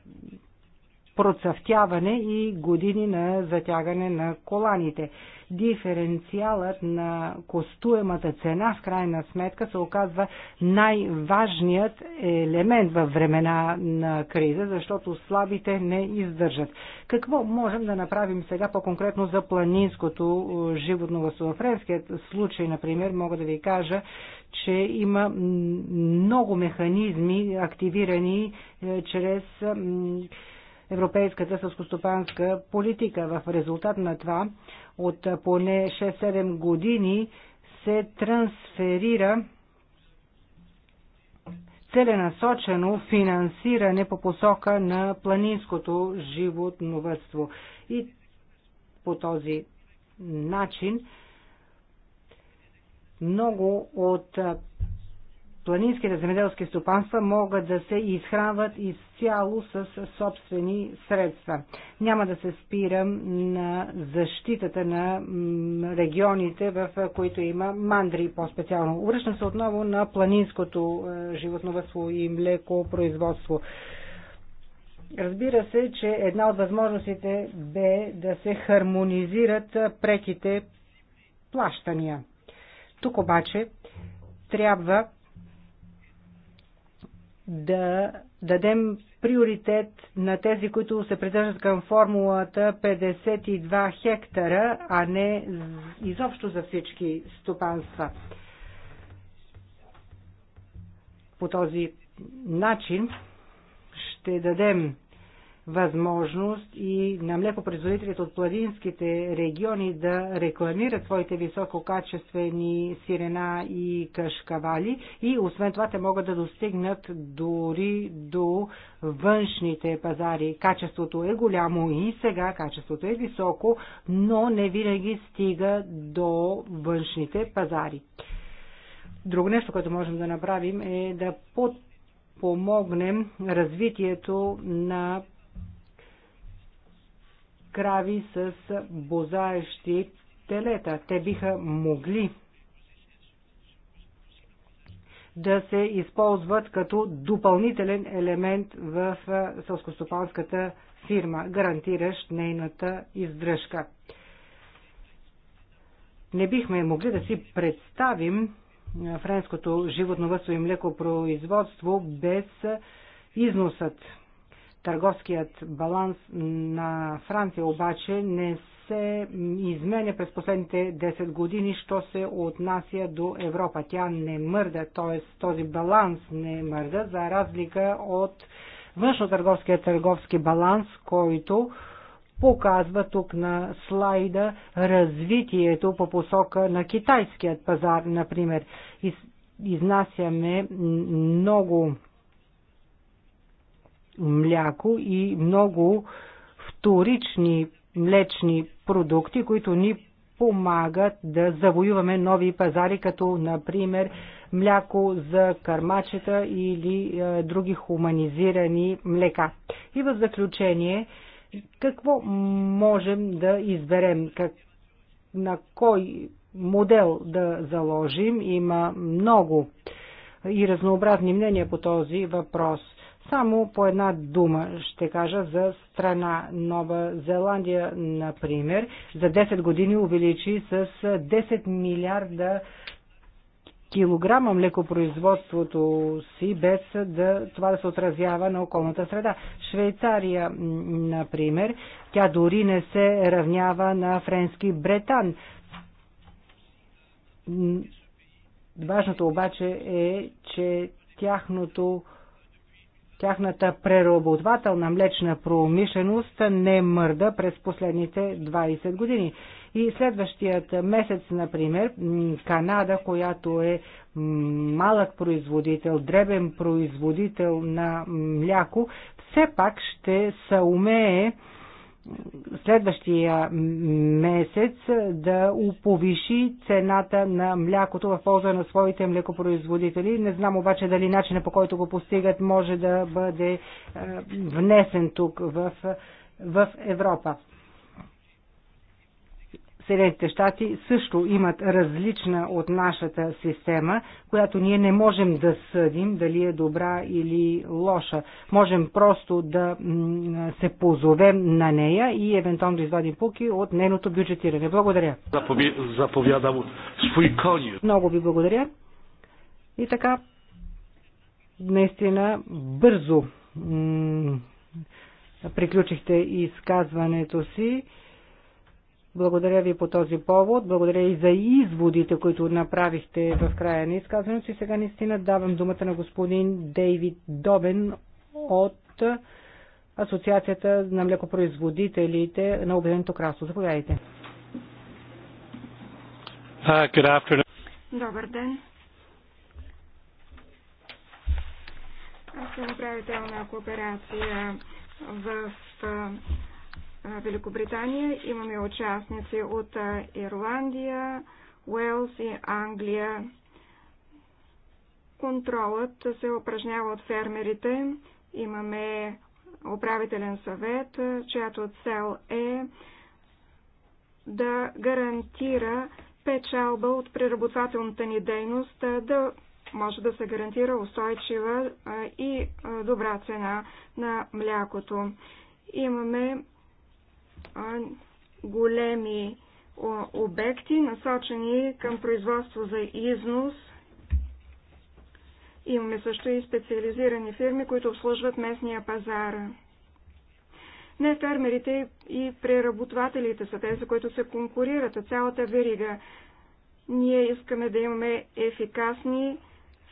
S3: процъфтяване и години на затягане на коланите. Диференциалът на костуемата цена в крайна сметка се оказва най-важният елемент във времена на криза, защото слабите не издържат. Какво можем да направим сега по-конкретно за планинското е, животно В Суафренският случай, например, мога да ви кажа, че има много механизми активирани е, чрез европейската съскостопанска политика. В резултат на това от поне 6-7 години се трансферира целенасочено финансиране по посока на планинското животновътство. И по този начин много от планинските земеделски стопанства могат да се изхранват изцяло с собствени средства. Няма да се спирам на защитата на регионите, в които има мандри по-специално. Връщам се отново на планинското животновътство и млекопроизводство. Разбира се, че една от възможностите бе да се хармонизират преките плащания. Тук обаче трябва да дадем приоритет на тези, които се придържат към формулата 52 хектара, а не изобщо за всички стопанства. По този начин ще дадем възможност и на млекопроизводителите от планинските региони да рекламират своите висококачествени сирена и кашкавали и освен това те могат да достигнат дори до външните пазари. Качеството е голямо и сега качеството е високо, но не винаги стига до външните пазари. Друго нещо, което можем да направим е да под помогнем развитието на крави с бозаещи телета. Те биха могли да се използват като допълнителен елемент в сълскостопанската фирма, гарантиращ нейната издръжка. Не бихме могли да си представим френското животновъдство и млекопроизводство без износът Търговският баланс на Франция обаче не се изменя през последните 10 години, що се отнася до Европа. Тя не мърда, т.е. този баланс не мърда, за разлика от външно-търговския търговски баланс, който показва тук на слайда развитието по посока на китайският пазар, например. Из, изнасяме много мляко и много вторични млечни продукти, които ни помагат да завоюваме нови пазари, като например мляко за кармачета или е, други хуманизирани млека. И в заключение, какво можем да изберем, как, на кой модел да заложим, има много и разнообразни мнения по този въпрос. Само по една дума ще кажа за страна Нова Зеландия, например. За 10 години увеличи с 10 милиарда килограма млекопроизводството си, без да, това да се отразява на околната среда. Швейцария, например, тя дори не се равнява на френски бретан. Важното обаче е, че тяхното Тяхната преработвателна млечна промишленост не мърда през последните 20 години. И следващият месец, например, Канада, която е малък производител, дребен производител на мляко, все пак ще се умее следващия месец да повиши цената на млякото в полза на своите млекопроизводители. Не знам обаче дали начина по който го постигат може да бъде е, внесен тук в, в Европа. Съединените щати също имат различна от нашата система, която ние не можем да съдим дали е добра или лоша. Можем просто да се позовем на нея и евентуално да извадим пуки от нейното бюджетиране. Благодаря.
S1: Заповядам свои кони.
S3: Много ви благодаря. И така, наистина бързо приключихте изказването си. Благодаря ви по този повод. Благодаря и за изводите, които направихте в края на изказването. И сега наистина давам думата на господин Дейвид Добен от Асоциацията на млекопроизводителите на Обединеното кралство. Заповядайте.
S1: Uh,
S2: Добър ден. Аз съм управител на кооперация в Великобритания, имаме участници от Ирландия, Уелс и Англия. Контролът се упражнява от фермерите. Имаме управителен съвет, чиято цел е да гарантира печалба от преработвателната ни дейност, да може да се гарантира устойчива и добра цена на млякото. Имаме големи обекти, насочени към производство за износ. Имаме също и специализирани фирми, които обслужват местния пазар. Не фермерите и преработвателите са тези, които се конкурират, а цялата верига. Ние искаме да имаме ефикасни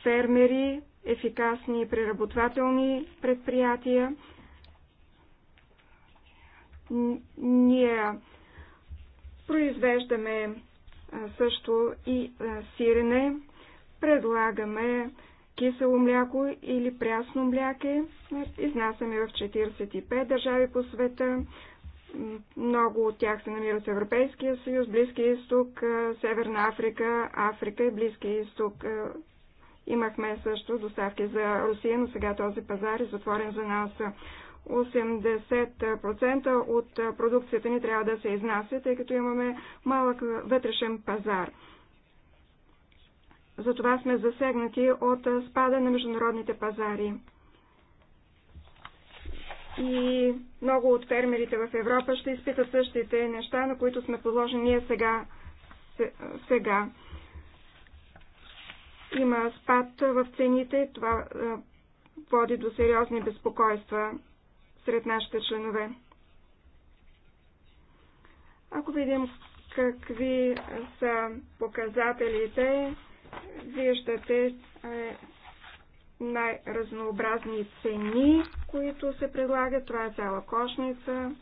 S2: фермери, ефикасни преработвателни предприятия, ние произвеждаме също и сирене, предлагаме кисело мляко или прясно мляке, изнасяме в 45 държави по света, много от тях се намират в Европейския съюз, Близкия изток, Северна Африка, Африка и Близкия изток. Имахме също доставки за Русия, но сега този пазар е затворен за нас. 80% от продукцията ни трябва да се изнася, тъй като имаме малък вътрешен пазар. Затова сме засегнати от спада на международните пазари. И много от фермерите в Европа ще изпитат същите неща, на които сме подложени ние сега. сега. Има спад в цените, това води до сериозни безпокойства сред нашите членове. Ако видим какви са показателите, виждате е най-разнообразни цени, които се предлагат. Това е цяла кошница.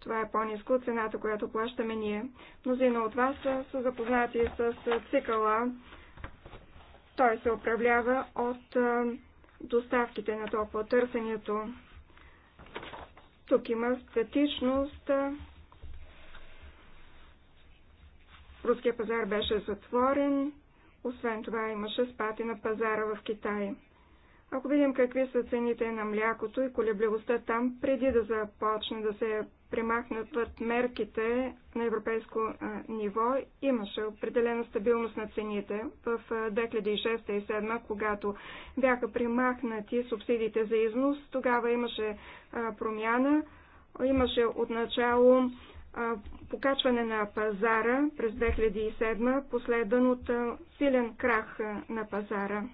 S2: Това е по-низко от цената, която плащаме ние. Мнозина от вас са, са запознати с цикъла. Той се управлява от доставките на топло, търсенето. Тук има статичност. Руския пазар беше затворен. Освен това имаше спати на пазара в Китай. Ако видим какви са цените на млякото и колебливостта там, преди да започне да се премахнат мерките на европейско ниво, имаше определена стабилност на цените в 2006 и 2007, когато бяха премахнати субсидиите за износ. Тогава имаше промяна, имаше отначало покачване на пазара през 2007, последен от силен крах на пазара.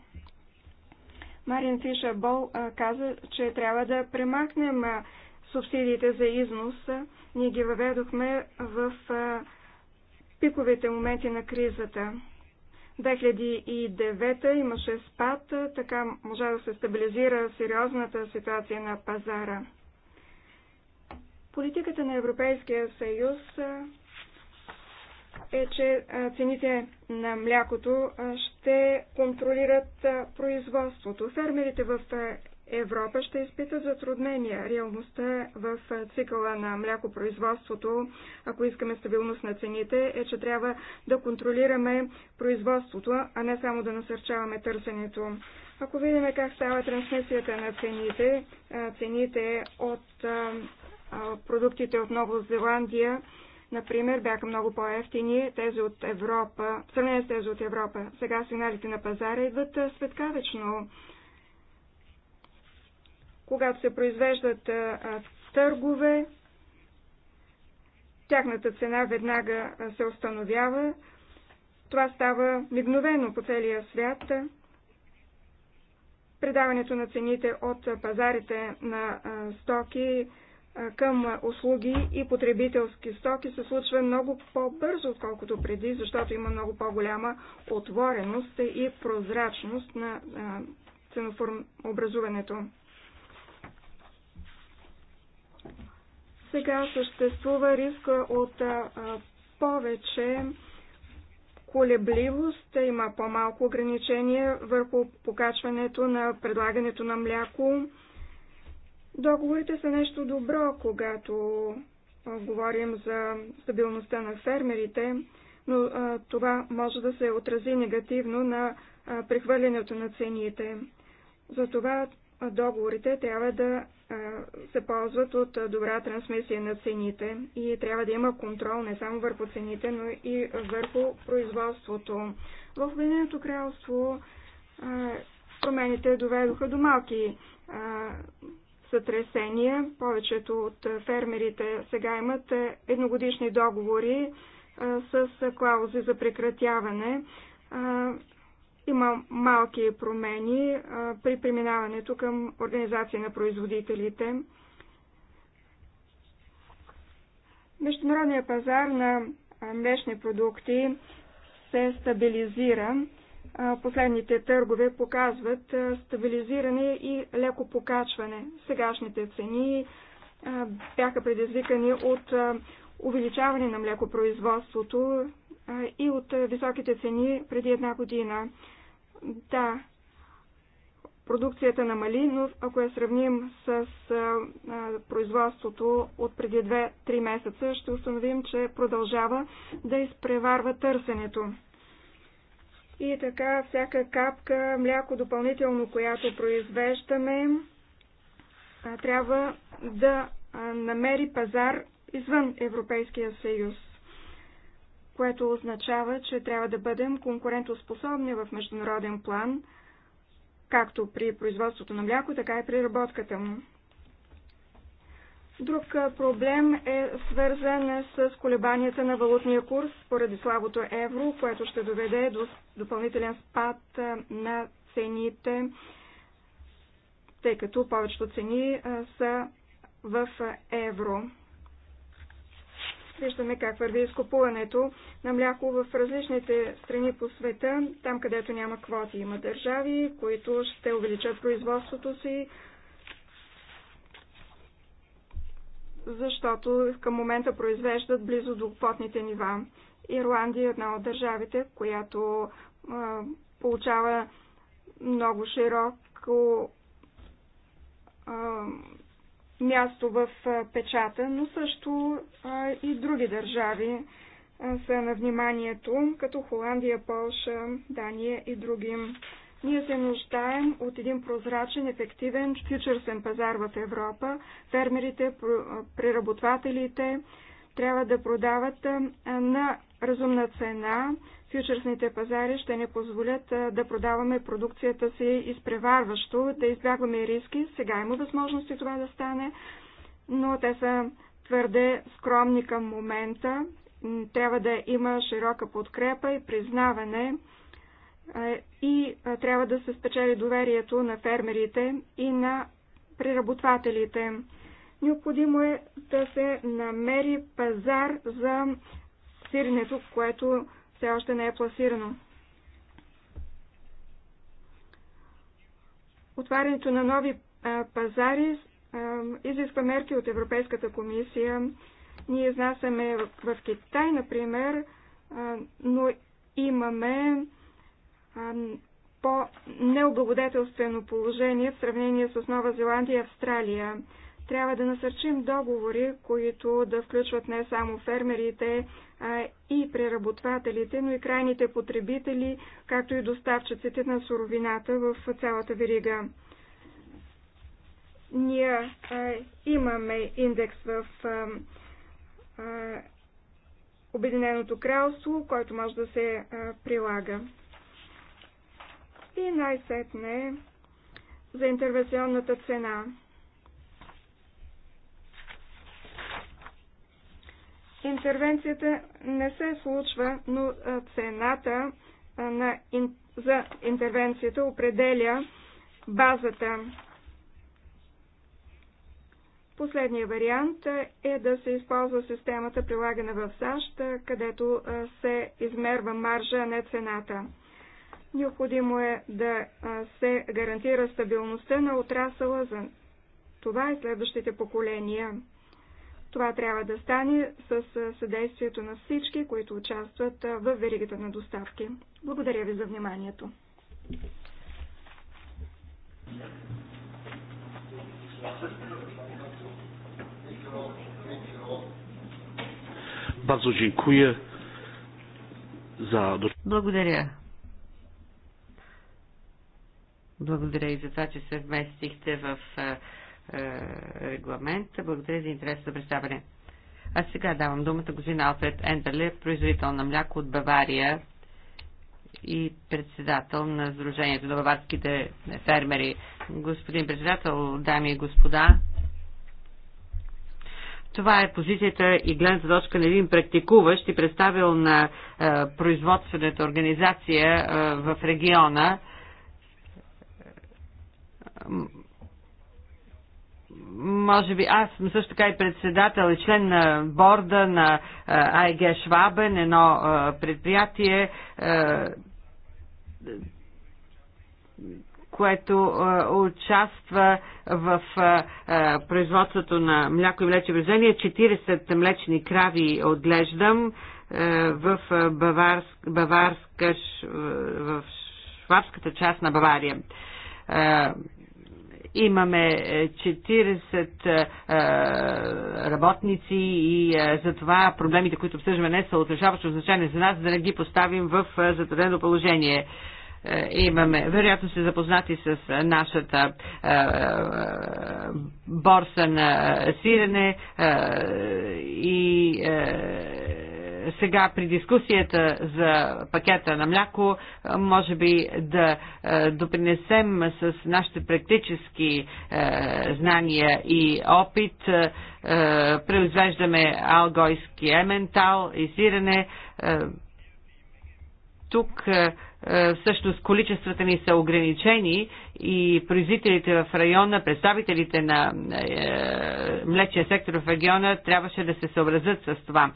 S2: Марин Фишер Бол каза, че трябва да премахнем субсидиите за износ. Ние ги въведохме в пиковите моменти на кризата. 2009 имаше спад, така може да се стабилизира сериозната ситуация на пазара. Политиката на Европейския съюз е, че цените на млякото ще контролират производството. Фермерите в Европа ще изпита затруднения. Реалността в цикъла на млякопроизводството, ако искаме стабилност на цените, е, че трябва да контролираме производството, а не само да насърчаваме търсенето. Ако видим как става трансмисията на цените, цените от продуктите от Нова Зеландия, например, бяха много по-ефтини, тези от Европа, в сравнение с тези от Европа. Сега сигналите на пазара идват светкавично когато се произвеждат търгове, тяхната цена веднага се установява. Това става мигновено по целия свят. Предаването на цените от пазарите на стоки към услуги и потребителски стоки се случва много по-бързо, отколкото преди, защото има много по-голяма отвореност и прозрачност на ценоформ образуването. Сега съществува риска от повече колебливост, има по-малко ограничение върху покачването на предлагането на мляко. Договорите са нещо добро, когато говорим за стабилността на фермерите, но а, това може да се отрази негативно на а, прехвърлянето на цените. Затова договорите трябва да се ползват от добра трансмисия на цените и трябва да има контрол не само върху цените, но и върху производството. В Обединеното кралство промените доведоха до малки сътресения. Повечето от фермерите сега имат едногодишни договори с клаузи за прекратяване. Има малки промени а, при преминаването към организация на производителите. Международният пазар на млечни продукти се стабилизира. Последните търгове показват стабилизиране и леко покачване. Сегашните цени бяха предизвикани от увеличаване на млекопроизводството и от високите цени преди една година. Да, продукцията намали, но ако я сравним с производството от преди 2-3 месеца, ще установим, че продължава да изпреварва търсенето. И така, всяка капка мляко допълнително, която произвеждаме, трябва да намери пазар извън Европейския съюз което означава, че трябва да бъдем конкурентоспособни в международен план, както при производството на мляко, така и при работката му. Друг проблем е свързан е, с колебанията на валутния курс поради слабото евро, което ще доведе до допълнителен спад на цените, тъй като повечето цени са в евро. Виждаме как върви изкупуването на мляко в различните страни по света. Там, където няма квоти, има държави, които ще увеличат производството си, защото към момента произвеждат близо до потните нива. Ирландия е една от държавите, която а, получава много широко място в печата, но също и други държави са на вниманието, като Холандия, Полша, Дания и други. Ние се нуждаем от един прозрачен, ефективен фьючерсен пазар в Европа. Фермерите, преработвателите трябва да продават на разумна цена, фьючерсните пазари ще ни позволят да продаваме продукцията си изпреварващо, да избягваме риски. Сега има възможности това да стане, но те са твърде скромни към момента. Трябва да има широка подкрепа и признаване и трябва да се спечели доверието на фермерите и на преработвателите. Необходимо е да се намери пазар за сиренето, което все още не е пласирано. Отварянето на нови пазари изисква мерки от Европейската комисия. Ние изнасяме в Китай, например, но имаме по-необлагодетелствено положение в сравнение с Нова Зеландия и Австралия. Трябва да насърчим договори, които да включват не само фермерите, и преработвателите, но и крайните потребители, както и доставчиците на суровината в цялата верига. Ние а, имаме индекс в а, а, Обединеното кралство, който може да се а, прилага. И най-сетне за интервенционната цена. Интервенцията не се случва, но цената на, за интервенцията определя базата. Последния вариант е да се използва системата прилагана в САЩ, където се измерва маржа, а не цената. Необходимо е да се гарантира стабилността на отрасъла за това и следващите поколения. Това трябва да стане с съдействието на всички, които участват в веригата на доставки. Благодаря ви за вниманието.
S4: Благодаря. Благодаря и за това, че се вместихте в е, регламент. Благодаря за интерес за представяне. А сега давам думата господин Алфред Ендерле, производител на мляко от Бавария и председател на Сдружението на баварските фермери. Господин председател, дами и господа, това е позицията и гледната точка на един практикуващ и представил на е, производствената организация е, в региона може би аз съм също така и председател и член на борда на АЕГ Швабен, едно предприятие, което участва в производството на мляко и млечни произведения. 40 млечни крави отглеждам в Баварска, Баварска, в швабската част на Бавария. Имаме 40 е, е, е, работници и затова проблемите, които обсъждаме не са отрешаващо значение за нас, да не ги поставим в затворено положение имаме. Вероятно се запознати с нашата борса на сирене и сега при дискусията за пакета на мляко, може би да допринесем с нашите практически знания и опит. Произвеждаме алгойски ементал и сирене. Тук всъщност количествата ни са ограничени и производителите в района, представителите на млечния сектор в региона трябваше да се съобразят с това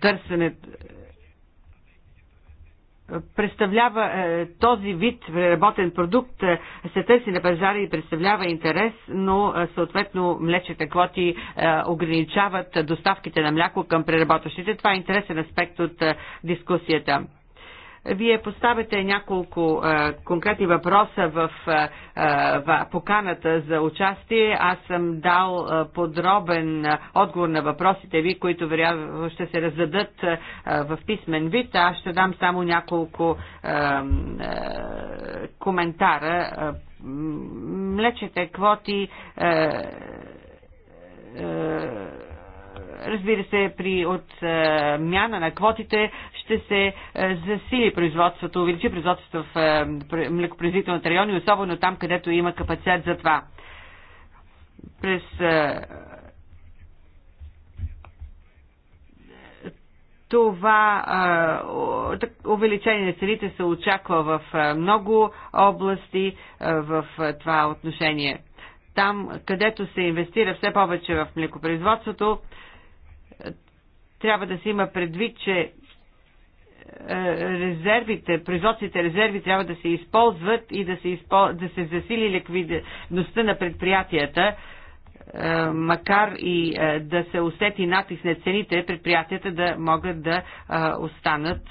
S4: търсенето представлява е, този вид преработен продукт, е, се търси на пазара и представлява интерес, но е, съответно млечните квоти ограничават доставките на мляко към преработващите. Това е интересен аспект от дискусията. Вие поставяте няколко а, конкретни въпроса в, а, в поканата за участие. Аз съм дал подробен отговор на въпросите ви, които вероятно ще се раздадат в писмен вид. Аз ще дам само няколко а, а, коментара. млечете квоти. А, а, разбира се, при отмяна на квотите ще се засили производството, увеличи производството в млекопроизводителните райони, особено там, където има капацитет за това. През това а, увеличение на цените се очаква в много области в това отношение. Там, където се инвестира все повече в млекопроизводството, трябва да се има предвид, че е, резервите, производствените резерви трябва да се използват и да се, изпол... да се засили ликвидността на предприятията, е, макар и е, да се усети натиск на цените, предприятията да могат да останат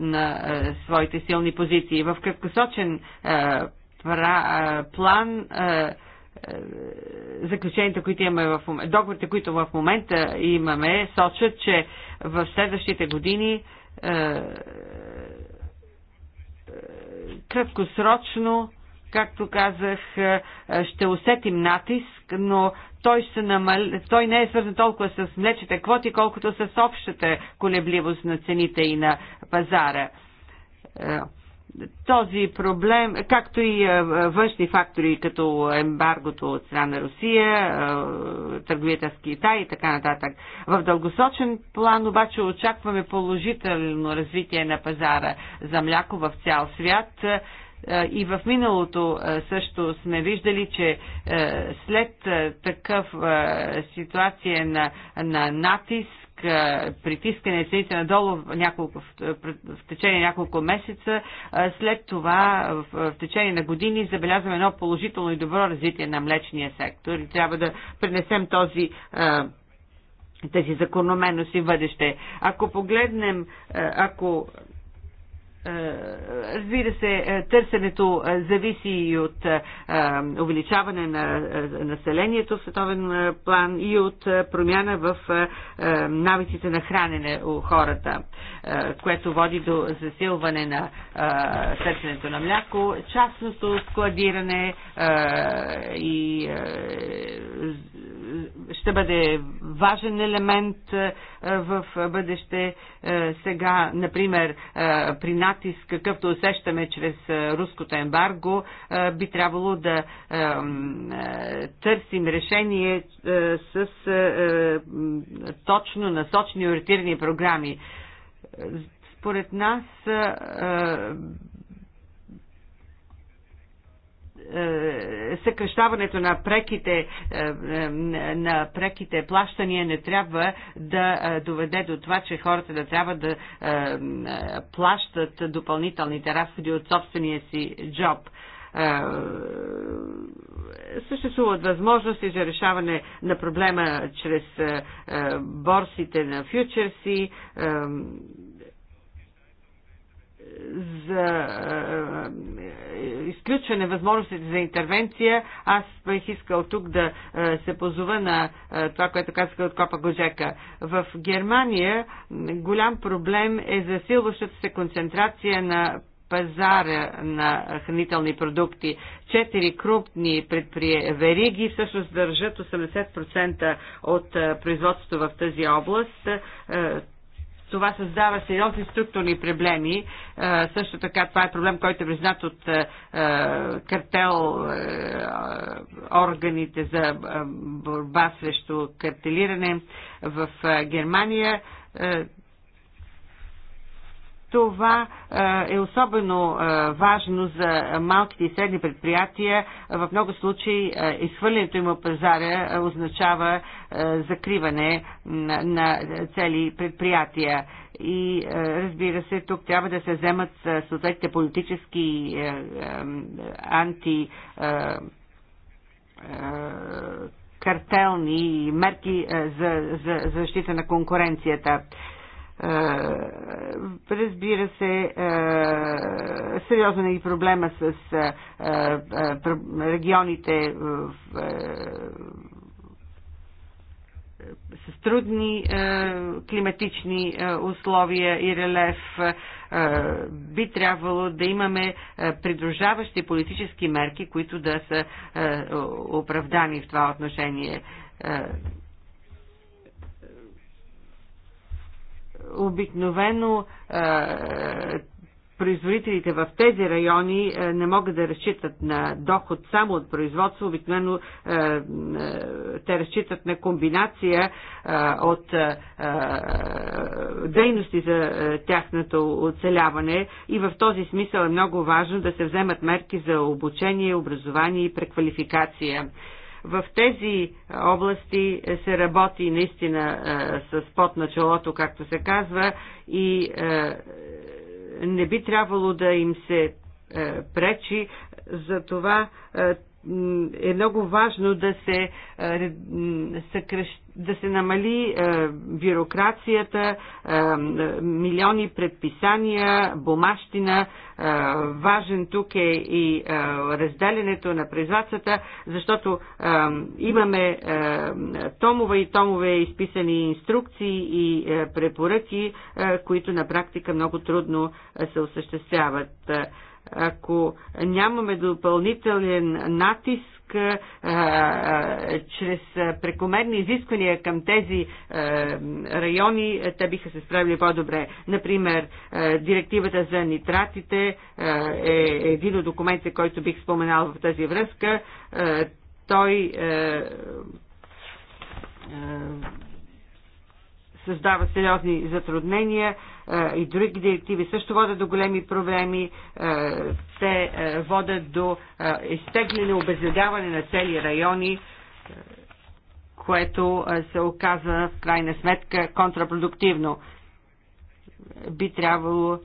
S4: на своите силни позиции. В краткосочен план е, заключенията, които имаме в момента, договорите, които в момента имаме, сочат, че в следващите години е, е, краткосрочно, както казах, ще усетим натиск, но той, ще намал... той не е свързан толкова с млечите квоти, колкото с общата колебливост на цените и на пазара този проблем, както и външни фактори, като ембаргото от страна на Русия, търговията с Китай и така нататък. В дългосочен план обаче очакваме положително развитие на пазара за мляко в цял свят. И в миналото също сме виждали, че след такъв ситуация на, на натиск, е, притискане на цените надолу в, няколко, в, течение на няколко месеца. Е, след това, в, течение на години, забелязваме едно положително и добро развитие на млечния сектор и трябва да принесем този е, тези закономерност в бъдеще. Ако погледнем, ако Разбира се, е, търсенето е, зависи и от е, увеличаване на населението в световен план и от промяна в навиците на хранене у хората, което води до засилване на търсенето на мляко, частното складиране и ще бъде важен елемент е, в бъдеще. Е, сега, например, е, при натиск, какъвто усещаме чрез руското ембарго, би трябвало да търсим решение с точно насочни ориентирани програми. Според нас е, съкръщаването на преките, е, е, на преките плащания не трябва да доведе до това, че хората да трябва да плащат допълнителните разходи от собствения си джоб съществуват възможности за решаване на проблема чрез борсите на фьючерси, за е, е, изключване възможностите за интервенция, аз бих искал тук да е, се позова на това, което казах от Копа Гожека. В Германия голям проблем е засилващата се концентрация на пазара на хранителни продукти. Четири крупни предприе всъщност държат 80% от производството в тази област. Това създава сериозни структурни проблеми. Е, също така това е проблем, който е признат от е, е, картел органите за борба срещу картелиране в Германия това е особено важно за малките и средни предприятия. В много случаи изхвърлянето им от пазара означава закриване на цели предприятия. И разбира се, тук трябва да се вземат съответните политически анти картелни мерки за, за, за защита на конкуренцията. Разбира се, сериозен е и проблема с регионите с трудни климатични условия и релеф, би трябвало да имаме придружаващи политически мерки, които да са оправдани в това отношение. обикновено е, производителите в тези райони е, не могат да разчитат на доход само от производство, обикновено е, те разчитат на комбинация от дейности за тяхното оцеляване и в този смисъл е много важно да се вземат мерки за обучение, образование и преквалификация в тези области се работи наистина е, с пот на челото, както се казва, и е, не би трябвало да им се е, пречи, за това е много важно да се, е, да се намали е, бюрокрацията, е, милиони предписания, бумащина. Важен тук е и разделянето на производствата, защото имаме томове и томове изписани инструкции и препоръки, които на практика много трудно се осъществяват ако нямаме допълнителен натиск чрез прекомерни изисквания към тези райони, те биха се справили по-добре. Например, директивата за нитратите е един от документите, който бих споменал в тази връзка. той създава сериозни затруднения е, и други директиви също водят до големи проблеми. Е, те е, водят до изтегляне, обезлюдяване на цели райони, което се оказа в крайна сметка контрапродуктивно. Би трябвало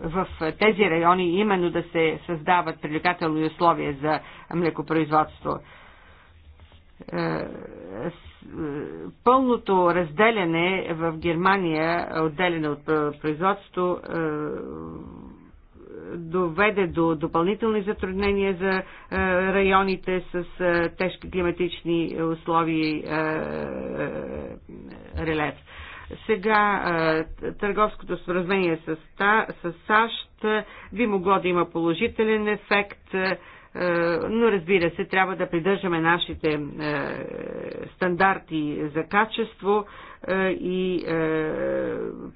S4: в тези райони именно да се създават привлекателни условия за млекопроизводство пълното разделяне в Германия, отделяне от производството, доведе до допълнителни затруднения за районите с тежки климатични условия релеф. Сега търговското споразумение с САЩ би могло да има положителен ефект е, но разбира се, трябва да придържаме нашите е, стандарти за качество е, и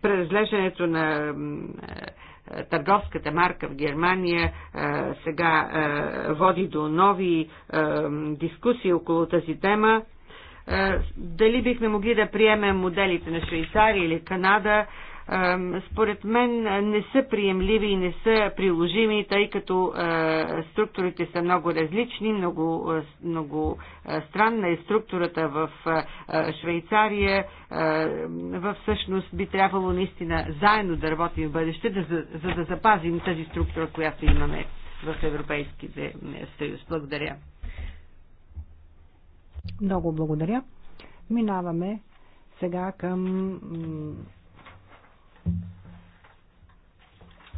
S4: преразглеждането на търговската марка в Германия сега води до нови дискусии около тази тема. Дали бихме могли да приемем моделите на Швейцария или Канада, според мен не са приемливи и не са приложими, тъй като структурите са много различни, много, много странна е структурата в Швейцария. В всъщност би трябвало наистина заедно да работим в бъдеще, да, за да запазим тази структура, която имаме в Европейските съюз. Благодаря.
S3: Много благодаря. Минаваме сега към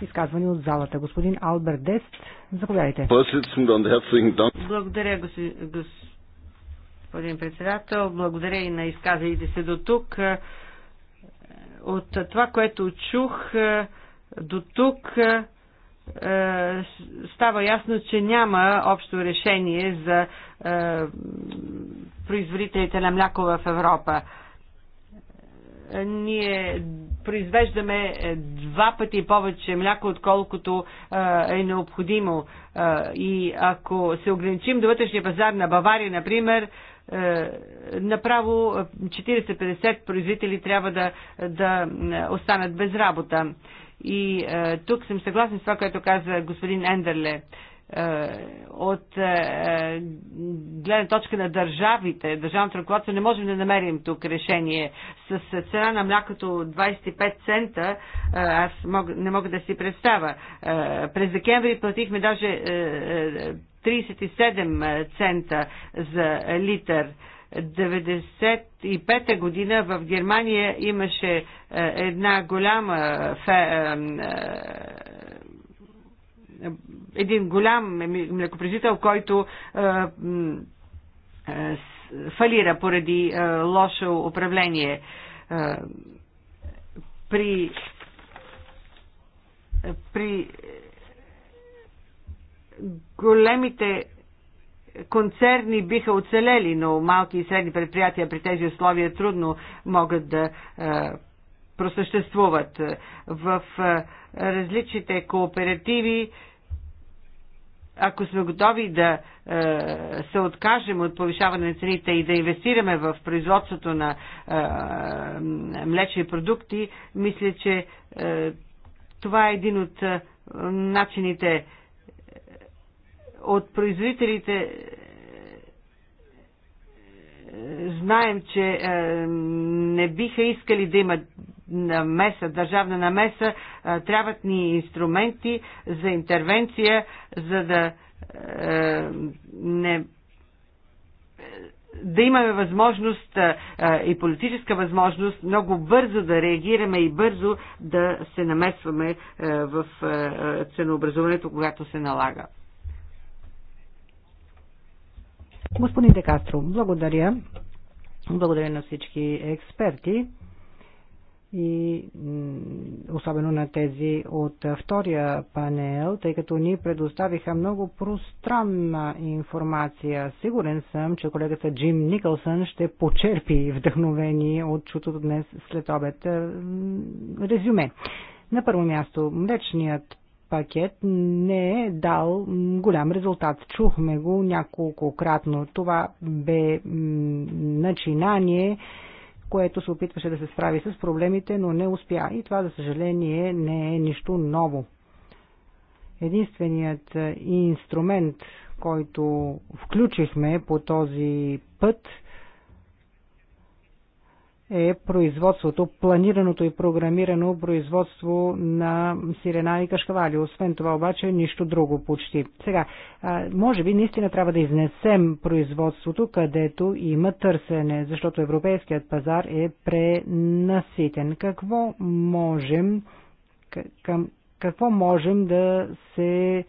S3: изказвания от залата. Господин Алберт Дест, заповядайте.
S4: Благодаря, господин председател. Благодаря и на изказалите се до тук. От това, което чух до тук, става ясно, че няма общо решение за е, производителите на мляко в Европа ние произвеждаме е, два пъти повече мляко, отколкото е, е необходимо. Е, и ако се ограничим до вътрешния пазар на Бавария, например, направо 40-50 производители трябва да, да останат без работа. И тук съм съгласен с това, което каза господин Ендерле. Е, от е, гледна точка на държавите, държавното ръководство, не можем да намерим тук решение. С цена на млякото 25 цента, е, аз не мога да си представя. През декември платихме даже 37 цента за литър. 1995 година в Германия имаше една голяма един голям млекопризител, който е, е, фалира поради е, лошо управление. При при големите концерни биха оцелели, но малки и средни предприятия при тези условия трудно могат да просъществуват. В различните кооперативи ако сме готови да е, се откажем от повишаване на цените и да инвестираме в производството на е, млечни продукти, мисля, че е, това е един от е, начините е, от производителите. Е, знаем, че е, не биха искали да имат намеса, държавна намеса, трябват ни инструменти за интервенция, за да не да имаме възможност а, и политическа възможност много бързо да реагираме и бързо да се намесваме а, в а, ценообразуването, когато се налага.
S3: Господин Декастро, благодаря. Благодаря на всички експерти и особено на тези от втория панел, тъй като ни предоставиха много пространна информация. Сигурен съм, че колегата Джим Никълсън ще почерпи вдъхновение от чутото днес след обед. Резюме. На първо място, млечният пакет не е дал голям резултат. Чухме го няколко кратно. Това бе начинание което се опитваше да се справи с проблемите, но не успя. И това, за съжаление, не е нищо ново. Единственият е, инструмент, който включихме по този път е производството, планираното и програмирано производство на сирена и кашкавали. Освен това обаче нищо друго почти. Сега, може би наистина трябва да изнесем производството, където има търсене, защото европейският пазар е пренаситен. Какво можем, към, какво можем да се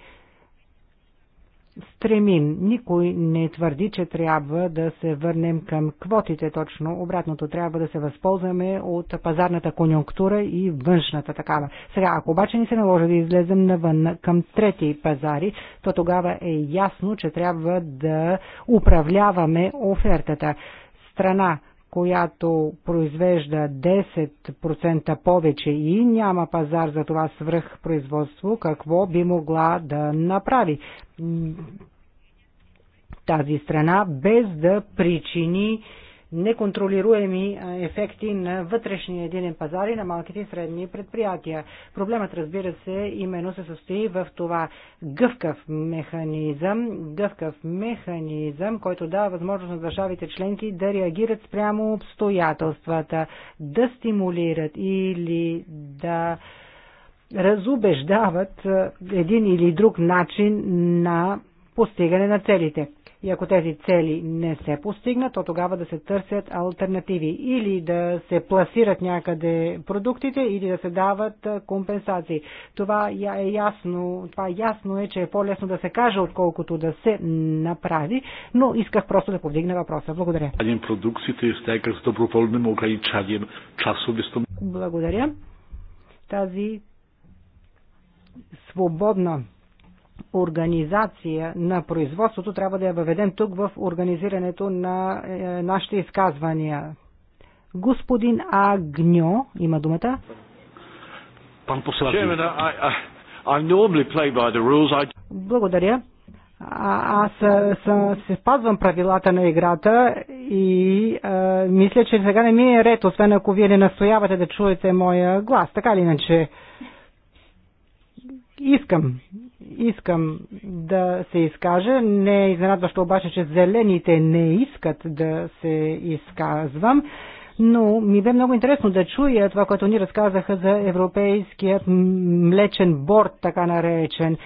S3: стремим. Никой не твърди, че трябва да се върнем към квотите, точно обратното. Трябва да се възползваме от пазарната конюнктура и външната такава. Сега, ако обаче ни се наложи да излезем навън към трети пазари, то тогава е ясно, че трябва да управляваме офертата. Страна която произвежда 10% повече и няма пазар за това свръхпроизводство, какво би могла да направи тази страна, без да причини неконтролируеми ефекти на вътрешния единен пазар и на малките и средни предприятия. Проблемът, разбира се, именно се състои в това гъвкав механизъм, гъвкав механизъм, който дава възможност на държавите членки да реагират спрямо обстоятелствата, да стимулират или да разубеждават един или друг начин на постигане на целите. И ако тези цели не се постигнат, то тогава да се търсят альтернативи или да се пласират някъде продуктите или да се дават компенсации. Това е ясно, това е ясно е, че е по-лесно да се каже, отколкото да се направи, но исках просто да повдигна въпроса. Благодаря. Благодаря. Тази свободна организация на производството трябва да я въведем тук в организирането на е, нашите изказвания. Господин Агньо има думата. Пан Благодаря. А, аз съм, се спазвам правилата на играта и а, мисля, че сега не ми е ред, освен ако вие не настоявате да чуете моя глас. Така или иначе, Искам, искам да се изкажа. Не е изненадващо обаче, че зелените не искат да се изказвам, но ми бе много интересно да чуя това, което ни разказаха за европейският млечен борт, така наречен.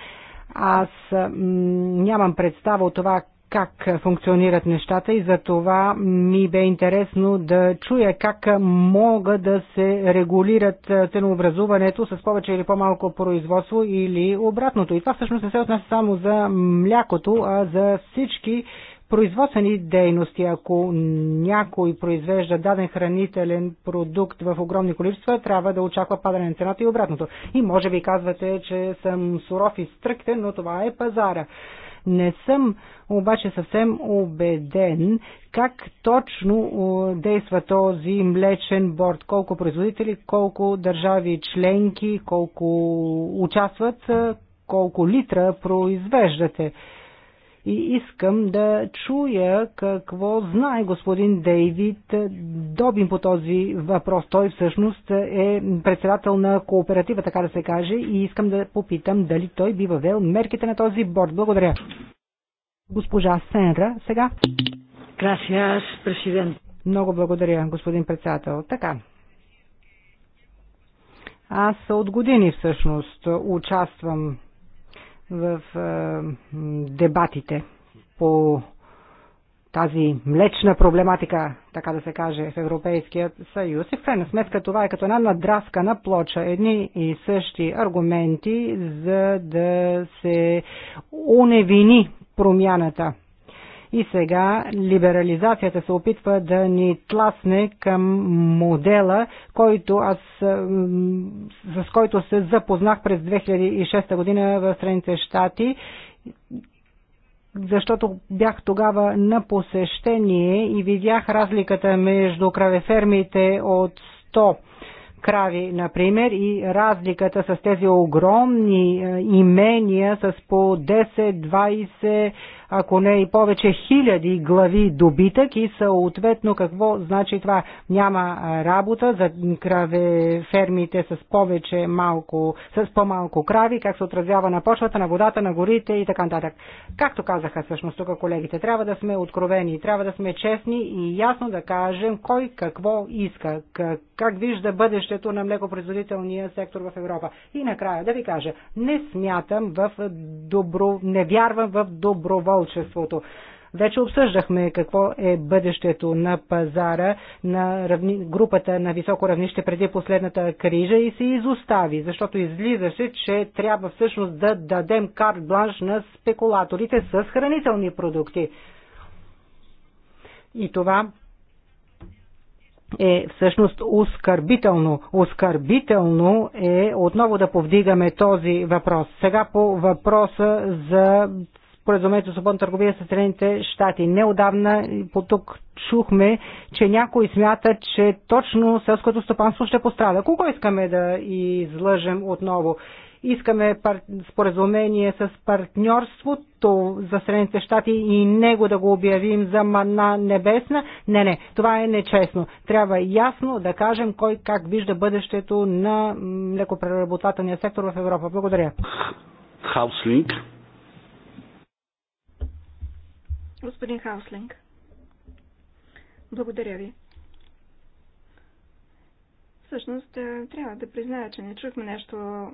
S3: Аз нямам представа от това как функционират нещата и за това ми бе интересно да чуя как мога да се регулират ценообразуването с повече или по-малко производство или обратното. И това всъщност не се отнася само за млякото, а за всички производствени дейности. Ако някой произвежда даден хранителен продукт в огромни количества, трябва да очаква падане на цената и обратното. И може би казвате, че съм суров и стръктен, но това е пазара. Не съм обаче съвсем убеден как точно действа този млечен борт. Колко производители, колко държави членки, колко участват, е, колко литра произвеждате и искам да чуя какво знае господин Дейвид Добин по този въпрос. Той всъщност е председател на кооператива, така да се каже, и искам да попитам дали той би въвел мерките на този борт. Благодаря. Госпожа Сенра, сега. Gracias, президент. Много благодаря, господин председател. Така, аз от години всъщност участвам в дебатите по тази млечна проблематика, така да се каже, в Европейския съюз. И в крайна сметка това е като една надраска на плоча, едни и същи аргументи, за да се уневини промяната и сега либерализацията се опитва да ни тласне към модела, който аз, с който се запознах през 2006 година в Средните щати защото бях тогава на посещение и видях разликата между кравефермите от 100 крави, например, и разликата с тези огромни е, имения с по 10, 20, ако не и повече хиляди глави добитък и съответно какво значи това? Няма работа за краве фермите с повече малко, с по-малко крави, как се отразява на почвата, на водата, на горите и така нататък. Както казаха всъщност тук колегите, трябва да сме откровени, трябва да сме честни и ясно да кажем кой какво иска, как, как вижда бъдещето на млекопроизводителния сектор в Европа. И накрая да ви кажа, не смятам в добро, не вярвам в добровол доброволчеството. Вече обсъждахме какво е бъдещето на пазара на равни... групата на високо равнище преди последната крижа и се изостави, защото излизаше, че трябва всъщност да дадем карт бланш на спекулаторите с хранителни продукти. И това е всъщност оскърбително. Оскърбително е отново да повдигаме този въпрос. Сега по въпроса за споразумението за свободна търговия с Съединените щати. Неодавна по тук чухме, че някой смята, че точно селското стопанство ще пострада. Кого искаме да излъжем отново? Искаме пар... споразумение с партньорството за Средните щати и него да го обявим за мана небесна. Не, не, това е нечестно. Трябва ясно да кажем кой как вижда бъдещето на лекопреработателния сектор в Европа. Благодаря.
S1: Хауслинг.
S2: Господин Хауслинг. Благодаря ви. Всъщност, е, трябва да призная, че не чухме нещо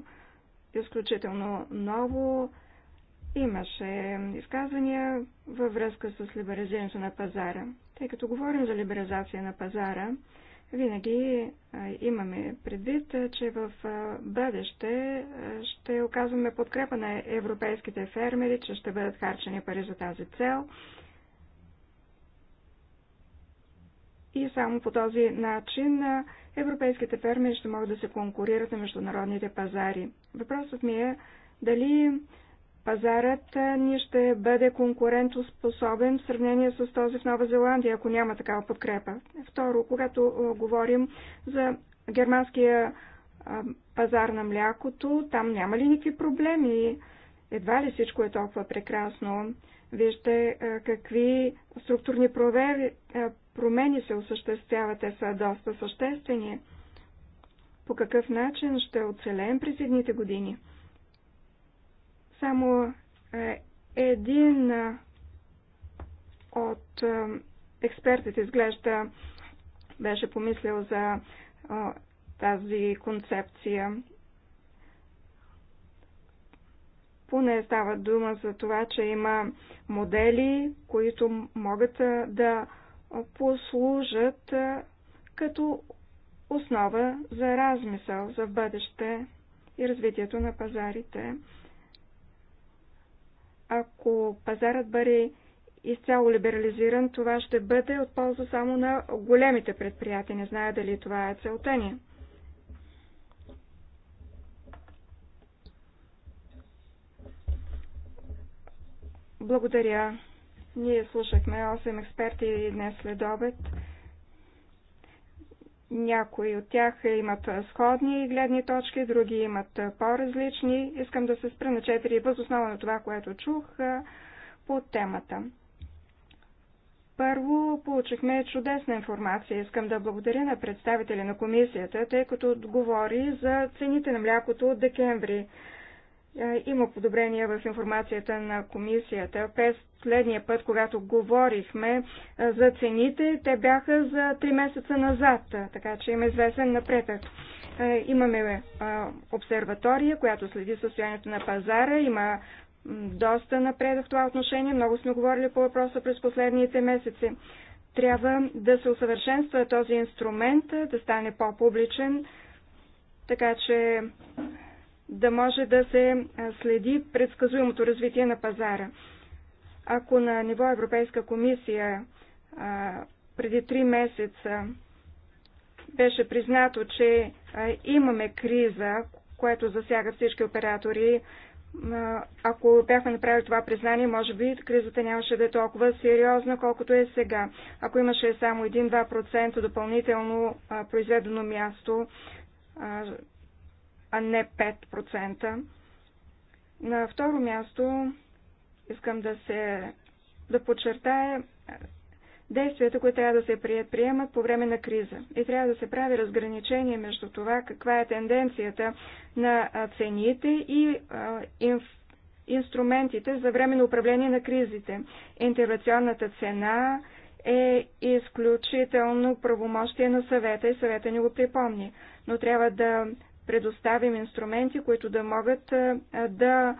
S2: изключително ново. Имаше изказвания във връзка с либерализирането на пазара. Тъй като говорим за либерализация на пазара, винаги имаме предвид, че в бъдеще ще оказваме подкрепа на европейските фермери, че ще бъдат харчени пари за тази цел. И само по този начин европейските фермери ще могат да се конкурират на международните пазари. Въпросът ми е дали пазарът ни ще бъде конкурентоспособен в сравнение с този в Нова Зеландия, ако няма такава подкрепа. Второ, когато говорим за германския пазар на млякото, там няма ли никакви проблеми? Едва ли всичко е толкова прекрасно? Вижте какви структурни провери, промени се осъществяват. Те са доста съществени. По какъв начин ще оцелеем през едните години? Само е, един е, от е, експертите изглежда беше помислил за тази концепция. Поне става дума за това, че има модели, които могат да послужат като основа за размисъл за бъдеще и развитието на пазарите. Ако пазарът бъде изцяло либерализиран, това ще бъде от полза само на големите предприятия. Не зная дали това е целта ни. Благодаря. Ние слушахме 8 експерти днес след обед. Някои от тях имат сходни гледни точки, други имат по-различни. Искам да се спра на четири възоснова на това, което чух по темата. Първо, получихме чудесна информация. Искам да благодаря на представители на комисията, тъй като говори за цените на млякото от декември. Е, има подобрения в информацията на комисията. През следния път, когато говорихме е, за цените, те бяха за 3 месеца назад, е, така че има известен напредък. Имаме обсерватория, която следи състоянието на пазара. Има доста напредък в това отношение. Много сме говорили по въпроса през последните месеци. Трябва да се усъвършенства този инструмент, да стане по-публичен, така че да може да се следи предсказуемото развитие на пазара. Ако на ниво Европейска комисия преди три месеца беше признато, че имаме криза, което засяга всички оператори, ако бяхме направили това признание, може би кризата нямаше да е толкова сериозна, колкото е сега. Ако имаше само 1-2% допълнително произведено място, а не 5%. На второ място искам да се да подчертая е, действията, които трябва да се приемат по време на криза. И трябва да се прави разграничение между това, каква е тенденцията на цените и инф... инструментите за време на управление на кризите. Интервенционната цена е изключително правомощие на съвета и съвета ни го припомни. Но трябва да предоставим инструменти, които да могат да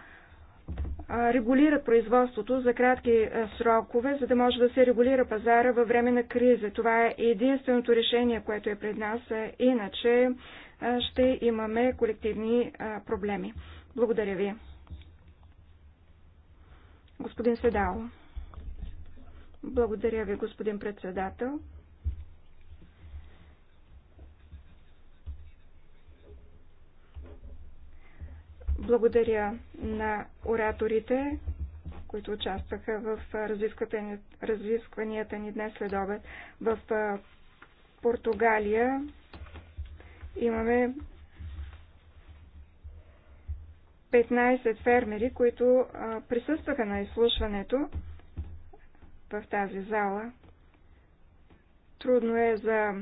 S2: регулират производството за кратки срокове, за да може да се регулира пазара във време на криза. Това е единственото решение, което е пред нас, иначе ще имаме колективни проблеми. Благодаря ви. Господин Седал. Благодаря ви, господин председател. Благодаря на ораторите, които участваха в разискванията ни днес след обед. В Португалия имаме 15 фермери, които присъстваха на изслушването в тази зала. Трудно е за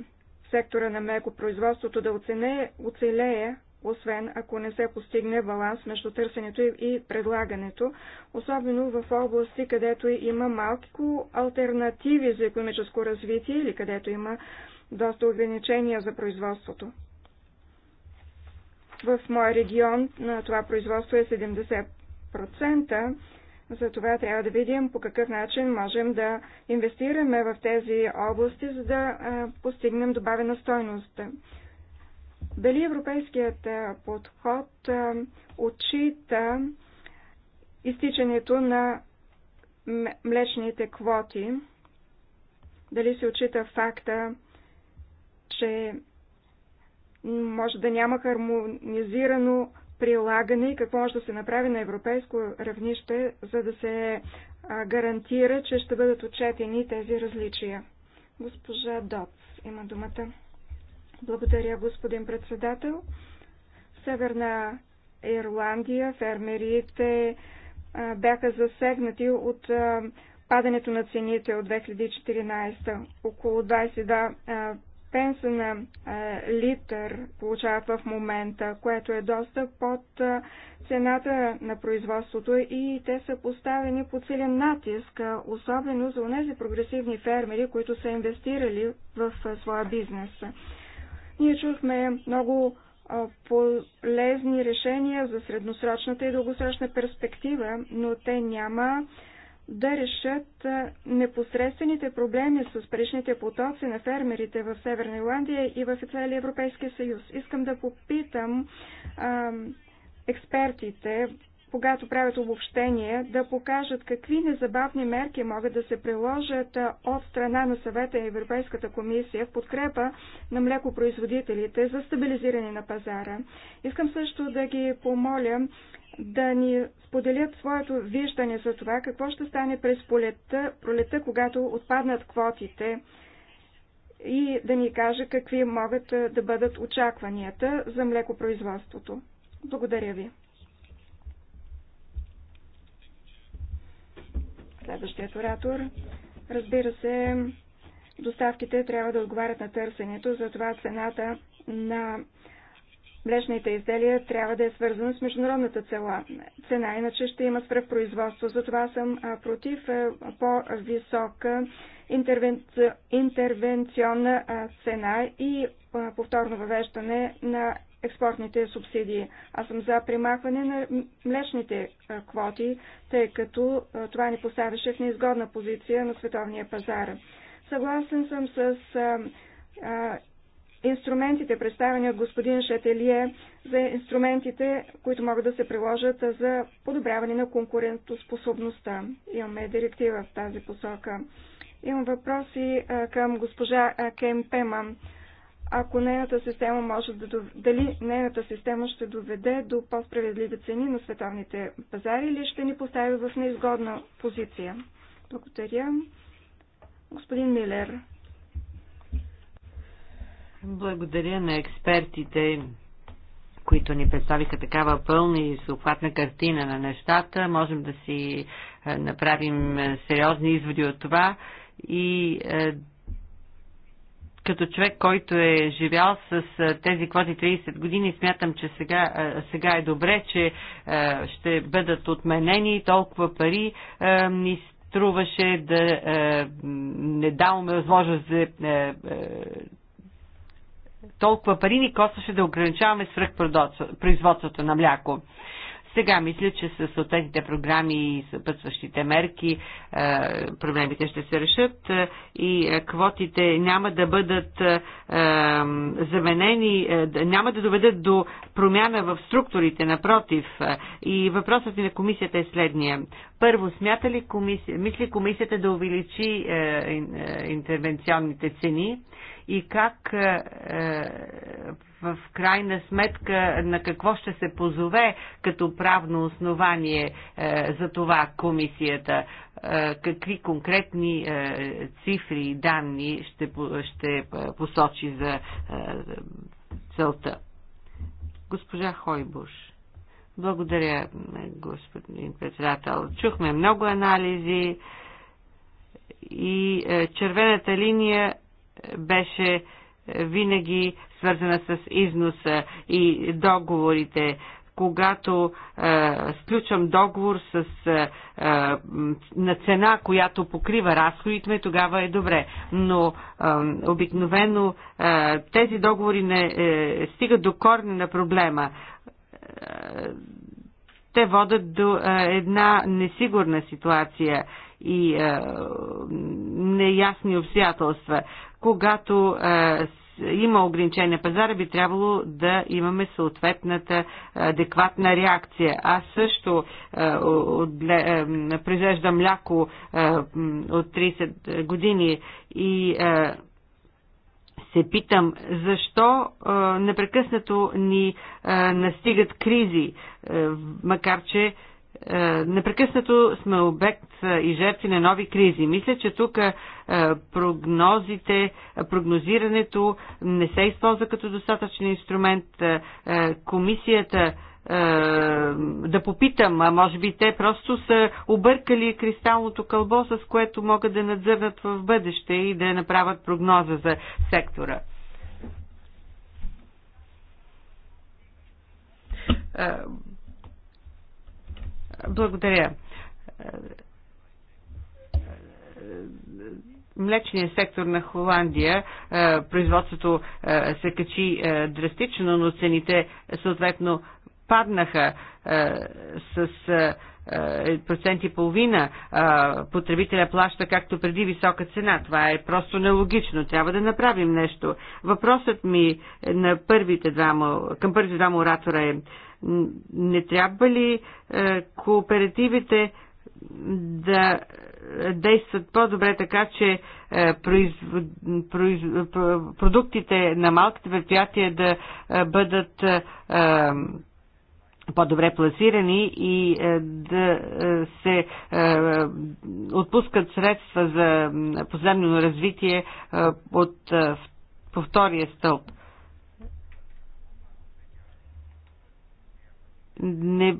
S2: сектора на мекопроизводството да оцелее освен ако не се постигне баланс между търсенето и предлагането, особено в области, където има малко альтернативи за економическо развитие или където има доста ограничения за производството. В моя регион на това производство е 70%, затова трябва да видим по какъв начин можем да инвестираме в тези области, за да постигнем добавена стойност. Дали европейският е, подход е, отчита изтичането на млечните квоти? Дали се отчита факта, че може да няма хармонизирано прилагане и какво може да се направи на европейско равнище, за да се е, гарантира, че ще бъдат отчетени тези различия. Госпожа Доц има думата. Благодаря, господин председател. В Северна Ирландия, фермерите бяха засегнати от падането на цените от 2014. Около 22 пенса на литър получават в момента, което е доста под цената на производството и те са поставени по целен натиск, особено за тези прогресивни фермери, които са инвестирали в своя бизнес. Ние чухме много полезни решения за средносрочната и дългосрочна перспектива, но те няма да решат непосредствените проблеми с паричните потоци на фермерите в Северна Ирландия и в целия Европейския съюз. Искам да попитам а, експертите когато правят обобщение, да покажат какви незабавни мерки могат да се приложат от страна на съвета и Европейската комисия в подкрепа на млекопроизводителите за стабилизиране на пазара. Искам също да ги помоля да ни споделят своето виждане за това какво ще стане през полета, пролета, когато отпаднат квотите и да ни каже какви могат да бъдат очакванията за млекопроизводството. Благодаря ви. Следващият оратор. Разбира се, доставките трябва да отговарят на търсенето, затова цената на млечните изделия трябва да е свързана с международната цела. цена, иначе ще има производство, Затова съм против по-висока интервенционна цена и повторно въвеждане на експортните субсидии. Аз съм за примахване на млечните квоти, тъй като това ни поставяше в неизгодна позиция на световния пазар. Съгласен съм с а, а, инструментите, представени от господин Шателие, за инструментите, които могат да се приложат за подобряване на конкурентоспособността. Имаме директива в тази посока. Имам въпроси а, към госпожа Кемпема. Пема ако нейната система може да дов... дали нейната система ще доведе до по-справедливи цени на световните пазари или ще ни постави в неизгодна позиция. Благодаря. Господин Милер.
S4: Благодаря на експертите, които ни представиха такава пълна и съобхватна картина на нещата. Можем да си е, направим е, сериозни изводи от това и е, като човек, който е живял с тези квоти 30 години, смятам, че сега, сега е добре, че ще бъдат отменени толкова пари. Ни струваше да не даваме възможност за да толкова пари ни костваше да ограничаваме свръхпроизводството на мляко. Сега мисля, че с съответните програми и съпътстващите мерки е, проблемите ще се решат е, и е, квотите няма да бъдат заменени, няма да доведат до промяна в структурите, напротив. И въпросът ми на комисията е следния. Първо, смята ли комисия, мисли комисията да увеличи интервенционните цени и как в крайна сметка на какво ще се позове като правно основание е, за това комисията? Е, какви конкретни е, цифри и данни ще, ще е, посочи за е, целта? Госпожа Хойбуш. Благодаря, господин председател. Чухме много анализи и е, червената линия беше винаги свързана с износа и договорите. Когато е, сключвам договор с, е, е, на цена, която покрива разходите, тогава е добре. Но е, обикновено е, тези договори не е, стигат до корни на проблема. Е, те водят до е, една несигурна ситуация и е, неясни обстоятелства. Когато е, има ограничение на пазара, би трябвало да имаме съответната адекватна реакция. Аз също е, е, произвеждам мляко е, от 30 години и е, се питам защо е, непрекъснато ни е, настигат кризи, е, макар че е, непрекъснато сме обект е, и жертви на нови кризи. Мисля, че тук е, прогнозите, прогнозирането не се използва като достатъчен инструмент. Комисията да попитам, а може би те просто са объркали кристалното кълбо, с което могат да надзърнат в бъдеще и да направят прогноза за сектора. Благодаря. Млечният сектор на Холандия, е, производството е, се качи е, драстично, но цените съответно паднаха с процент и половина потребителя плаща както преди висока цена. Това е просто нелогично. Трябва да направим нещо. Въпросът ми на първите двама, към първите двама оратора е не трябва ли е, кооперативите да действат по-добре, така че е, произ... Произ... продуктите на малките предприятия да е, бъдат по-добре пласирани и да се отпускат средства за поземлено развитие от по втория стълб. не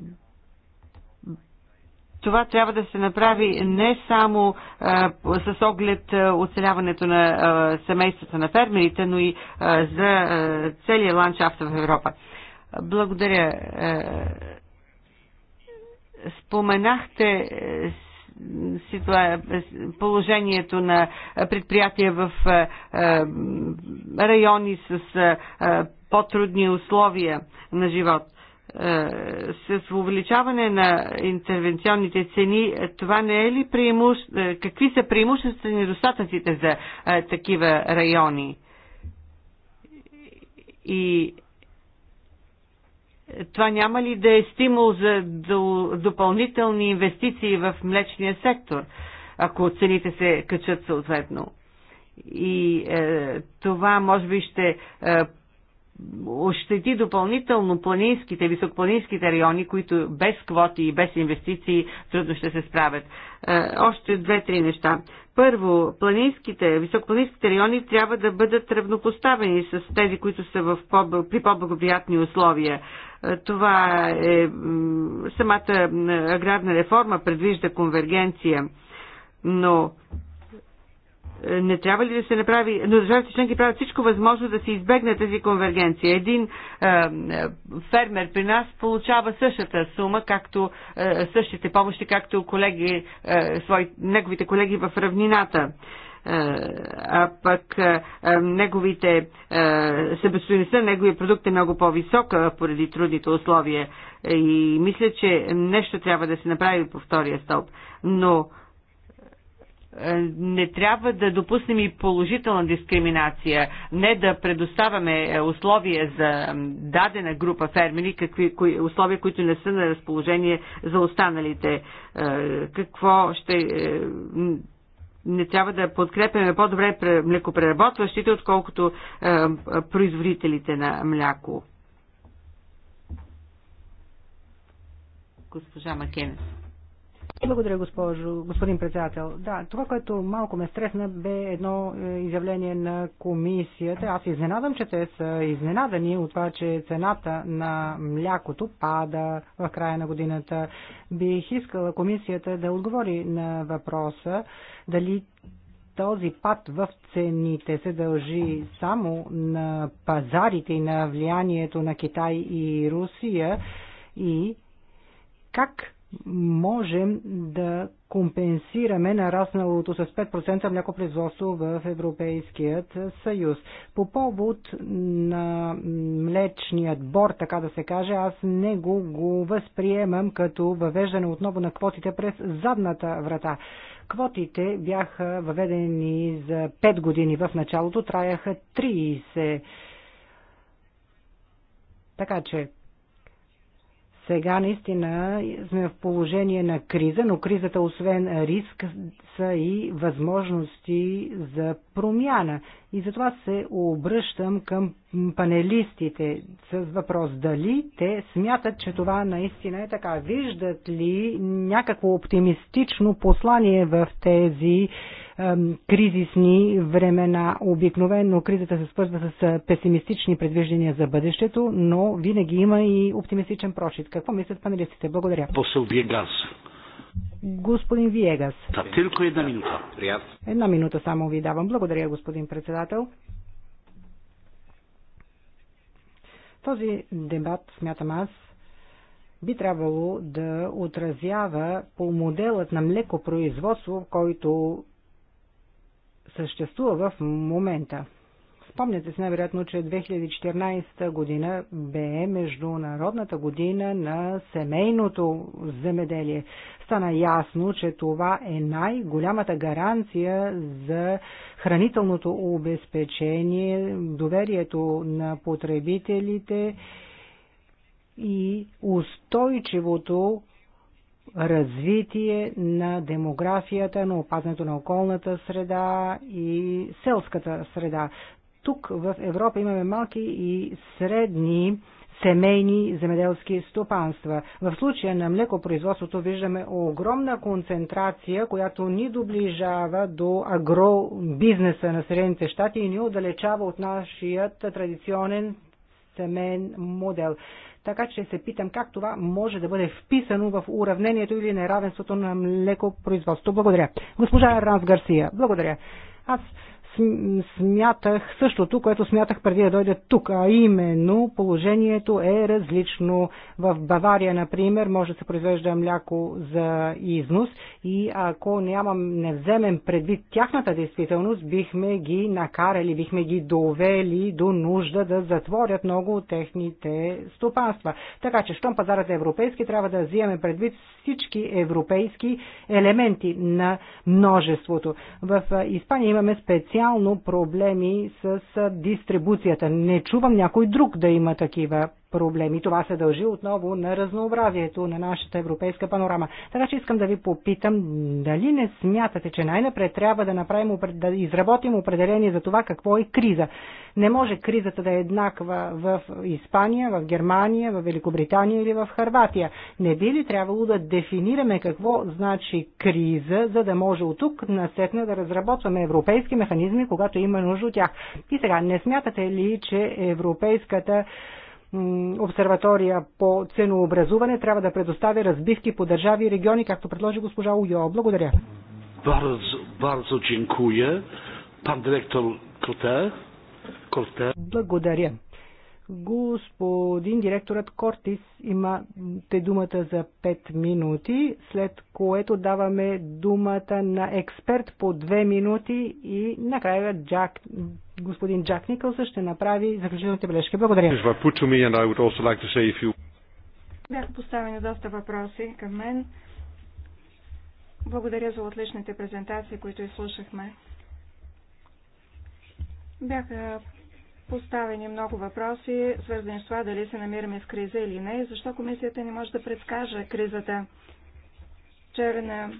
S4: това трябва да се направи не само а, с оглед а, оцеляването на а, семействата на фермерите, но и а, за а, целия ландшафт в Европа. Благодаря. споменахте е, ситуа... Е, положението на предприятия в е, райони с по-трудни условия на живот. Е, с увеличаване на интервенционните цени, това не е ли преимуще... Какви са преимуществата и недостатъците за е, такива райони? И е, това няма ли да е стимул за допълнителни инвестиции в млечния сектор, ако цените се качат съответно? И е, това може би ще е, ощети допълнително планинските, високопланинските райони, които без квоти и без инвестиции трудно ще се справят. Е, още две-три неща. Първо, планинските, високопланинските райони трябва да бъдат равнопоставени с тези, които са в по, при по-благоприятни условия. Е, това е самата аграрна реформа предвижда конвергенция, но е, не трябва ли да се направи, но държавите членки правят всичко възможно да се избегне тази конвергенция. Един е, е фермер при нас получава същата сума, както е, същите помощи, както колеги, е, свои, неговите колеги в равнината. Е, а пък неговите себестоиността, неговия продукт е много по-висока поради трудните условия. И мисля, че нещо трябва да се направи по втория стълб. Но е, не трябва да допуснем и положителна дискриминация, не да предоставяме е, условия за дадена група фермери, какви, кои, условия, които не са на разположение за останалите. Е, какво ще не трябва да подкрепяме по-добре млекопреработващите, отколкото производителите на мляко. Госпожа Макенес. Благодаря, госпожо, господин
S3: председател. Да, това, което малко ме стресна, бе едно е, изявление на комисията. Аз изненадам, че те са изненадани от това, че цената на млякото пада в края на годината. Бих искала комисията да отговори на въпроса дали този пад в цените се дължи само на пазарите и на влиянието на Китай и Русия и как можем да компенсираме нарасналото с 5% производство в Европейският съюз. По повод на млечният бор, така да се каже, аз него го възприемам като въвеждане отново на квотите през задната врата. Квотите бяха въведени за 5 години в началото, траяха 30 така че сега наистина сме в положение на криза, но кризата освен риск са и възможности за промяна. И затова се обръщам към панелистите с въпрос дали те смятат, че това наистина е така. Виждат ли някакво оптимистично послание в тези ем, кризисни времена? Обикновено кризата се свързва с песимистични предвиждания за бъдещето, но винаги има и оптимистичен прочит. Какво мислят панелистите? Благодаря.
S1: Посъл газ
S3: господин Виегас.
S1: Тилко една минута.
S3: Една минута само ви давам. Благодаря, господин председател. Този дебат, смятам аз, би трябвало да отразява по моделът на млекопроизводство, който съществува в момента. Спомняте се най-вероятно, че 2014 година бе Международната година на семейното земеделие. Стана ясно, че това е най-голямата гаранция за хранителното обезпечение, доверието на потребителите и устойчивото развитие на демографията, на опазването на околната среда и селската среда тук в Европа имаме малки и средни семейни земеделски стопанства. В случая на млекопроизводството виждаме огромна концентрация, която ни доближава до агробизнеса на Средните щати и ни отдалечава от нашият традиционен семейен модел. Така че се питам как това може да бъде вписано в уравнението или неравенството на млекопроизводството. Благодаря. Госпожа Ранс Гарсия, благодаря. Аз смятах същото, което смятах преди да дойда тук, а именно положението е различно. В Бавария, например, може да се произвежда мляко за износ и ако нямам, не вземем предвид тяхната действителност, бихме ги накарали, бихме ги довели до нужда да затворят много от техните стопанства. Така че, щом пазарът е европейски, трябва да вземем предвид всички европейски елементи на множеството. В Испания имаме специално реално проблеми с дистрибуцията. Не чувам някой друг да има такива проблеми. Това се дължи отново на разнообразието на нашата европейска панорама. Така че искам да ви попитам, дали не смятате, че най-напред трябва да, направим, да изработим определение за това какво е криза. Не може кризата да е еднаква в Испания, в Германия, в Великобритания или в Харватия. Не би ли трябвало да дефинираме какво значи криза, за да може от тук насетне да разработваме европейски механизми, когато има нужда от тях? И сега, не смятате ли, че европейската обсерватория по ценообразуване трябва да предоставя разбивки по държави и региони, както предложи госпожа Уйо. Благодаря.
S1: Bardzo,
S3: Благодаря. Господин директорът Кортис има те думата за 5 минути, след което даваме думата на експерт по 2 минути и накрая Джак, господин Джак Никълса ще направи заключителните бележки.
S1: Благодаря.
S2: Бяха поставени доста въпроси към мен. Благодаря за отличните презентации, които изслушахме. Бяха поставени много въпроси, свързани с това дали се намираме в криза или не и защо комисията не може да предскаже кризата. Вчера на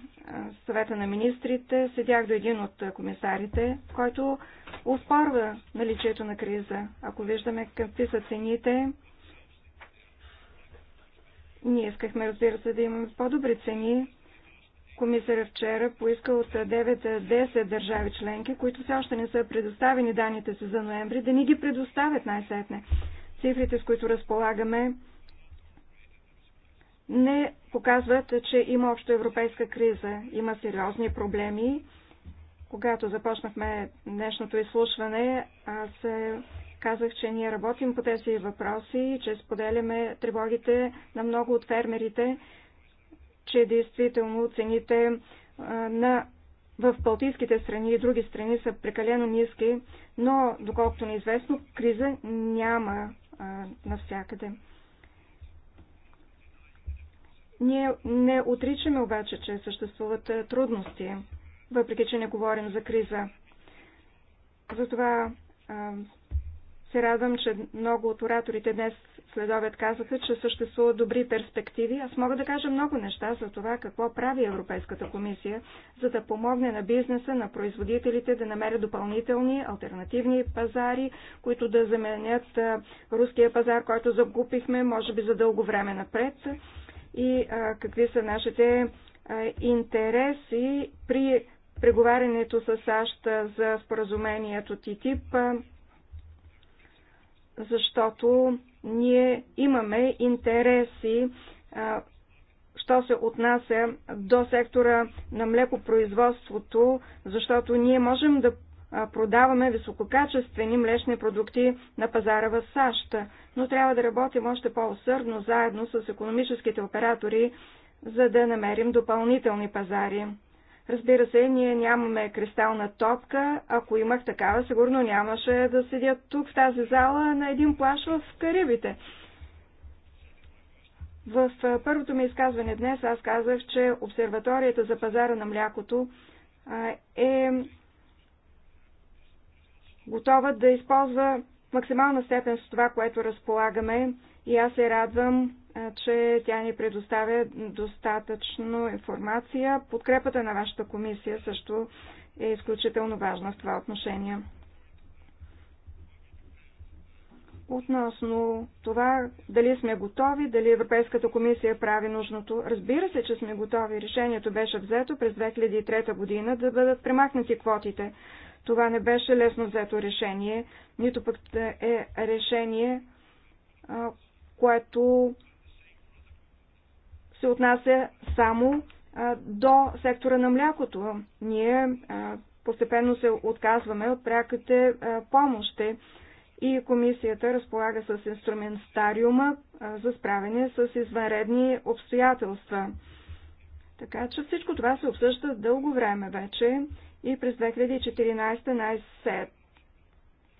S2: съвета на министрите седях до един от комисарите, който успорва наличието на криза. Ако виждаме какви са цените, ние искахме, разбира се, да имаме по-добри цени, Комисаря вчера поиска от 9-10 държави членки, които все още не са предоставени данните си за ноември, да ни ги предоставят най-сетне. Цифрите, с които разполагаме, не показват, че има общо европейска криза. Има сериозни проблеми. Когато започнахме днешното изслушване, аз казах, че ние работим по тези въпроси, че споделяме тревогите на много от фермерите, че действително цените на в Балтийските страни и други страни са прекалено ниски, но доколкото ни е известно, криза няма а, навсякъде. Ние не отричаме обаче, че съществуват трудности, въпреки че не говорим за криза. Затова се радвам, че много от ораторите днес следобед казаха, че съществуват добри перспективи. Аз мога да кажа много неща за това какво прави Европейската комисия, за да помогне на бизнеса, на производителите да намерят допълнителни альтернативни пазари, които да заменят руския пазар, който загубихме, може би за дълго време напред. И а, какви са нашите а, интереси при преговарянето с САЩ за споразумението ТИТИП защото ние имаме интереси, а, що се отнася до сектора на млекопроизводството, защото ние можем да продаваме висококачествени млечни продукти на пазара в САЩ, но трябва да работим още по-усърдно заедно с економическите оператори, за да намерим допълнителни пазари. Разбира се, ние нямаме кристална топка. Ако имах такава, сигурно нямаше да седя тук в тази зала на един плаш в Карибите. В първото ми изказване днес аз казах, че обсерваторията за пазара на млякото е готова да използва максимална степен с това, което разполагаме и аз се радвам, че тя ни предоставя достатъчно информация. Подкрепата на вашата комисия също е изключително важна в това отношение. Относно това дали сме готови, дали Европейската комисия прави нужното. Разбира се, че сме готови. Решението беше взето през 2003 година да бъдат премахнати квотите. Това не беше лесно взето решение, нито пък е решение, което се отнася само до сектора на млякото. Ние постепенно се отказваме от пряките помощи и комисията разполага с инструментариума за справяне с извънредни обстоятелства. Така че всичко това се обсъжда дълго време вече и през 2014 най-сет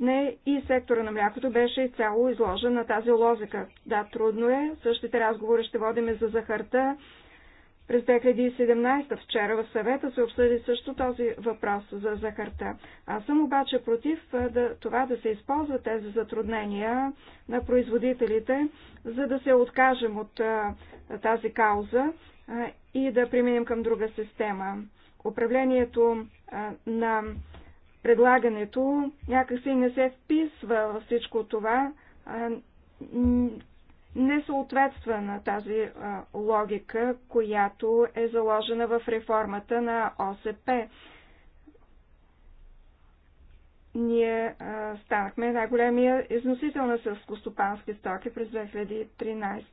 S2: не и сектора на млякото беше изцяло изложен на тази лозика. Да, трудно е. Същите разговори ще водиме за захарта. През 2017 вчера в съвета се обсъди също този въпрос за захарта. Аз съм обаче против да, това да се използва тези затруднения на производителите, за да се откажем от а, тази кауза а, и да преминем към друга система. Управлението а, на предлагането някакси не се вписва във всичко това, а, не съответства на тази а, логика, която е заложена в реформата на ОСП. Ние а, станахме най-големия износител на сълскостопански стоки през 2013.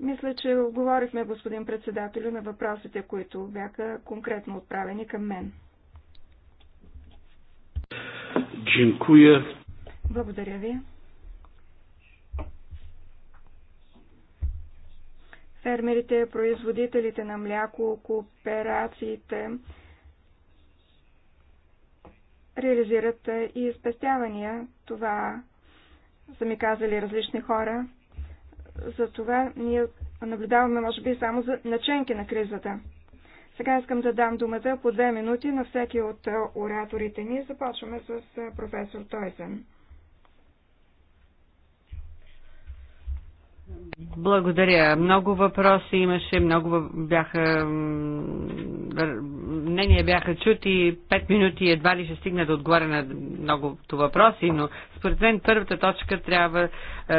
S2: Мисля, че отговорихме, господин председателю, на въпросите, които бяха конкретно отправени към мен.
S1: Dziękuję.
S2: Благодаря ви. Фермерите, производителите на мляко, кооперациите реализират и спестявания. Това са ми казали различни хора. За това ние наблюдаваме, може би, само за наченки на кризата. Сега искам да дам думата по две минути на всеки от ораторите ни. Започваме с професор Тойсен.
S4: Благодаря. Много въпроси имаше, много бяха мнения бяха чути, пет минути едва ли ще стигна да отговаря на многото въпроси, но според мен първата точка трябва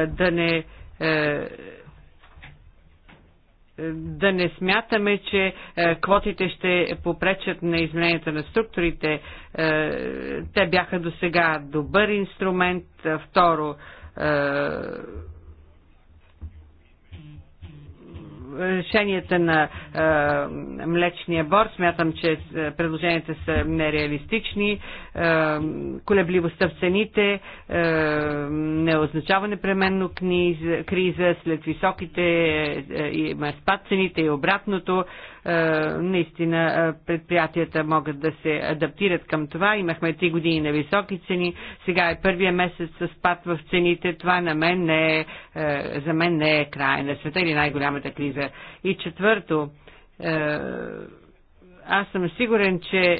S4: да не да не смятаме, че е, квотите ще попречат на изменението на структурите. Е, те бяха до сега добър инструмент. Второ, е, решенията на а, Млечния борт. Смятам, че предложенията са нереалистични. А, колебливостта в цените а, не означава непременно криза. След високите и има спад цените и обратното. А, е, наистина е, предприятията могат да се адаптират към това. Имахме три години на високи цени, сега е първия месец с спад в цените. Това на мен не е, е за мен не е края на света или най-голямата криза. И четвърто, аз съм сигурен, че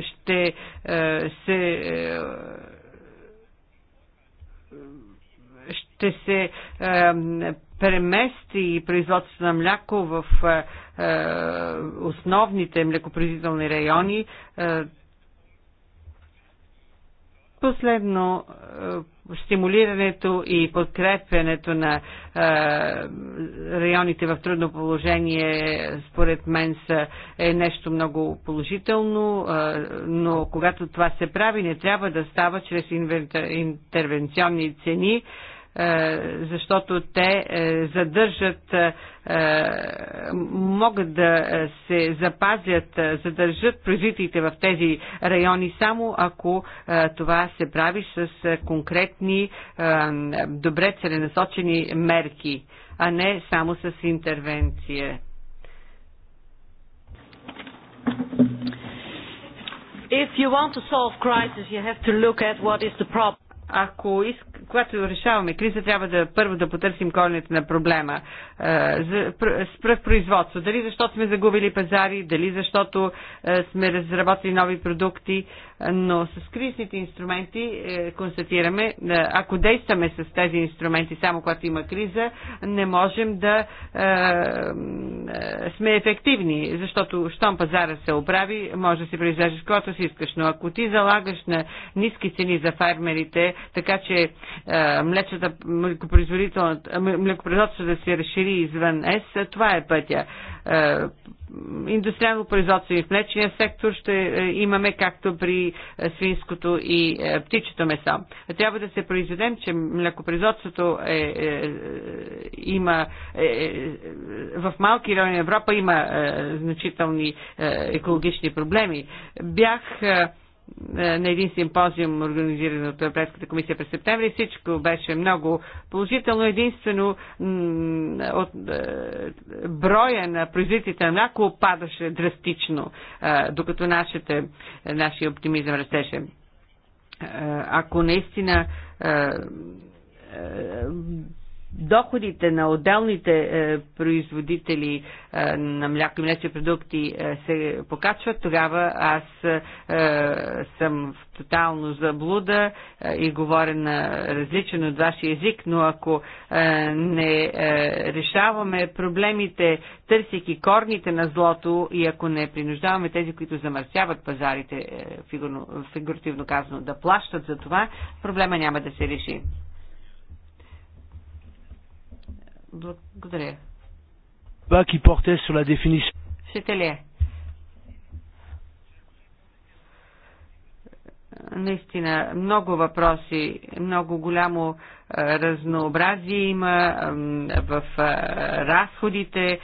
S4: ще се ще се премести производството на мляко в е, е, основните млекопроизводителни райони. Е, последно, стимулирането и подкрепянето на районите в трудно положение, според мен, са, е нещо много положително, но когато това се прави, не трябва да става чрез интервенционни цени, е, защото те е, задържат, е, могат да се запазят, задържат производителите в тези райони само ако това се прави с конкретни, добре целенасочени мерки, а не само с интервенция. If you want to solve crisis, you have to look at what is the problem. Ако искате когато решаваме криза, трябва да първо да потърсим корените на проблема. Е, производство. Дали защото сме загубили пазари, дали защото е, сме разработили нови продукти, е, но с кризните инструменти констатираме, ако действаме с тези инструменти само когато има криза, не можем да сме ефективни, защото щом пазара се оправи, може да си произвеждаш когато си искаш. Но ако ти залагаш на ниски цени за фермерите, така че е, млечната ами, млекопроизводството да се разшири извън ЕС, това е пътя. Е, индустриално производство и в млечния сектор ще е, имаме както при свинското и птичето месо. Трябва да се произведем, че млекопроизводството е, е, има е, в малки райони Европа има е, значителни е, екологични проблеми. Бях е, е, на един симпозиум, организиран от Европейската комисия през септември. Всичко беше много положително. Единствено от е, броя на производителите на мляко падаше драстично, е, докато нашите, нашия оптимизъм растеше. Ако наистина доходите на отделните е, производители е, на мляко и млечни продукти е, се покачват, тогава аз съм в тотално заблуда и говоря на различен от вашия език, но ако не решаваме проблемите, търсики корните на злото и ако не принуждаваме тези, които замърсяват пазарите, фигуративно казано, да плащат за това, проблема няма да се реши. Благодаря. C'était ли наистина много въпроси, много голямо разнообразие има в разходите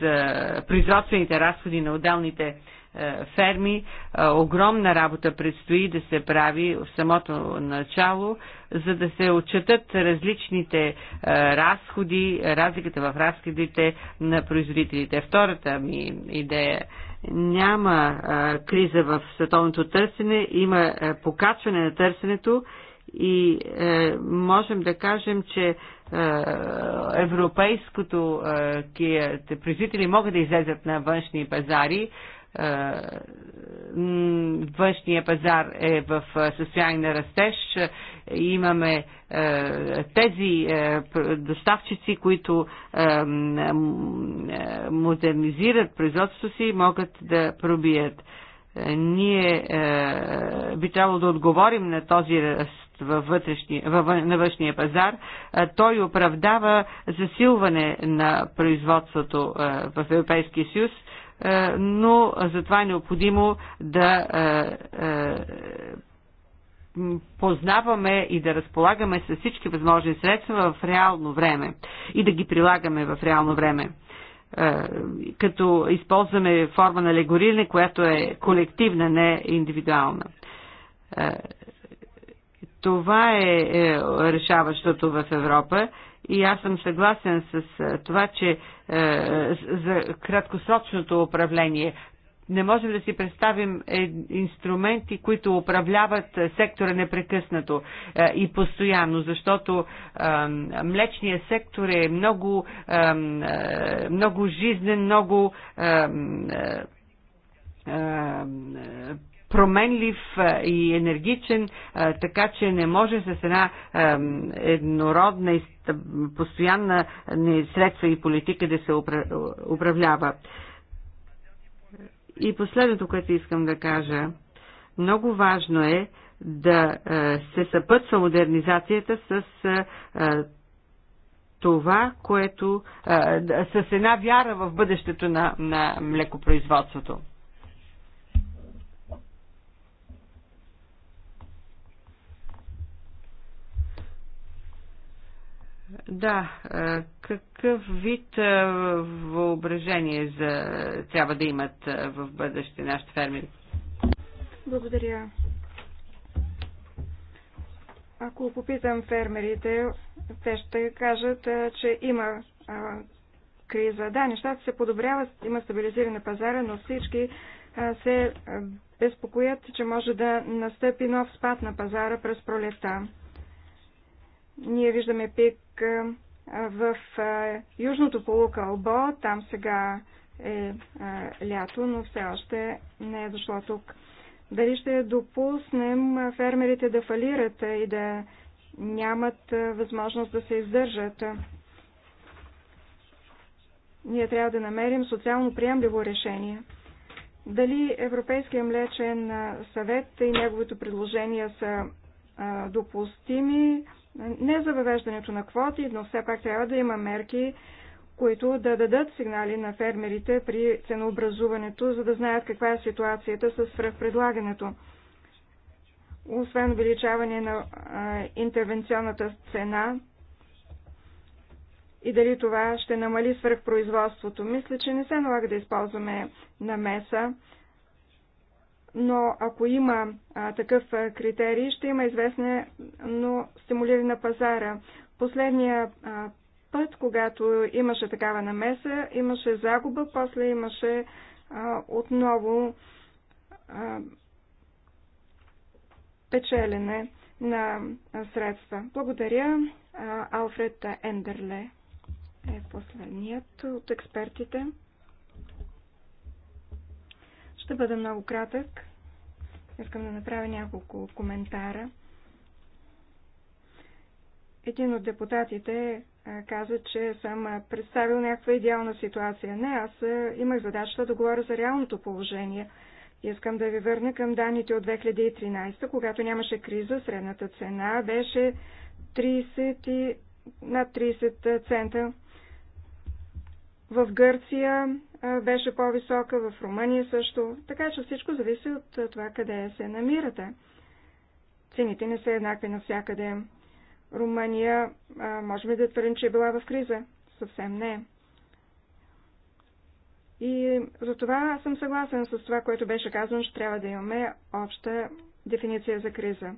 S4: за производствените разходи на отделните е, ферми. Е, огромна работа предстои да се прави в самото начало, за да се отчетат различните е, разходи, разликата в разходите на производителите. Втората ми идея няма криза в световното търсене, има покачване на търсенето и можем да кажем, че европейското производители могат да излезат на външни пазари, е, външния пазар е в е, състояние на растеж. Имаме е, тези доставчици, които модернизират производството си, могат да пробият. Ние би трябвало да отговорим на този растеж на външния пазар, той оправдава засилване на производството в Европейския съюз е, но затова е необходимо да е, е, познаваме и да разполагаме с всички възможни средства в реално време и да ги прилагаме в реално време като използваме форма на легориране, която е колективна, не индивидуална. Това е решаващото в Европа и аз съм съгласен с това, че за краткосрочното управление не можем да си представим е, инструменти, които управляват сектора непрекъснато и постоянно, защото млечният сектор е много, много жизнен, много променлив и енергичен, така че не може с една еднородна и постоянна средства и политика да се управлява. И последното, което искам да кажа, много важно е да е, се съпътства модернизацията с е, е, това, което с една вяра в бъдещето на, на млекопроизводството. Да, е, какъв вид е, въображение за... трябва да имат е, в бъдеще нашите фермери?
S2: Благодаря. Ако попитам фермерите, те ще кажат, че има а, криза. Да, нещата се подобряват, има стабилизиране на пазара, но всички а, се а, безпокоят, че може да настъпи нов спад на пазара през пролета. Ние виждаме пик в южното полукълбо, там сега е лято, но все още не е дошло тук. Дали ще допуснем фермерите да фалират и да нямат възможност да се издържат? Ние трябва да намерим социално приемливо решение. Дали Европейския млечен съвет и неговото предложение са допустими? не за въвеждането на квоти, но все пак трябва да има мерки, които да дадат сигнали на фермерите при ценообразуването, за да знаят каква е ситуацията с свръхпредлагането. Освен увеличаване на а, интервенционната цена и дали това ще намали свръхпроизводството. Мисля, че не се налага да използваме намеса но ако има а, такъв критерий, ще има но стимулиране на пазара. Последния а, път, когато имаше такава намеса, имаше загуба, после имаше а, отново а, печелене на средства. Благодаря. Алфред Ендерле е последният от експертите. Ще бъда много кратък. Искам да направя няколко коментара. Един от депутатите каза, че съм представил някаква идеална ситуация. Не, аз имах задачата да говоря за реалното положение. Искам да ви върна към данните от 2013, когато нямаше криза, средната цена беше 30 и над 30 цента. В Гърция беше по-висока, в Румъния също. Така че всичко зависи от това къде се намирате. Цените не са еднакви навсякъде. Румъния, можем ли да твърдим, че е била в криза? Съвсем не. И затова аз съм съгласен с това, което беше казано, че трябва да имаме обща дефиниция за криза.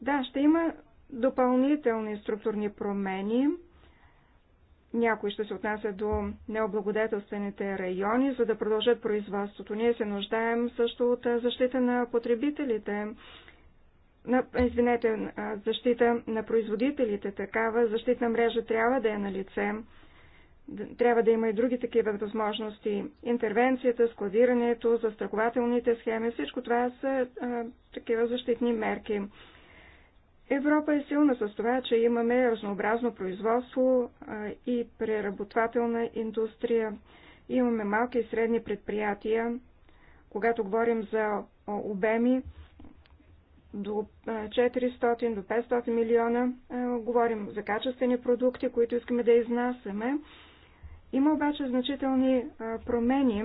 S2: Да, ще има допълнителни структурни промени, някои ще се отнасят до необлагодетелствените райони, за да продължат производството. Ние се нуждаем също от защита на потребителите, на, извинете, защита на производителите. Такава защитна мрежа трябва да е на лице. Трябва да има и други такива възможности. Интервенцията, складирането, застрахователните схеми, всичко това са а, такива защитни мерки. Европа е силна с това, че имаме разнообразно производство и преработвателна индустрия. Имаме малки и средни предприятия. Когато говорим за обеми до 400 до 500 милиона, говорим за качествени продукти, които искаме да изнасяме. Има обаче значителни промени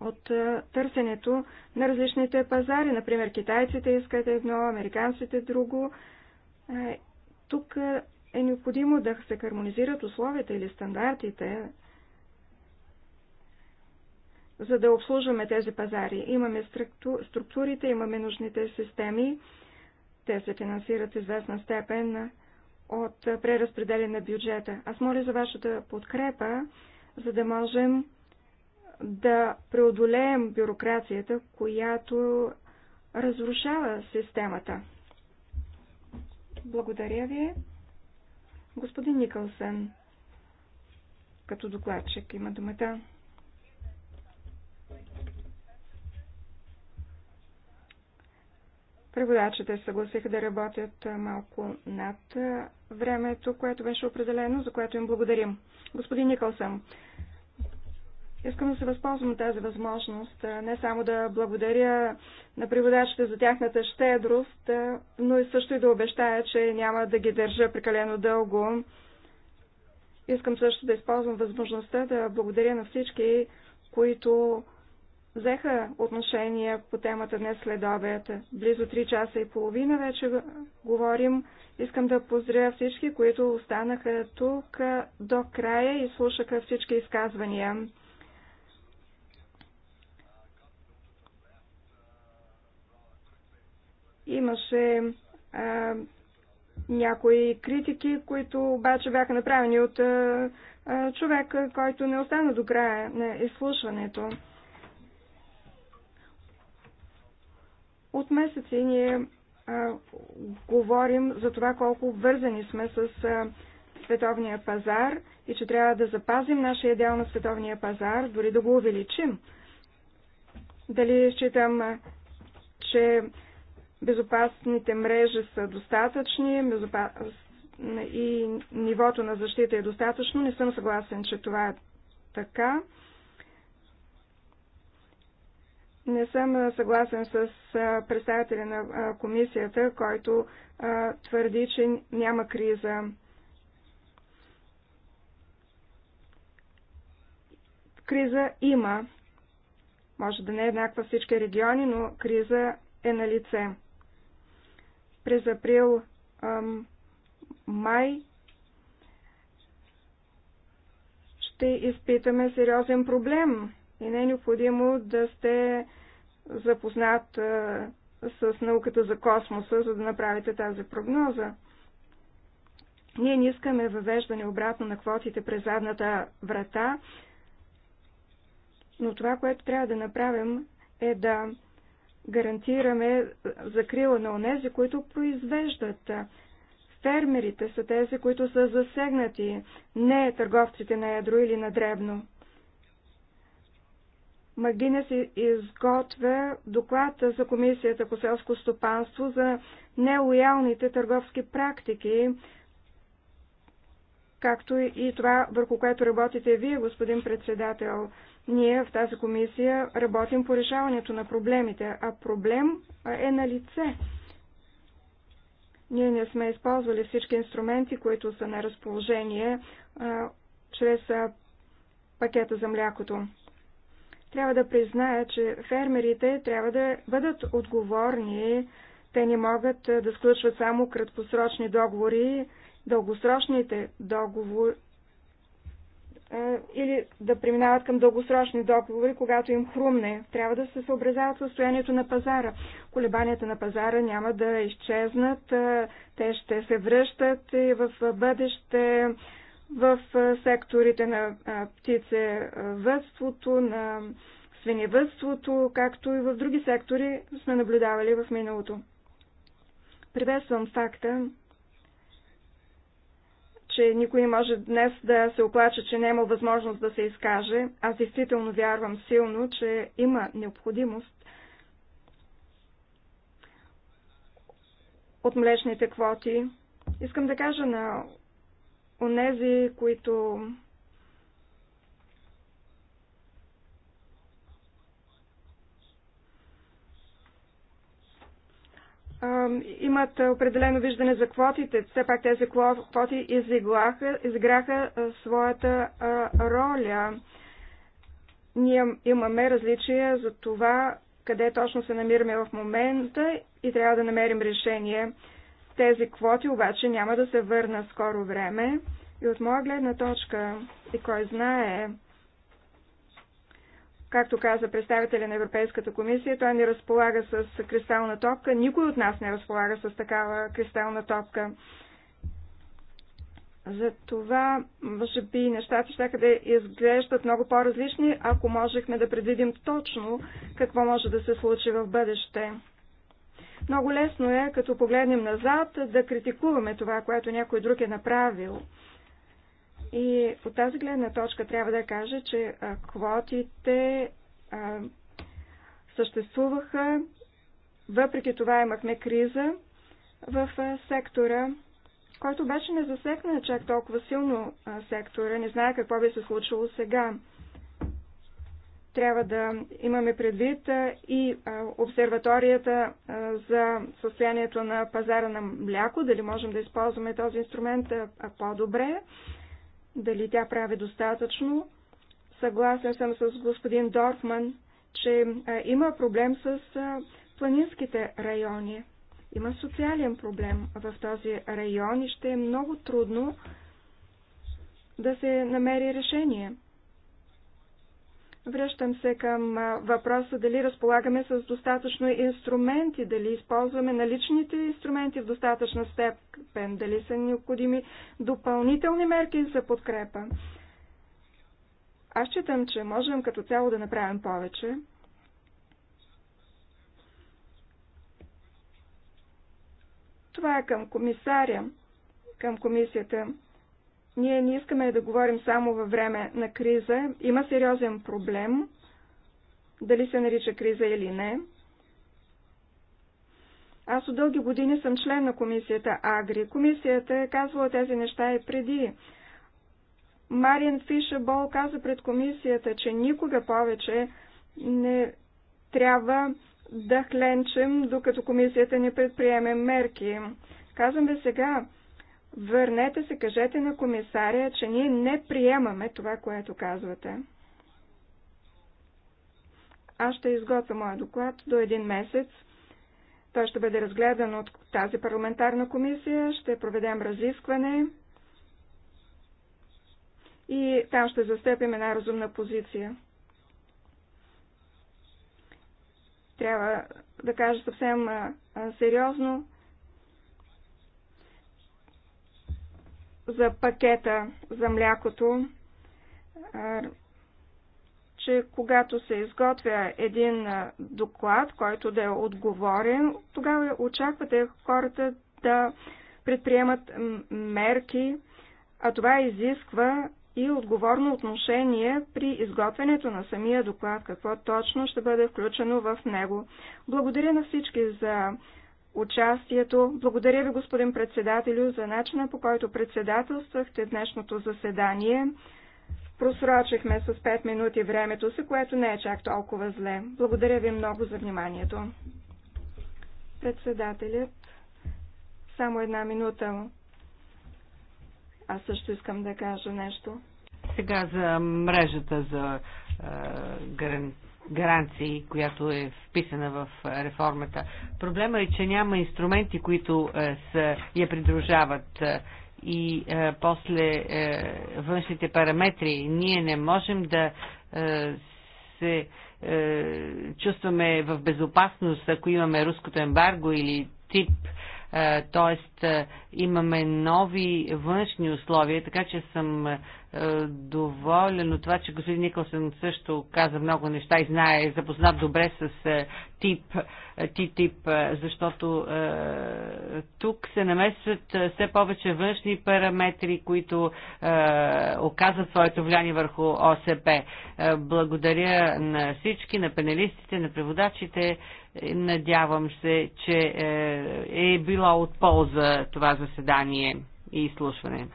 S2: от е, търсенето на различните пазари. Например, китайците искат едно, американците друго. Е, тук е, е необходимо да се хармонизират условията или стандартите, за да обслужваме тези пазари. Имаме структурите, имаме нужните системи. Те се финансират в известна степен от преразпределение на бюджета. Аз моля за вашата подкрепа, за да можем да преодолеем бюрокрацията, която разрушава системата. Благодаря ви. Господин Никълсен, като докладчик, има думата. Преводачите съгласиха да работят малко над времето, което беше определено, за което им благодарим. Господин Никълсън, Искам да се възползвам от тази възможност, не само да благодаря на преводачите за тяхната щедрост, но и също и да обещая, че няма да ги държа прекалено дълго. Искам също да използвам възможността да благодаря на всички, които взеха отношение по темата днес след обед. Близо 3 часа и половина вече говорим. Искам да поздравя всички, които останаха тук до края и слушаха всички изказвания. Имаше а, някои критики, които обаче бяха направени от а, а, човек, който не остана до края на изслушването. От месеци ние а, говорим за това колко вързани сме с а, световния пазар и че трябва да запазим нашия дел на световния пазар, дори да го увеличим. Дали считам, че безопасните мрежи са достатъчни безопас... и нивото на защита е достатъчно. Не съм съгласен, че това е така. Не съм съгласен с представителя на комисията, който твърди, че няма криза. Криза има. Може да не е еднаква всички региони, но криза е на лице. През април, ам, май ще изпитаме сериозен проблем и не е необходимо да сте запознат а, с науката за космоса, за да направите тази прогноза. Ние не искаме въвеждане обратно на квотите през задната врата, но това, което трябва да направим е да гарантираме закрила на онези, които произвеждат. Фермерите са тези, които са засегнати, не търговците на ядро или на дребно. Магиня си изготвя доклад за Комисията по селско стопанство за нелоялните търговски практики, както и това, върху което работите вие, господин председател. Ние в тази комисия работим по решаването на проблемите, а проблем е на лице. Ние не сме използвали всички инструменти, които са на разположение а, чрез а, пакета за млякото. Трябва да призная, че фермерите трябва да бъдат отговорни. Те не могат да сключват само краткосрочни договори. Дългосрочните договори или да преминават към дългосрочни договори, когато им хрумне. Трябва да се съобразяват състоянието на пазара. Колебанията на пазара няма да изчезнат, те ще се връщат и в бъдеще в секторите на птицевътството, на свиневътството, както и в други сектори сме наблюдавали в миналото. Приветствам факта, че никой не може днес да се оплаче, че няма е възможност да се изкаже. Аз действително вярвам силно, че има необходимост от млечните квоти. Искам да кажа на онези, които имат определено виждане за квотите. Все пак тези квоти изиглаха, изиграха своята роля. Ние имаме различия за това къде точно се намираме в момента и трябва да намерим решение. Тези квоти обаче няма да се върна скоро време и от моя гледна точка и кой знае Както каза представителя на Европейската комисия, той не разполага с кристална топка. Никой от нас не разполага с такава кристална топка. Затова, може би, нещата ще да изглеждат много по-различни, ако можехме да предвидим точно какво може да се случи в бъдеще. Много лесно е, като погледнем назад, да критикуваме това, което някой друг е направил. И от тази гледна точка трябва да кажа, че квотите съществуваха. Въпреки това имахме криза в сектора, който беше не засекна чак толкова силно сектора. Не знае какво би се случило сега. Трябва да имаме предвид и обсерваторията за състоянието на пазара на мляко, дали можем да използваме този инструмент по-добре дали тя прави достатъчно. Съгласен съм с господин Дорфман, че има проблем с планинските райони. Има социален проблем в този район и ще е много трудно да се намери решение. Връщам се към въпроса дали разполагаме с достатъчно инструменти, дали използваме наличните инструменти в достатъчна степен, дали са необходими допълнителни мерки за подкрепа. Аз считам, че можем като цяло да направим повече. Това е към комисаря, към комисията. Ние не искаме да говорим само във време на криза. Има сериозен проблем, дали се нарича криза или не. Аз от дълги години съм член на комисията Агри. Комисията е казвала тези неща и преди. Мариан Фишебол каза пред комисията, че никога повече не трябва да хленчем, докато комисията не предприеме мерки. Казвам ви сега, Върнете се, кажете на комисаря, че ние не приемаме това, което казвате. Аз ще изготвя моя доклад до един месец. Той ще бъде разгледан от тази парламентарна комисия, ще проведем разискване и там ще застъпим една разумна позиция. Трябва да кажа съвсем сериозно, за пакета за млякото, че когато се изготвя един доклад, който да е отговорен, тогава очаквате хората да предприемат мерки, а това изисква и отговорно отношение при изготвянето на самия доклад, какво точно ще бъде включено в него. Благодаря на всички за участието. Благодаря ви, господин председателю, за начина по който председателствахте днешното заседание. Просрочихме с 5 минути времето си, което не е чак толкова зле. Благодаря ви много за вниманието. Председателят, само една минута. Аз също искам да кажа нещо.
S4: Сега за мрежата за е, гаранции, която е вписана в е, реформата. Проблема е, че няма инструменти, които е, са, я придружават е, и е, после е, външните параметри. Ние не можем да е, се е, чувстваме в безопасност, ако имаме руското ембарго или тип е, т.е. Е, имаме нови външни условия, така че съм е, доволен от това, че господин Николсън също каза много неща и знае, е запознат добре с е, тип, ТИТИП, защото тук се намесват все повече външни параметри, които оказват своето влияние върху ОСП. Благодаря на всички, на панелистите, на преводачите, Надявам се, че е, е била от полза това заседание и изслушване.